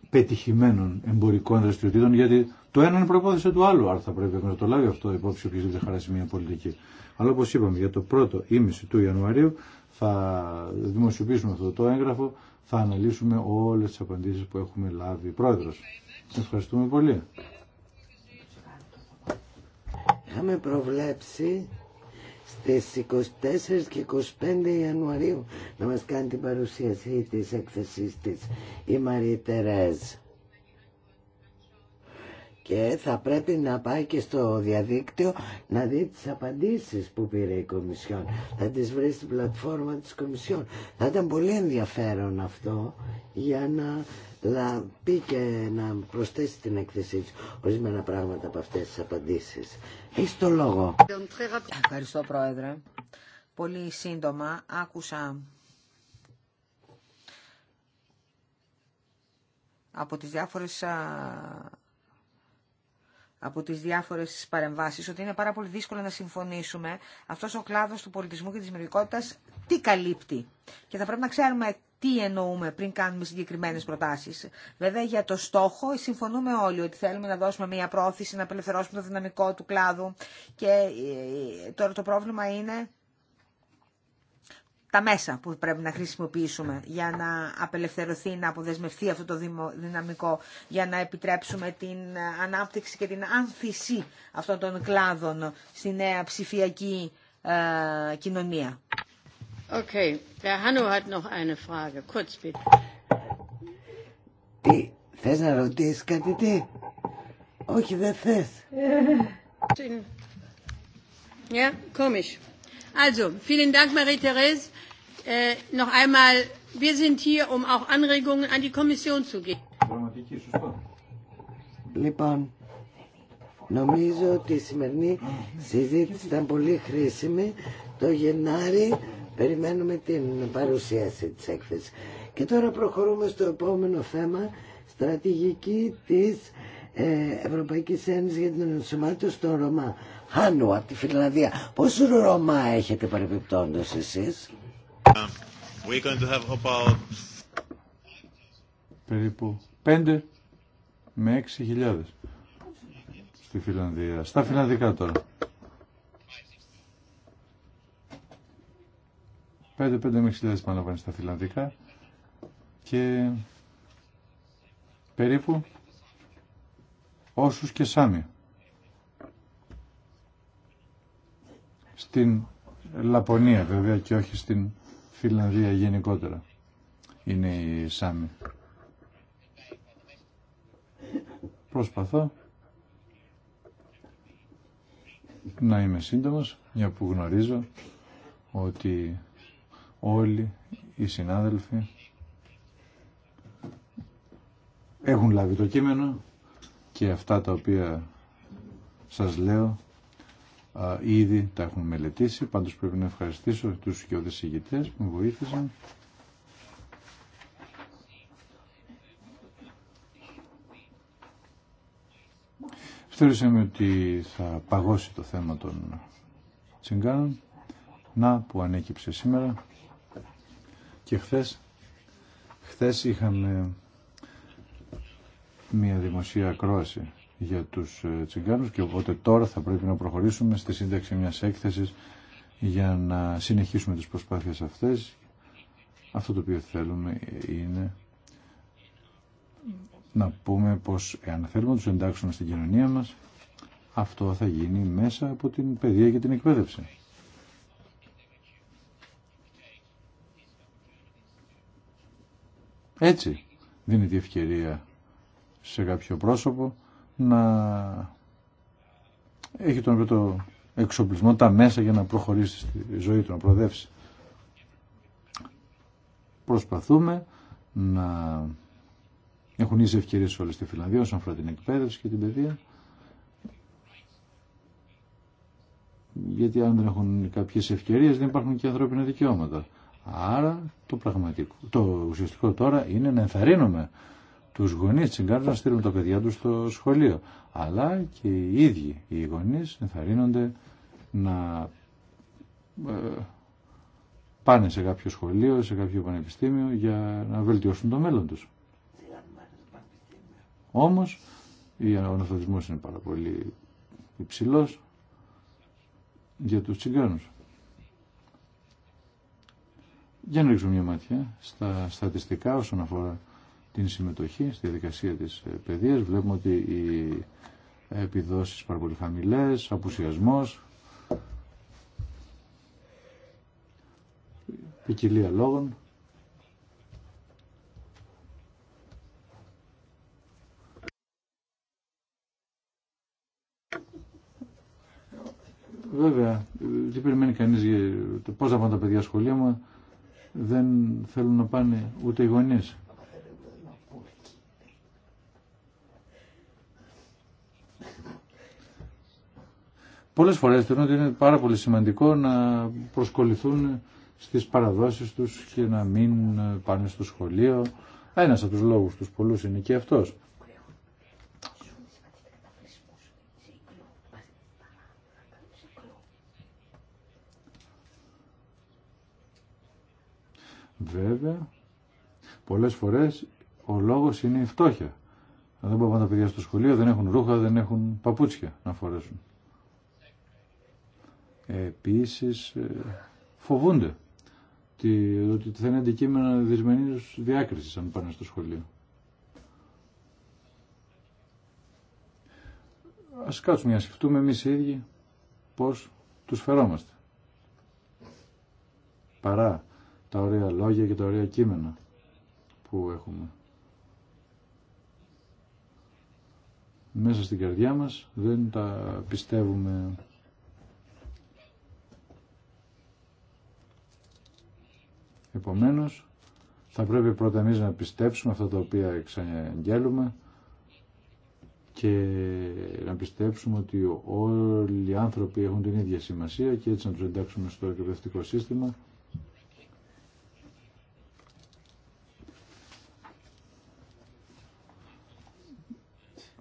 S2: πετυχημένων εμπορικών δραστηριοτήτων, γιατί το ένα είναι προπόθεση του άλλου, άρα θα πρέπει να το λάβει αυτό υπόψη έχει χαράσει μια πολιτική. Αλλά όπω είπαμε, για το πρώτο ήμιση του Ιανουαρίου θα δημοσιοποιήσουμε αυτό το έγγραφο, θα αναλύσουμε όλε τι απαντήσει που έχουμε λάβει. Πρόεδρο, ευχαριστούμε πολύ.
S1: Είχαμε προβλέψει στις 24 και 25 Ιανουαρίου να μας κάνει την παρουσίαση της έκθεσης της η Μαρή Τερέζ. Και θα πρέπει να πάει και στο διαδίκτυο να δει τις απαντήσεις που πήρε η Κομισιόν. Θα τις βρει στην πλατφόρμα της Κομισιόν. Θα ήταν πολύ ενδιαφέρον αυτό για να να πει και να προσθέσει την έκθεσή της ορισμένα πράγματα από αυτές τις απαντήσεις. Έχεις το λόγο.
S3: Ευχαριστώ Πρόεδρε. Πολύ σύντομα άκουσα από τις διάφορες από τις διάφορες παρεμβάσεις ότι είναι πάρα πολύ δύσκολο να συμφωνήσουμε. Αυτός ο κλάδος του πολιτισμού και της δημιουργικότητας τι καλύπτει. Και θα πρέπει να ξέρουμε τι εννοούμε πριν κάνουμε συγκεκριμένε προτάσει. Βέβαια, για το στόχο συμφωνούμε όλοι ότι θέλουμε να δώσουμε μια πρόθεση, να απελευθερώσουμε το δυναμικό του κλάδου. Και ε, τώρα το πρόβλημα είναι τα μέσα που πρέπει να χρησιμοποιήσουμε για να απελευθερωθεί, να αποδεσμευτεί αυτό το δυναμικό, για να επιτρέψουμε την ανάπτυξη και την άνθηση αυτών των κλάδων στη νέα ψηφιακή ε, κοινωνία. Okay. Der Hanno hat noch eine Frage. Kurz bitte.
S1: Τι, θες να ρωτήσεις κάτι τι? Όχι, δεν θες.
S3: Ja, komisch. Also, vielen Dank, Marie-Therese. Äh, noch einmal, wir sind hier, um auch Anregungen an die Kommission zu geben.
S1: Λοιπόν, νομίζω ότι η σημερινή συζήτηση ήταν πολύ χρήσιμη. Το Γενάρη Περιμένουμε την παρουσίαση της έκθεσης. Και τώρα προχωρούμε στο επόμενο θέμα, στρατηγική της ε, Ευρωπαϊκής Ένωσης για την ενσωμάτωση των Ρωμά. Χάνου από τη Φιλανδία. Πόσους Ρωμά έχετε παρεμπιπτόντως εσείς?
S2: Um, we're going to have about... Περίπου 5 με 6 χιλιάδες στη Φιλανδία. Στα φιλανδικά τώρα. 5 πάνω πάνω στα φιλανδικά και περίπου όσους και Σάμι. Στην Λαπωνία βέβαια και όχι στην Φιλανδία γενικότερα είναι η Σάμι. Προσπαθώ να είμαι σύντομος, μια που γνωρίζω ότι όλοι οι συνάδελφοι έχουν λάβει το κείμενο και αυτά τα οποία σας λέω α, ήδη τα έχουν μελετήσει. Πάντως πρέπει να ευχαριστήσω τους οικειώδες ηγητές που με βοήθησαν. Θεωρήσαμε ότι θα παγώσει το θέμα των τσιγκάνων. Να που ανέκυψε σήμερα. Και χθες, είχαμε μια δημοσία ακρόαση για τους ε, τσιγκάνους και οπότε τώρα θα πρέπει να προχωρήσουμε στη σύνταξη μιας έκθεσης για να συνεχίσουμε τις προσπάθειες αυτές. Αυτό το οποίο θέλουμε είναι να πούμε πως εάν θέλουμε να τους εντάξουμε στην κοινωνία μας, αυτό θα γίνει μέσα από την παιδεία και την εκπαίδευση. Έτσι δίνει τη ευκαιρία σε κάποιο πρόσωπο να έχει τον πρώτο εξοπλισμό, τα μέσα για να προχωρήσει στη ζωή του, να προοδεύσει. Προσπαθούμε να έχουν ίσες ευκαιρίες όλες στη Φιλανδία όσον αφορά την εκπαίδευση και την παιδεία. Γιατί αν δεν έχουν κάποιες ευκαιρίες δεν υπάρχουν και ανθρώπινα δικαιώματα. Άρα το, πραγματικό, το ουσιαστικό τώρα είναι να ενθαρρύνουμε τους γονείς τη να στείλουν τα παιδιά τους στο σχολείο. Αλλά και οι ίδιοι οι γονείς ενθαρρύνονται να ε, πάνε σε κάποιο σχολείο, σε κάποιο πανεπιστήμιο για να βελτιώσουν το μέλλον τους. Όμως, ο αναφορισμό είναι πάρα πολύ υψηλό για τους τσιγκάνους. Για να ρίξουμε μια μάτια στα στατιστικά όσον αφορά την συμμετοχή στη διαδικασία της ε, παιδείας. Βλέπουμε ότι οι επιδόσεις πάρα πολύ χαμηλές, απουσιασμός, ποικιλία λόγων. Βέβαια, ε, τι περιμένει κανείς, πώς θα πάνε τα παιδιά σχολεία μου, δεν θέλουν να πάνε ούτε οι γονείς. Πολλές φορές θεωρούν ότι είναι πάρα πολύ σημαντικό να προσκοληθούν στις παραδόσεις τους και να μην πάνε στο σχολείο. Ένας από τους λόγους τους πολλούς είναι και αυτός. Βέβαια, πολλές φορές ο λόγος είναι η φτώχεια. Δεν μπορούν τα παιδιά στο σχολείο, δεν έχουν ρούχα, δεν έχουν παπούτσια να φορέσουν. Επίσης ε, φοβούνται ότι θα είναι αντικείμενα δυσμενής διάκρισης αν πάνε στο σχολείο. Ας κάτσουμε να σκεφτούμε εμείς οι ίδιοι πώς τους φερόμαστε. Παρά τα ωραία λόγια και τα ωραία κείμενα που έχουμε. Μέσα στην καρδιά μας δεν τα πιστεύουμε. Επομένως, θα πρέπει πρώτα εμείς να πιστέψουμε αυτά τα οποία εξαγγέλουμε και να πιστέψουμε ότι όλοι οι άνθρωποι έχουν την ίδια σημασία και έτσι να τους εντάξουμε στο εκπαιδευτικό σύστημα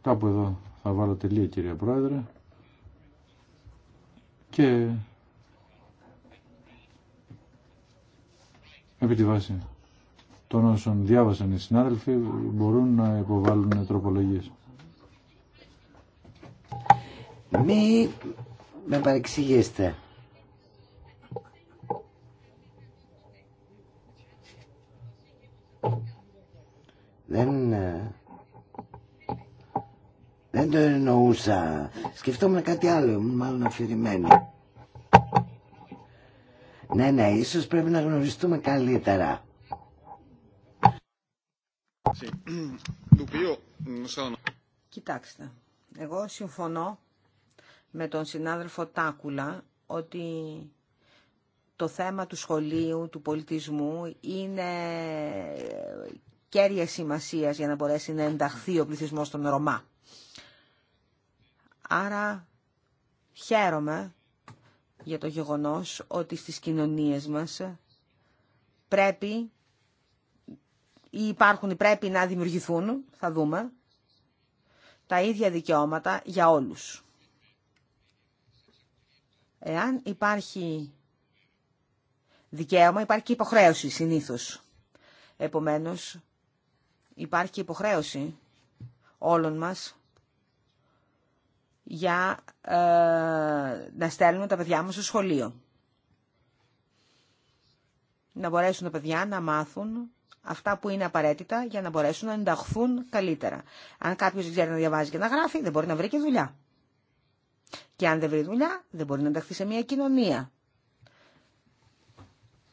S2: Κάπου εδώ θα βάλω τελεία κυρία Πρόεδρε και επί τη βάση των όσων διάβασαν οι συνάδελφοι μπορούν να υποβάλουν τροπολογίες. Μη
S1: με παρεξηγήσετε. Δεν ε, δεν το εννοούσα. Σκεφτόμουν κάτι άλλο, μάλλον αφηρημένο. Ναι, ναι, ίσως πρέπει να γνωριστούμε καλύτερα.
S3: Κοιτάξτε, εγώ συμφωνώ με τον συνάδελφο Τάκουλα ότι το θέμα του σχολείου, του πολιτισμού είναι κέρια σημασίας για να μπορέσει να ενταχθεί ο πληθυσμός των Ρωμά. Άρα χαίρομαι για το γεγονός ότι στις κοινωνίες μας πρέπει ή υπάρχουν ή πρέπει να δημιουργηθούν, θα δούμε, τα ίδια δικαιώματα για όλους. Εάν υπάρχει δικαίωμα, υπάρχει και υποχρέωση συνήθως. Επομένως, υπάρχει υποχρέωση όλων μας για ε, να στέλνουμε τα παιδιά μας στο σχολείο. Να μπορέσουν τα παιδιά να μάθουν αυτά που είναι απαραίτητα για να μπορέσουν να ενταχθούν καλύτερα. Αν κάποιος δεν ξέρει να διαβάζει και να γράφει, δεν μπορεί να βρει και δουλειά. Και αν δεν βρει δουλειά, δεν μπορεί να ενταχθεί σε μια κοινωνία.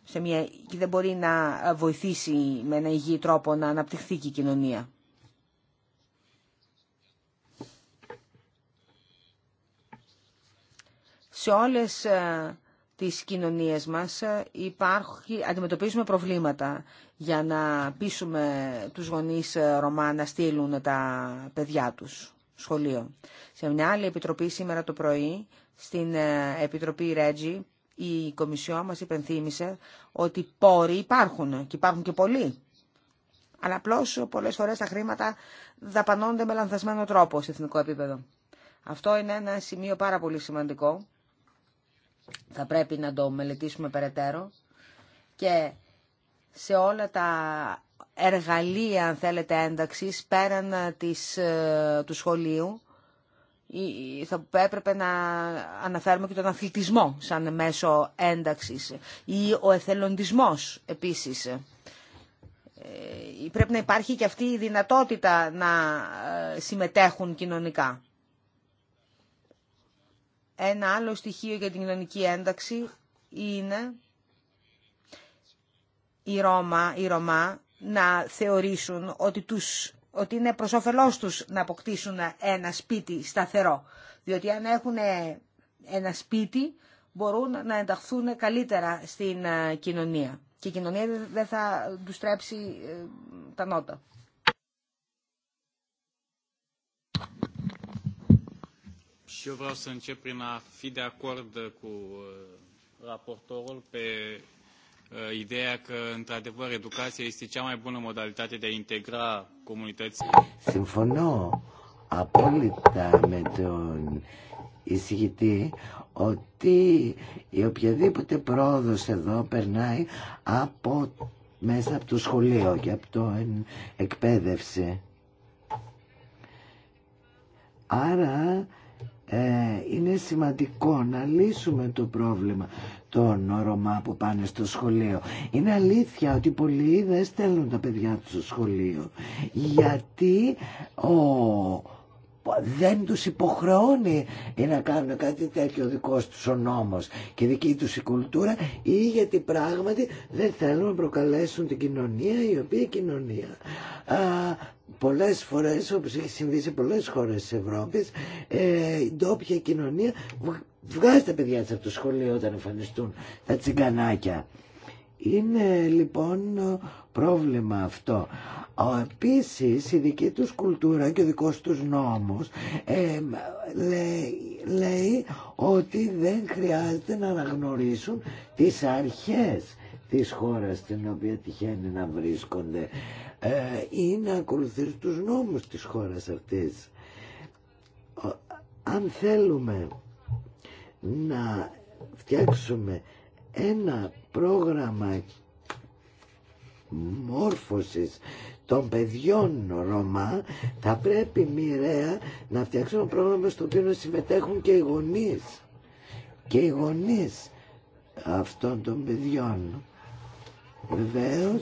S3: Σε μια... Και δεν μπορεί να βοηθήσει με ένα υγιή τρόπο να αναπτυχθεί και η κοινωνία. σε όλες ε, τις κοινωνίες μας ε, υπάρχει, αντιμετωπίζουμε προβλήματα για να πείσουμε τους γονείς ε, Ρωμά να στείλουν τα παιδιά τους σχολείο. Σε μια άλλη επιτροπή σήμερα το πρωί, στην Επιτροπή Ρέτζι, η Κομισιό μας υπενθύμησε ότι πόροι υπάρχουν και υπάρχουν και πολλοί. Αλλά απλώ πολλές φορές τα χρήματα δαπανώνται με λανθασμένο τρόπο σε εθνικό επίπεδο. Αυτό είναι ένα σημείο πάρα πολύ σημαντικό θα πρέπει να το μελετήσουμε περαιτέρω και σε όλα τα εργαλεία, αν θέλετε, ένταξης πέραν ε, της, ε, του σχολείου θα έπρεπε να αναφέρουμε και τον αθλητισμό σαν μέσο ένταξης ή ο εθελοντισμός επίσης. Ε, πρέπει να υπάρχει και αυτή η δυνατότητα να συμμετέχουν κοινωνικά. Ένα άλλο στοιχείο για την κοινωνική ένταξη είναι οι Ρώμα, να θεωρήσουν ότι, τους, ότι είναι προς όφελός τους να αποκτήσουν ένα σπίτι σταθερό. Διότι αν έχουν ένα σπίτι μπορούν να ενταχθούν καλύτερα στην ε, κοινωνία. Και η κοινωνία δεν θα τους τρέψει ε, τα νότα.
S2: Și eu vreau să încep prin a fi de acord cu raportorul pe ideea că, într-adevăr, educația este cea mai bună modalitate de a integra comunității.
S1: Συμφωνώ απόλυτα με τον εισηγητή ότι η οποιαδήποτε πρόοδος εδώ περνάει από μέσα από το σχολείο και από το εκπαίδευση. Άρα ε, είναι σημαντικό να λύσουμε το πρόβλημα των Ρωμά που πάνε στο σχολείο. Είναι αλήθεια ότι πολλοί δεν στέλνουν τα παιδιά τους στο σχολείο γιατί ο δεν τους υποχρεώνει να κάνουν κάτι τέτοιο ο δικός τους ο νόμος και δική τους η κουλτούρα ή γιατί πράγματι δεν θέλουν να προκαλέσουν την κοινωνία η οποία κοινωνία α, πολλές φορές όπως έχει συμβεί σε πολλές χώρες της Ευρώπης ε, η ντόπια κοινωνία βγάζει τα παιδιά της από το σχολείο όταν εμφανιστούν τα τσιγκανάκια είναι λοιπόν πρόβλημα αυτό. Επίσης η δική τους κουλτούρα και ο δικός τους νόμος ε, λέει, ότι δεν χρειάζεται να αναγνωρίσουν τις αρχές της χώρας στην οποία τυχαίνει να βρίσκονται ε, ή να ακολουθήσουν τους νόμους της χώρας αυτής. Αν θέλουμε να φτιάξουμε ένα πρόγραμμα μόρφωσης των παιδιών Ρωμά θα πρέπει μοιραία να φτιάξουν ένα πρόγραμμα στο οποίο να συμμετέχουν και οι γονείς και οι γονείς αυτών των παιδιών Βεβαίω.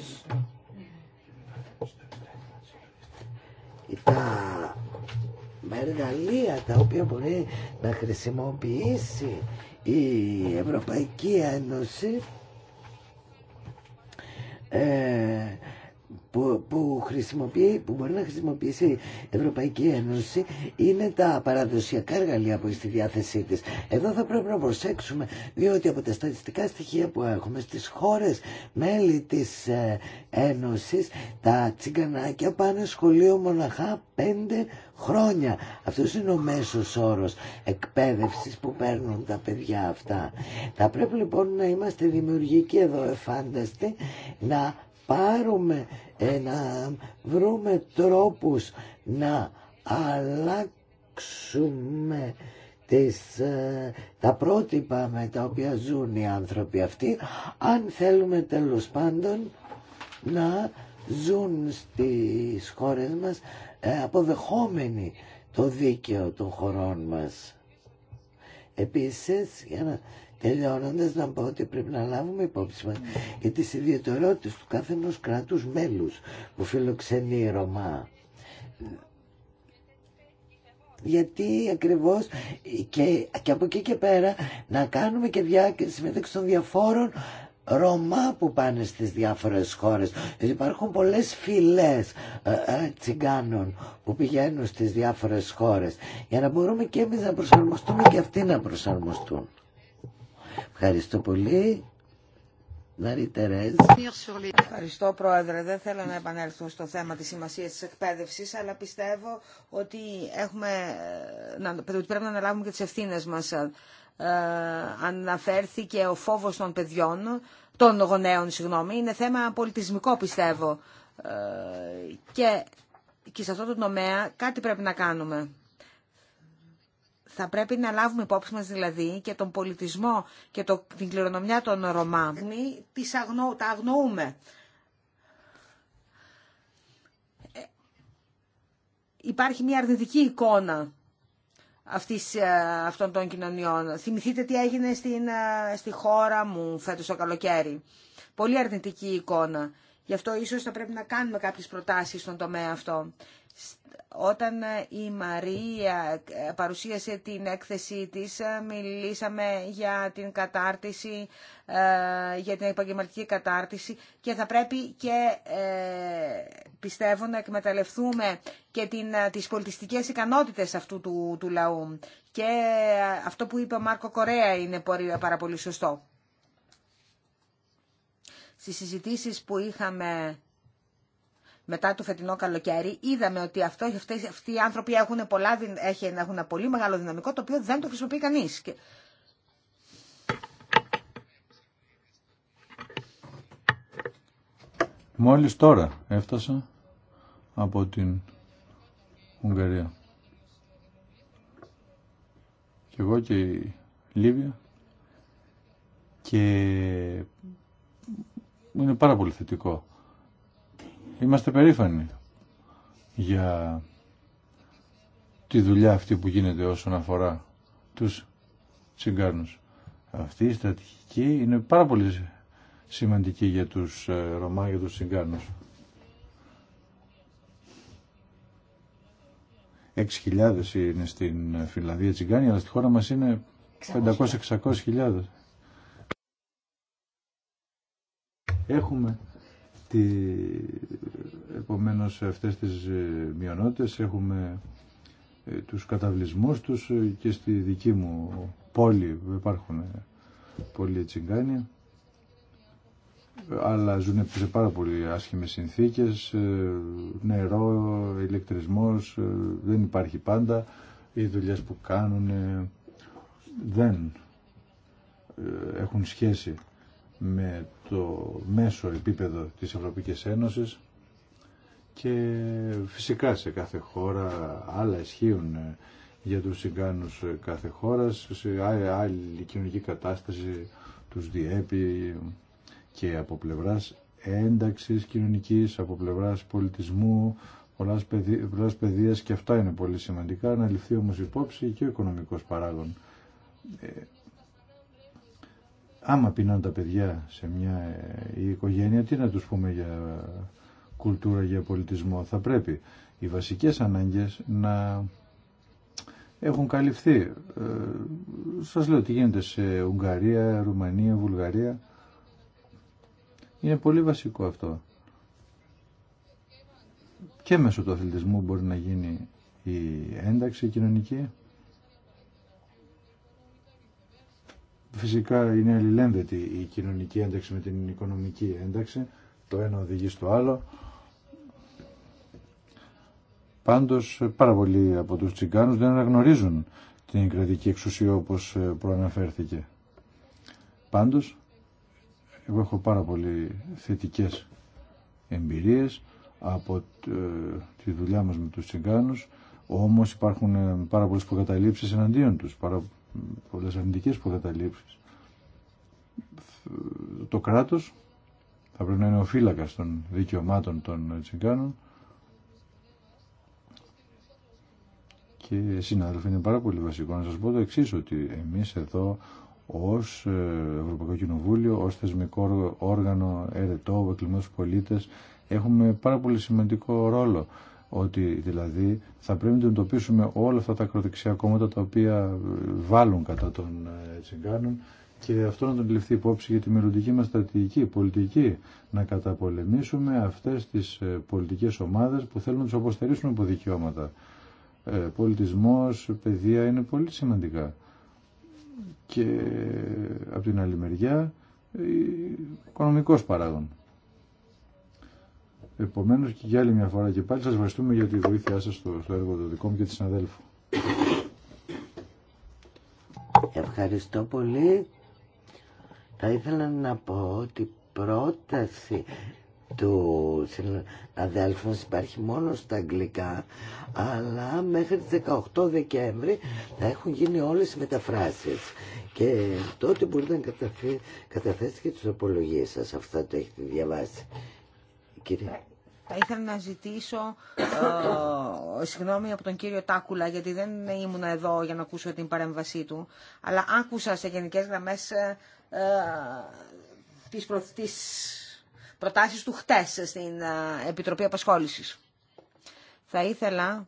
S1: τα εργαλεία τα οποία μπορεί να χρησιμοποιήσει η Ευρωπαϊκή Ένωση ε, που, που, χρησιμοποιεί, που μπορεί να χρησιμοποιήσει η Ευρωπαϊκή Ένωση είναι τα παραδοσιακά εργαλεία που έχει στη διάθεσή της. Εδώ θα πρέπει να προσέξουμε διότι από τα στατιστικά στοιχεία που έχουμε στις χώρες μέλη της ε, Ένωσης τα τσιγκανάκια πάνε σχολείο μοναχά πέντε χρόνια. Αυτό είναι ο μέσος όρος εκπαίδευσης που παίρνουν τα παιδιά αυτά. Θα πρέπει λοιπόν να είμαστε δημιουργικοί εδώ εφάνταστοι να πάρουμε, ε, να βρούμε τρόπους να αλλάξουμε τις, ε, τα πρότυπα με τα οποία ζουν οι άνθρωποι αυτοί αν θέλουμε τέλος πάντων να ζουν στις χώρες μας ε, αποδεχόμενοι το δίκαιο των χωρών μας. Επίσης, για να Τελειώνοντας να πω ότι πρέπει να λάβουμε υπόψη μας για τις ιδιαιτερότητες του κάθε ενός κράτους μέλους που φιλοξενεί η Ρωμά. Γιατί ακριβώς και, και από εκεί και πέρα να κάνουμε και διάκριση μεταξύ των διαφόρων Ρωμά που πάνε στις διάφορες χώρες. Υπάρχουν πολλές φυλές ε, ε, τσιγκάνων που πηγαίνουν στις διάφορες χώρες για να μπορούμε και εμείς να προσαρμοστούμε και αυτοί να προσαρμοστούν. Ευχαριστώ πολύ.
S3: Ευχαριστώ Πρόεδρε. Δεν θέλω να επανέλθω στο θέμα της σημασίας της εκπαίδευσης, αλλά πιστεύω ότι, έχουμε, ότι πρέπει να αναλάβουμε και τις ευθύνες μας. Ε, αναφέρθηκε ο φόβος των παιδιών, των γονέων, συγγνώμη. Είναι θέμα πολιτισμικό, πιστεύω. Ε, και, και σε αυτό το τομέα κάτι πρέπει να κάνουμε. Θα πρέπει να λάβουμε υπόψη μας δηλαδή και τον πολιτισμό και το, την κληρονομιά των Ρωμά. Τις αγνο, τα αγνοούμε. Ε, υπάρχει μια αρνητική εικόνα αυτής, ε, αυτών των κοινωνιών. Θυμηθείτε τι έγινε στην, ε, στη χώρα μου φέτος το καλοκαίρι. Πολύ αρνητική εικόνα. Γι' αυτό ίσως θα πρέπει να κάνουμε κάποιες προτάσεις στον τομέα αυτό. Όταν ε, η Μαρία ε, παρουσίασε την έκθεσή της, ε, μιλήσαμε για την κατάρτιση, για την επαγγελματική κατάρτιση και θα πρέπει και πιστεύω να εκμεταλλευτούμε και την, τις πολιτιστικές ικανότητες αυτού του, του λαού. Και αυτό που είπε ο Μάρκο Κορέα είναι πάρα πολύ σωστό. Στις συζητήσεις που είχαμε μετά το φετινό καλοκαίρι, είδαμε ότι αυτό, αυτοί, οι άνθρωποι έχουν, πολλά, έχουν ένα πολύ μεγάλο δυναμικό το οποίο δεν το χρησιμοποιεί κανείς.
S2: Μόλις τώρα έφτασα από την Ουγγαρία. Και εγώ και η Λίβια και είναι πάρα πολύ θετικό Είμαστε περήφανοι για τη δουλειά αυτή που γίνεται όσον αφορά τους τσιγκάνους. Αυτή η στρατηγική είναι πάρα πολύ σημαντική για τους ε, Ρωμά, για τους τσιγκάνους. 6.000 είναι στην Φιλανδία τσιγκάνοι, αλλά στη χώρα μας είναι 500-600.000. Έχουμε τη... Επομένως αυτές τις ε, μειονότητες έχουμε ε, τους καταβλισμούς τους ε, και στη δική μου πόλη που υπάρχουν πολλοί τσιγκάνοι αλλά ζουν σε πάρα πολύ άσχημες συνθήκες νερό, ηλεκτρισμός δεν υπάρχει πάντα οι δουλειές που κάνουν δεν έχουν σχέση με το μέσο επίπεδο της Ευρωπαϊκής Ένωσης και φυσικά σε κάθε χώρα άλλα ισχύουν για τους συγκάνους κάθε χώρας, σε άλλη κοινωνική κατάσταση τους διέπει και από πλευράς ένταξης κοινωνικής, από πλευράς πολιτισμού, πολλάς, παιδε, παιδείας και αυτά είναι πολύ σημαντικά, να ληφθεί όμως υπόψη και ο οικονομικός παράγον. Ε, άμα πεινάνε τα παιδιά σε μια ε, οικογένεια, τι να τους πούμε για κουλτούρα, για πολιτισμό. Θα πρέπει οι βασικές ανάγκες να έχουν καλυφθεί. Ε, σας λέω τι γίνεται σε Ουγγαρία, Ρουμανία, Βουλγαρία. Είναι πολύ βασικό αυτό. Και μέσω του αθλητισμού μπορεί να γίνει η ένταξη κοινωνική. Φυσικά είναι αλληλένδετη η κοινωνική ένταξη με την οικονομική ένταξη. Το ένα οδηγεί στο άλλο. Πάντως πάρα πολλοί από τους τσιγκάνους δεν αναγνωρίζουν την κρατική εξουσία όπως ε, προαναφέρθηκε. Πάντως, εγώ έχω πάρα πολύ θετικές εμπειρίες από ε, τη δουλειά μας με τους τσιγκάνους, όμως υπάρχουν ε, πάρα πολλές προκαταλήψεις εναντίον τους, Πολλέ αρνητικέ προκαταλήψεις. Το κράτο θα πρέπει να είναι ο φύλακα των δικαιωμάτων των τσιγκάνων και συνάδελφοι είναι πάρα πολύ βασικό να σα πω το εξή ότι εμεί εδώ ω ε, Ευρωπαϊκό Κοινοβούλιο, ω θεσμικό όργανο, ερετό, εκλεμμένους πολίτε, έχουμε πάρα πολύ σημαντικό ρόλο ότι δηλαδή θα πρέπει να εντοπίσουμε όλα αυτά τα ακροδεξιά κόμματα τα οποία ε, βάλουν κατά των ε, τσιγκάνων και αυτό να τον ληφθεί υπόψη για τη μελλοντική μας στρατηγική, πολιτική, να καταπολεμήσουμε αυτές τις ε, πολιτικές ομάδες που θέλουν να τους αποστερήσουν από δικαιώματα. πολιτισμός, παιδεία είναι πολύ σημαντικά. Και από την άλλη μεριά, οικονομικός παράγον. Επομένως και για άλλη μια φορά και πάλι σας ευχαριστούμε για τη βοήθειά σας στο, στο έργο του δικό μου και της συναδέλφου. Ευχαριστώ
S1: πολύ. Θα ήθελα να πω ότι η πρόταση του συναδέλφου μας υπάρχει μόνο στα αγγλικά, αλλά μέχρι τις 18 Δεκέμβρη θα έχουν γίνει όλες οι μεταφράσεις. Και τότε μπορείτε να καταθέσετε και τις απολογίες σας. Αυτά το έχετε διαβάσει.
S3: Θα ήθελα να ζητήσω ε, συγγνώμη από τον κύριο Τάκουλα, γιατί δεν ήμουν εδώ για να ακούσω την παρέμβασή του, αλλά άκουσα σε γενικές γραμμές ε, ε τις, τις προτάσεις του χτες στην ε, Επιτροπή Απασχόλησης. Θα ήθελα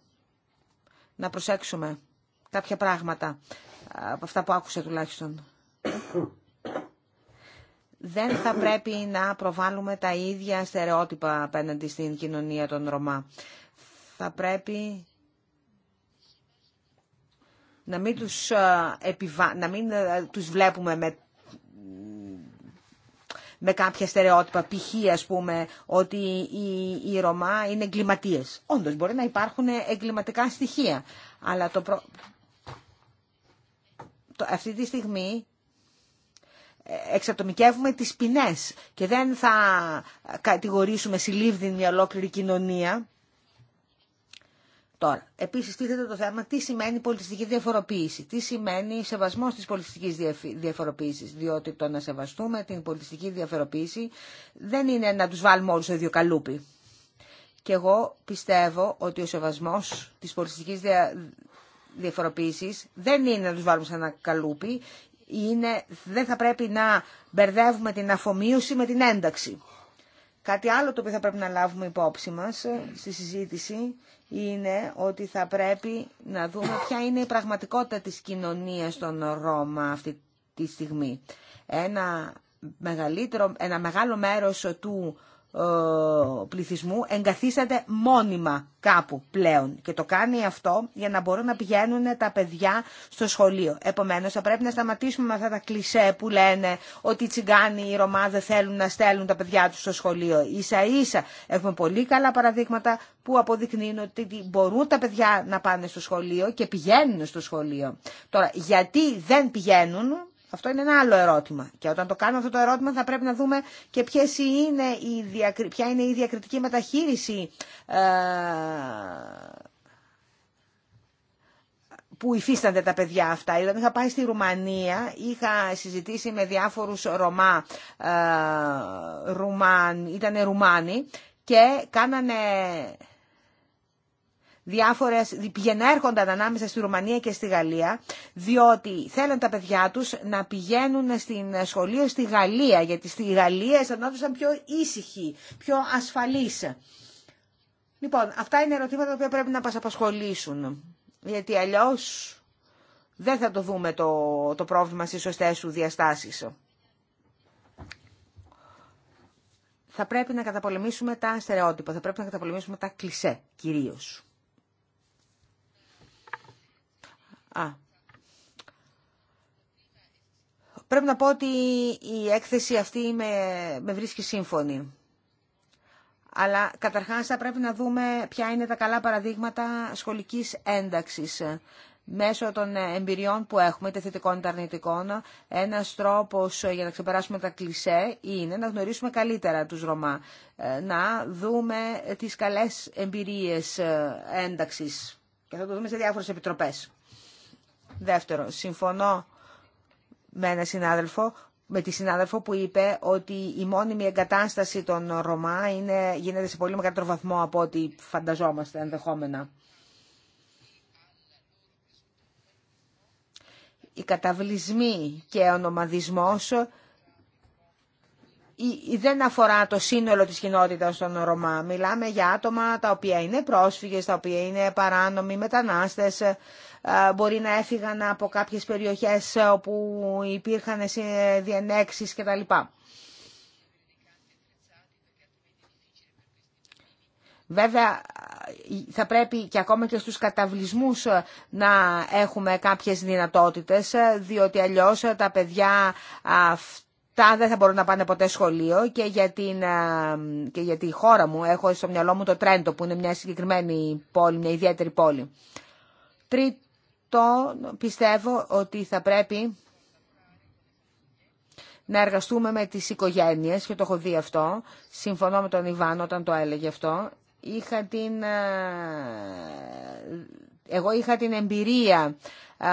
S3: να προσέξουμε κάποια πράγματα ε, από αυτά που άκουσα τουλάχιστον δεν θα πρέπει να προβάλλουμε τα ίδια στερεότυπα απέναντι στην κοινωνία των Ρωμά. Θα πρέπει να μην τους, ε, επιβα... να μην ε, τους βλέπουμε με με κάποια στερεότυπα, π.χ. ας πούμε, ότι οι, οι Ρωμά είναι εγκληματίες. Όντως, μπορεί να υπάρχουν εγκληματικά στοιχεία, αλλά το το, αυτή τη στιγμή εξατομικεύουμε τις ποινές και δεν θα κατηγορήσουμε συλλήβδιν μια ολόκληρη κοινωνία. Τώρα, επίσης τίθεται το θέμα τι σημαίνει πολιτιστική διαφοροποίηση, τι σημαίνει σεβασμός της πολιτιστικής διαφοροποίησης, διότι το να σεβαστούμε την πολιτιστική διαφοροποίηση δεν είναι να τους βάλουμε όλους στο ίδιο καλούπι. Και εγώ πιστεύω ότι ο σεβασμός της πολιτιστικής δια... διαφοροποίησης δεν είναι να τους βάλουμε σε ένα καλούπι, είναι, δεν θα πρέπει να μπερδεύουμε την αφομοίωση με την ένταξη. Κάτι άλλο το οποίο θα πρέπει να λάβουμε υπόψη μας ε, στη συζήτηση είναι ότι θα πρέπει να δούμε ποια είναι η πραγματικότητα της κοινωνίας των Ρώμα αυτή τη στιγμή. Ένα, μεγαλύτερο, ένα μεγάλο μέρος του ε, πληθυσμού εγκαθίσταται μόνιμα κάπου πλέον και το κάνει αυτό για να μπορούν να πηγαίνουν τα παιδιά στο σχολείο. Επομένως θα πρέπει να σταματήσουμε με αυτά τα κλισέ που λένε ότι οι τσιγκάνοι, οι Ρωμά δεν θέλουν να στέλνουν τα παιδιά τους στο σχολείο. Ίσα ίσα έχουμε πολύ καλά παραδείγματα που αποδεικνύουν ότι μπορούν τα παιδιά να πάνε στο σχολείο και πηγαίνουν στο σχολείο. Τώρα γιατί δεν πηγαίνουν αυτό είναι ένα άλλο ερώτημα. Και όταν το κάνουμε αυτό το ερώτημα θα πρέπει να δούμε και ποιες είναι η διακρι... ποια είναι η διακριτική μεταχείριση ε, που υφίστανται τα παιδιά αυτά. Όταν δηλαδή, είχα πάει στη Ρουμανία, είχα συζητήσει με διάφορους Ρωμά, ε, Ρουμάν, ήταν Ρουμάνοι και κάνανε διάφορες, πηγαίνουν έρχονταν ανάμεσα στη Ρουμανία και στη Γαλλία, διότι θέλαν τα παιδιά τους να πηγαίνουν στην σχολείο στη Γαλλία, γιατί στη Γαλλία αισθανόντουσαν πιο ήσυχοι, πιο ασφαλείς. Λοιπόν, αυτά είναι ερωτήματα που πρέπει να μας απασχολήσουν, γιατί αλλιώ δεν θα το δούμε το, το πρόβλημα στις σωστέ του διαστάσεις. Θα πρέπει να καταπολεμήσουμε τα στερεότυπα, θα πρέπει να καταπολεμήσουμε τα κλισέ κυρίως. Πρέπει να πω ότι η έκθεση αυτή με, με βρίσκει σύμφωνη. Αλλά καταρχάς θα πρέπει να δούμε ποια είναι τα καλά παραδείγματα σχολικής ένταξης μέσω των εμπειριών που έχουμε, είτε θετικών είτε αρνητικών, ένα τρόπο για να ξεπεράσουμε τα κλισέ είναι να γνωρίσουμε καλύτερα τους Ρωμά. Ε, να δούμε τι καλές εμπειρίε ε, ένταξη. Και θα το δούμε σε διάφορε επιτροπές. Δεύτερον, συμφωνώ με συνάδελφο με τη συνάδελφο που είπε ότι η μόνιμη εγκατάσταση των Ρωμά είναι, γίνεται σε πολύ μεγαλύτερο βαθμό από ό,τι φανταζόμαστε ενδεχόμενα. Οι καταβλισμοί και ο νομαδισμός δεν αφορά το σύνολο της κοινότητας των Ρωμά. Μιλάμε για άτομα τα οποία είναι πρόσφυγες, τα οποία είναι παράνομοι μετανάστες, ε, μπορεί να έφυγαν από κάποιες περιοχές όπου υπήρχαν διενέξεις κτλ. Βέβαια θα πρέπει και ακόμα και στους καταβλισμούς να έχουμε κάποιες δυνατότητες, διότι αλλιώς τα παιδιά αυτά δεν θα μπορούν να πάνε ποτέ σχολείο και για, την, ε, τη χώρα μου έχω στο μυαλό μου το Τρέντο που είναι μια συγκεκριμένη πόλη, μια ιδιαίτερη πόλη. Τρίτο αυτό πιστεύω ότι θα πρέπει να εργαστούμε με τις οικογένειες και το έχω δει αυτό. Συμφωνώ με τον Ιβάν όταν το έλεγε αυτό. Είχα την... Ε, εγώ είχα την εμπειρία ε,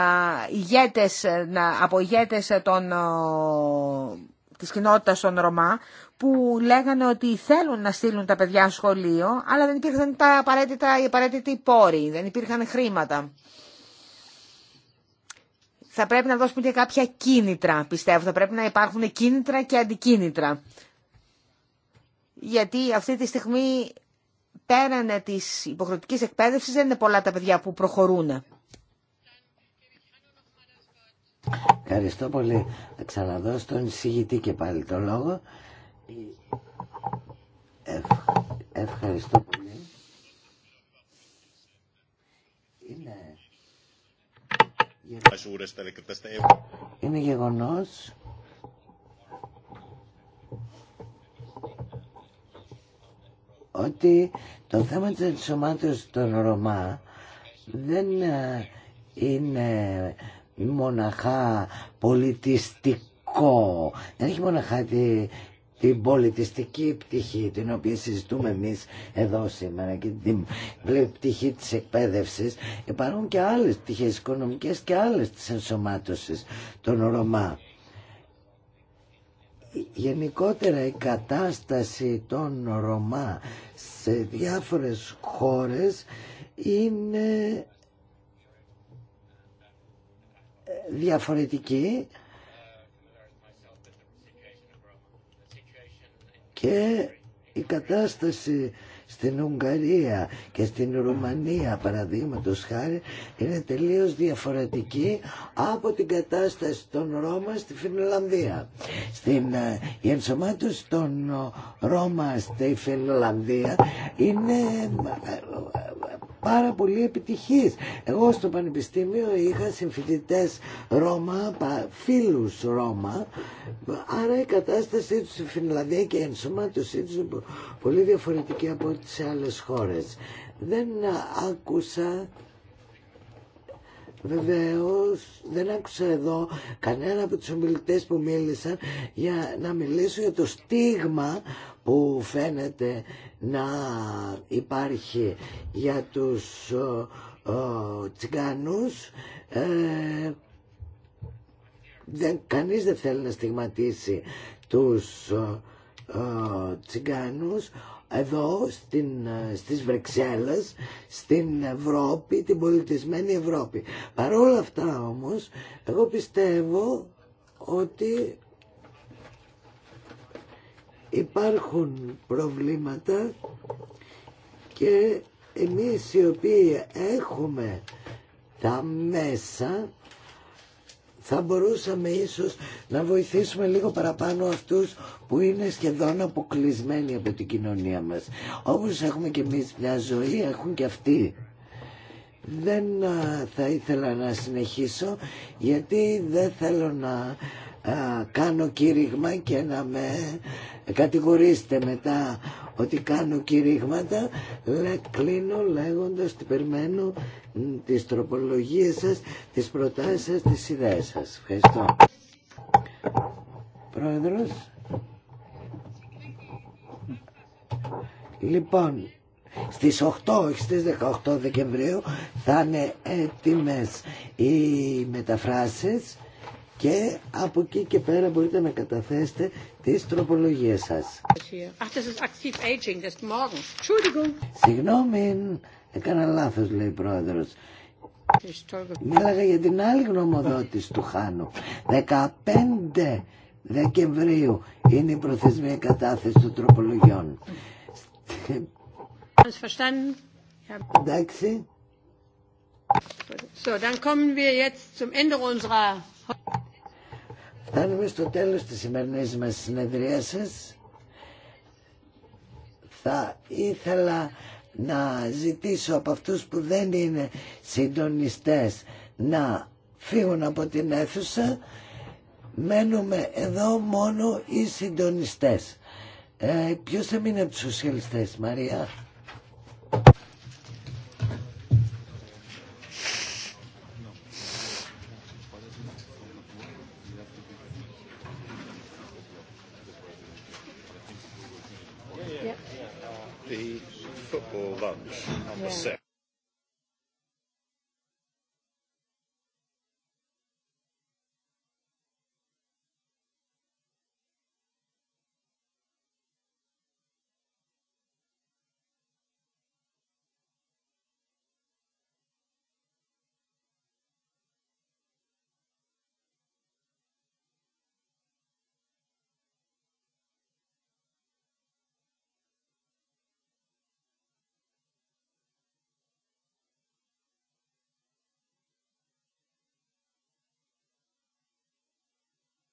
S3: ηγέτες, ε, από ηγέτες των, της κοινότητας των Ρωμά που λέγανε ότι θέλουν να στείλουν τα παιδιά σχολείο αλλά δεν υπήρχαν τα απαραίτητα, οι δεν υπήρχαν χρήματα θα πρέπει να δώσουμε και κάποια κίνητρα, πιστεύω. Θα πρέπει να υπάρχουν κίνητρα και αντικίνητρα. Γιατί αυτή τη στιγμή πέραν της υποχρεωτικής εκπαίδευσης δεν είναι πολλά τα παιδιά που προχωρούν.
S1: Ευχαριστώ πολύ. Θα ξαναδώ στον συγητή και πάλι το λόγο. Ε, ευχαριστώ πολύ. Είναι γεγονός ότι το θέμα της ενσωμάτωσης των Ρωμά δεν ε, είναι μοναχά πολιτιστικό. Δεν έχει μοναχά την πολιτιστική πτυχή την οποία συζητούμε εμείς εδώ σήμερα και την πτυχή της εκπαίδευσης υπάρχουν και άλλες πτυχές οικονομικές και άλλες της ενσωμάτωσης των Ρωμά. Γενικότερα η κατάσταση των Ρωμά σε διάφορες χώρες είναι διαφορετική και η κατάσταση στην Ουγγαρία και στην Ρουμανία παραδείγματο χάρη είναι τελείως διαφορετική από την κατάσταση των Ρώμα στη Φινλανδία. Στην, ε, η ενσωμάτωση των Ρώμα στη Φινλανδία είναι ε, πάρα πολύ επιτυχής. Εγώ στο Πανεπιστήμιο είχα συμφοιτητές Ρώμα, φίλους Ρώμα, άρα η κατάστασή τους στη Φινλανδία και η ενσωμάτωσή τους είναι πολύ διαφορετική από τις άλλες χώρες. Δεν άκουσα Βεβαίω δεν άκουσα εδώ κανένα από τους ομιλητέ που μίλησαν για να μιλήσω για το στίγμα που φαίνεται να υπάρχει για τους ο, ο, ε, δεν, κανείς δεν θέλει να στιγματίσει τους ο, τσιγκάνους εδώ στην, ε, στις Βρεξέλλες, στην Ευρώπη, την πολιτισμένη Ευρώπη. Παρ' όλα αυτά όμως, εγώ πιστεύω ότι υπάρχουν προβλήματα και εμείς οι οποίοι έχουμε τα μέσα θα μπορούσαμε ίσως να βοηθήσουμε λίγο παραπάνω αυτούς που είναι σχεδόν αποκλεισμένοι από την κοινωνία μας. Όπως έχουμε και εμείς μια ζωή, έχουν και αυτοί. Δεν θα ήθελα να συνεχίσω γιατί δεν θέλω να κάνω κήρυγμα και να με κατηγορήσετε μετά ότι κάνω κηρύγματα, λέ, ε, κλείνω λέγοντας ότι περιμένω τις τροπολογίες σας, τις προτάσεις σας, τις ιδέες σας. Ευχαριστώ. Πρόεδρος. Λοιπόν, στις 8, όχι στις 18 Δεκεμβρίου, θα είναι έτοιμες οι μεταφράσεις και από εκεί και πέρα μπορείτε να καταθέσετε τις τροπολογίες σας. Συγγνώμη, έκανα λάθος λέει η πρόεδρος. Μίλαγα για την άλλη γνωμοδότηση του Χάνου. 15 Δεκεμβρίου είναι η προθεσμία κατάθεση των τροπολογιών. Εντάξει. Φτάνουμε στο τέλος της σημερινής μας συνεδρίασης. Θα ήθελα να ζητήσω από αυτούς που δεν είναι συντονιστές να φύγουν από την αίθουσα. Μένουμε εδώ μόνο οι συντονιστές. Ε, ποιος μείνει από τους σοσιαλιστές, Μαρία.
S2: the football lunch on the set.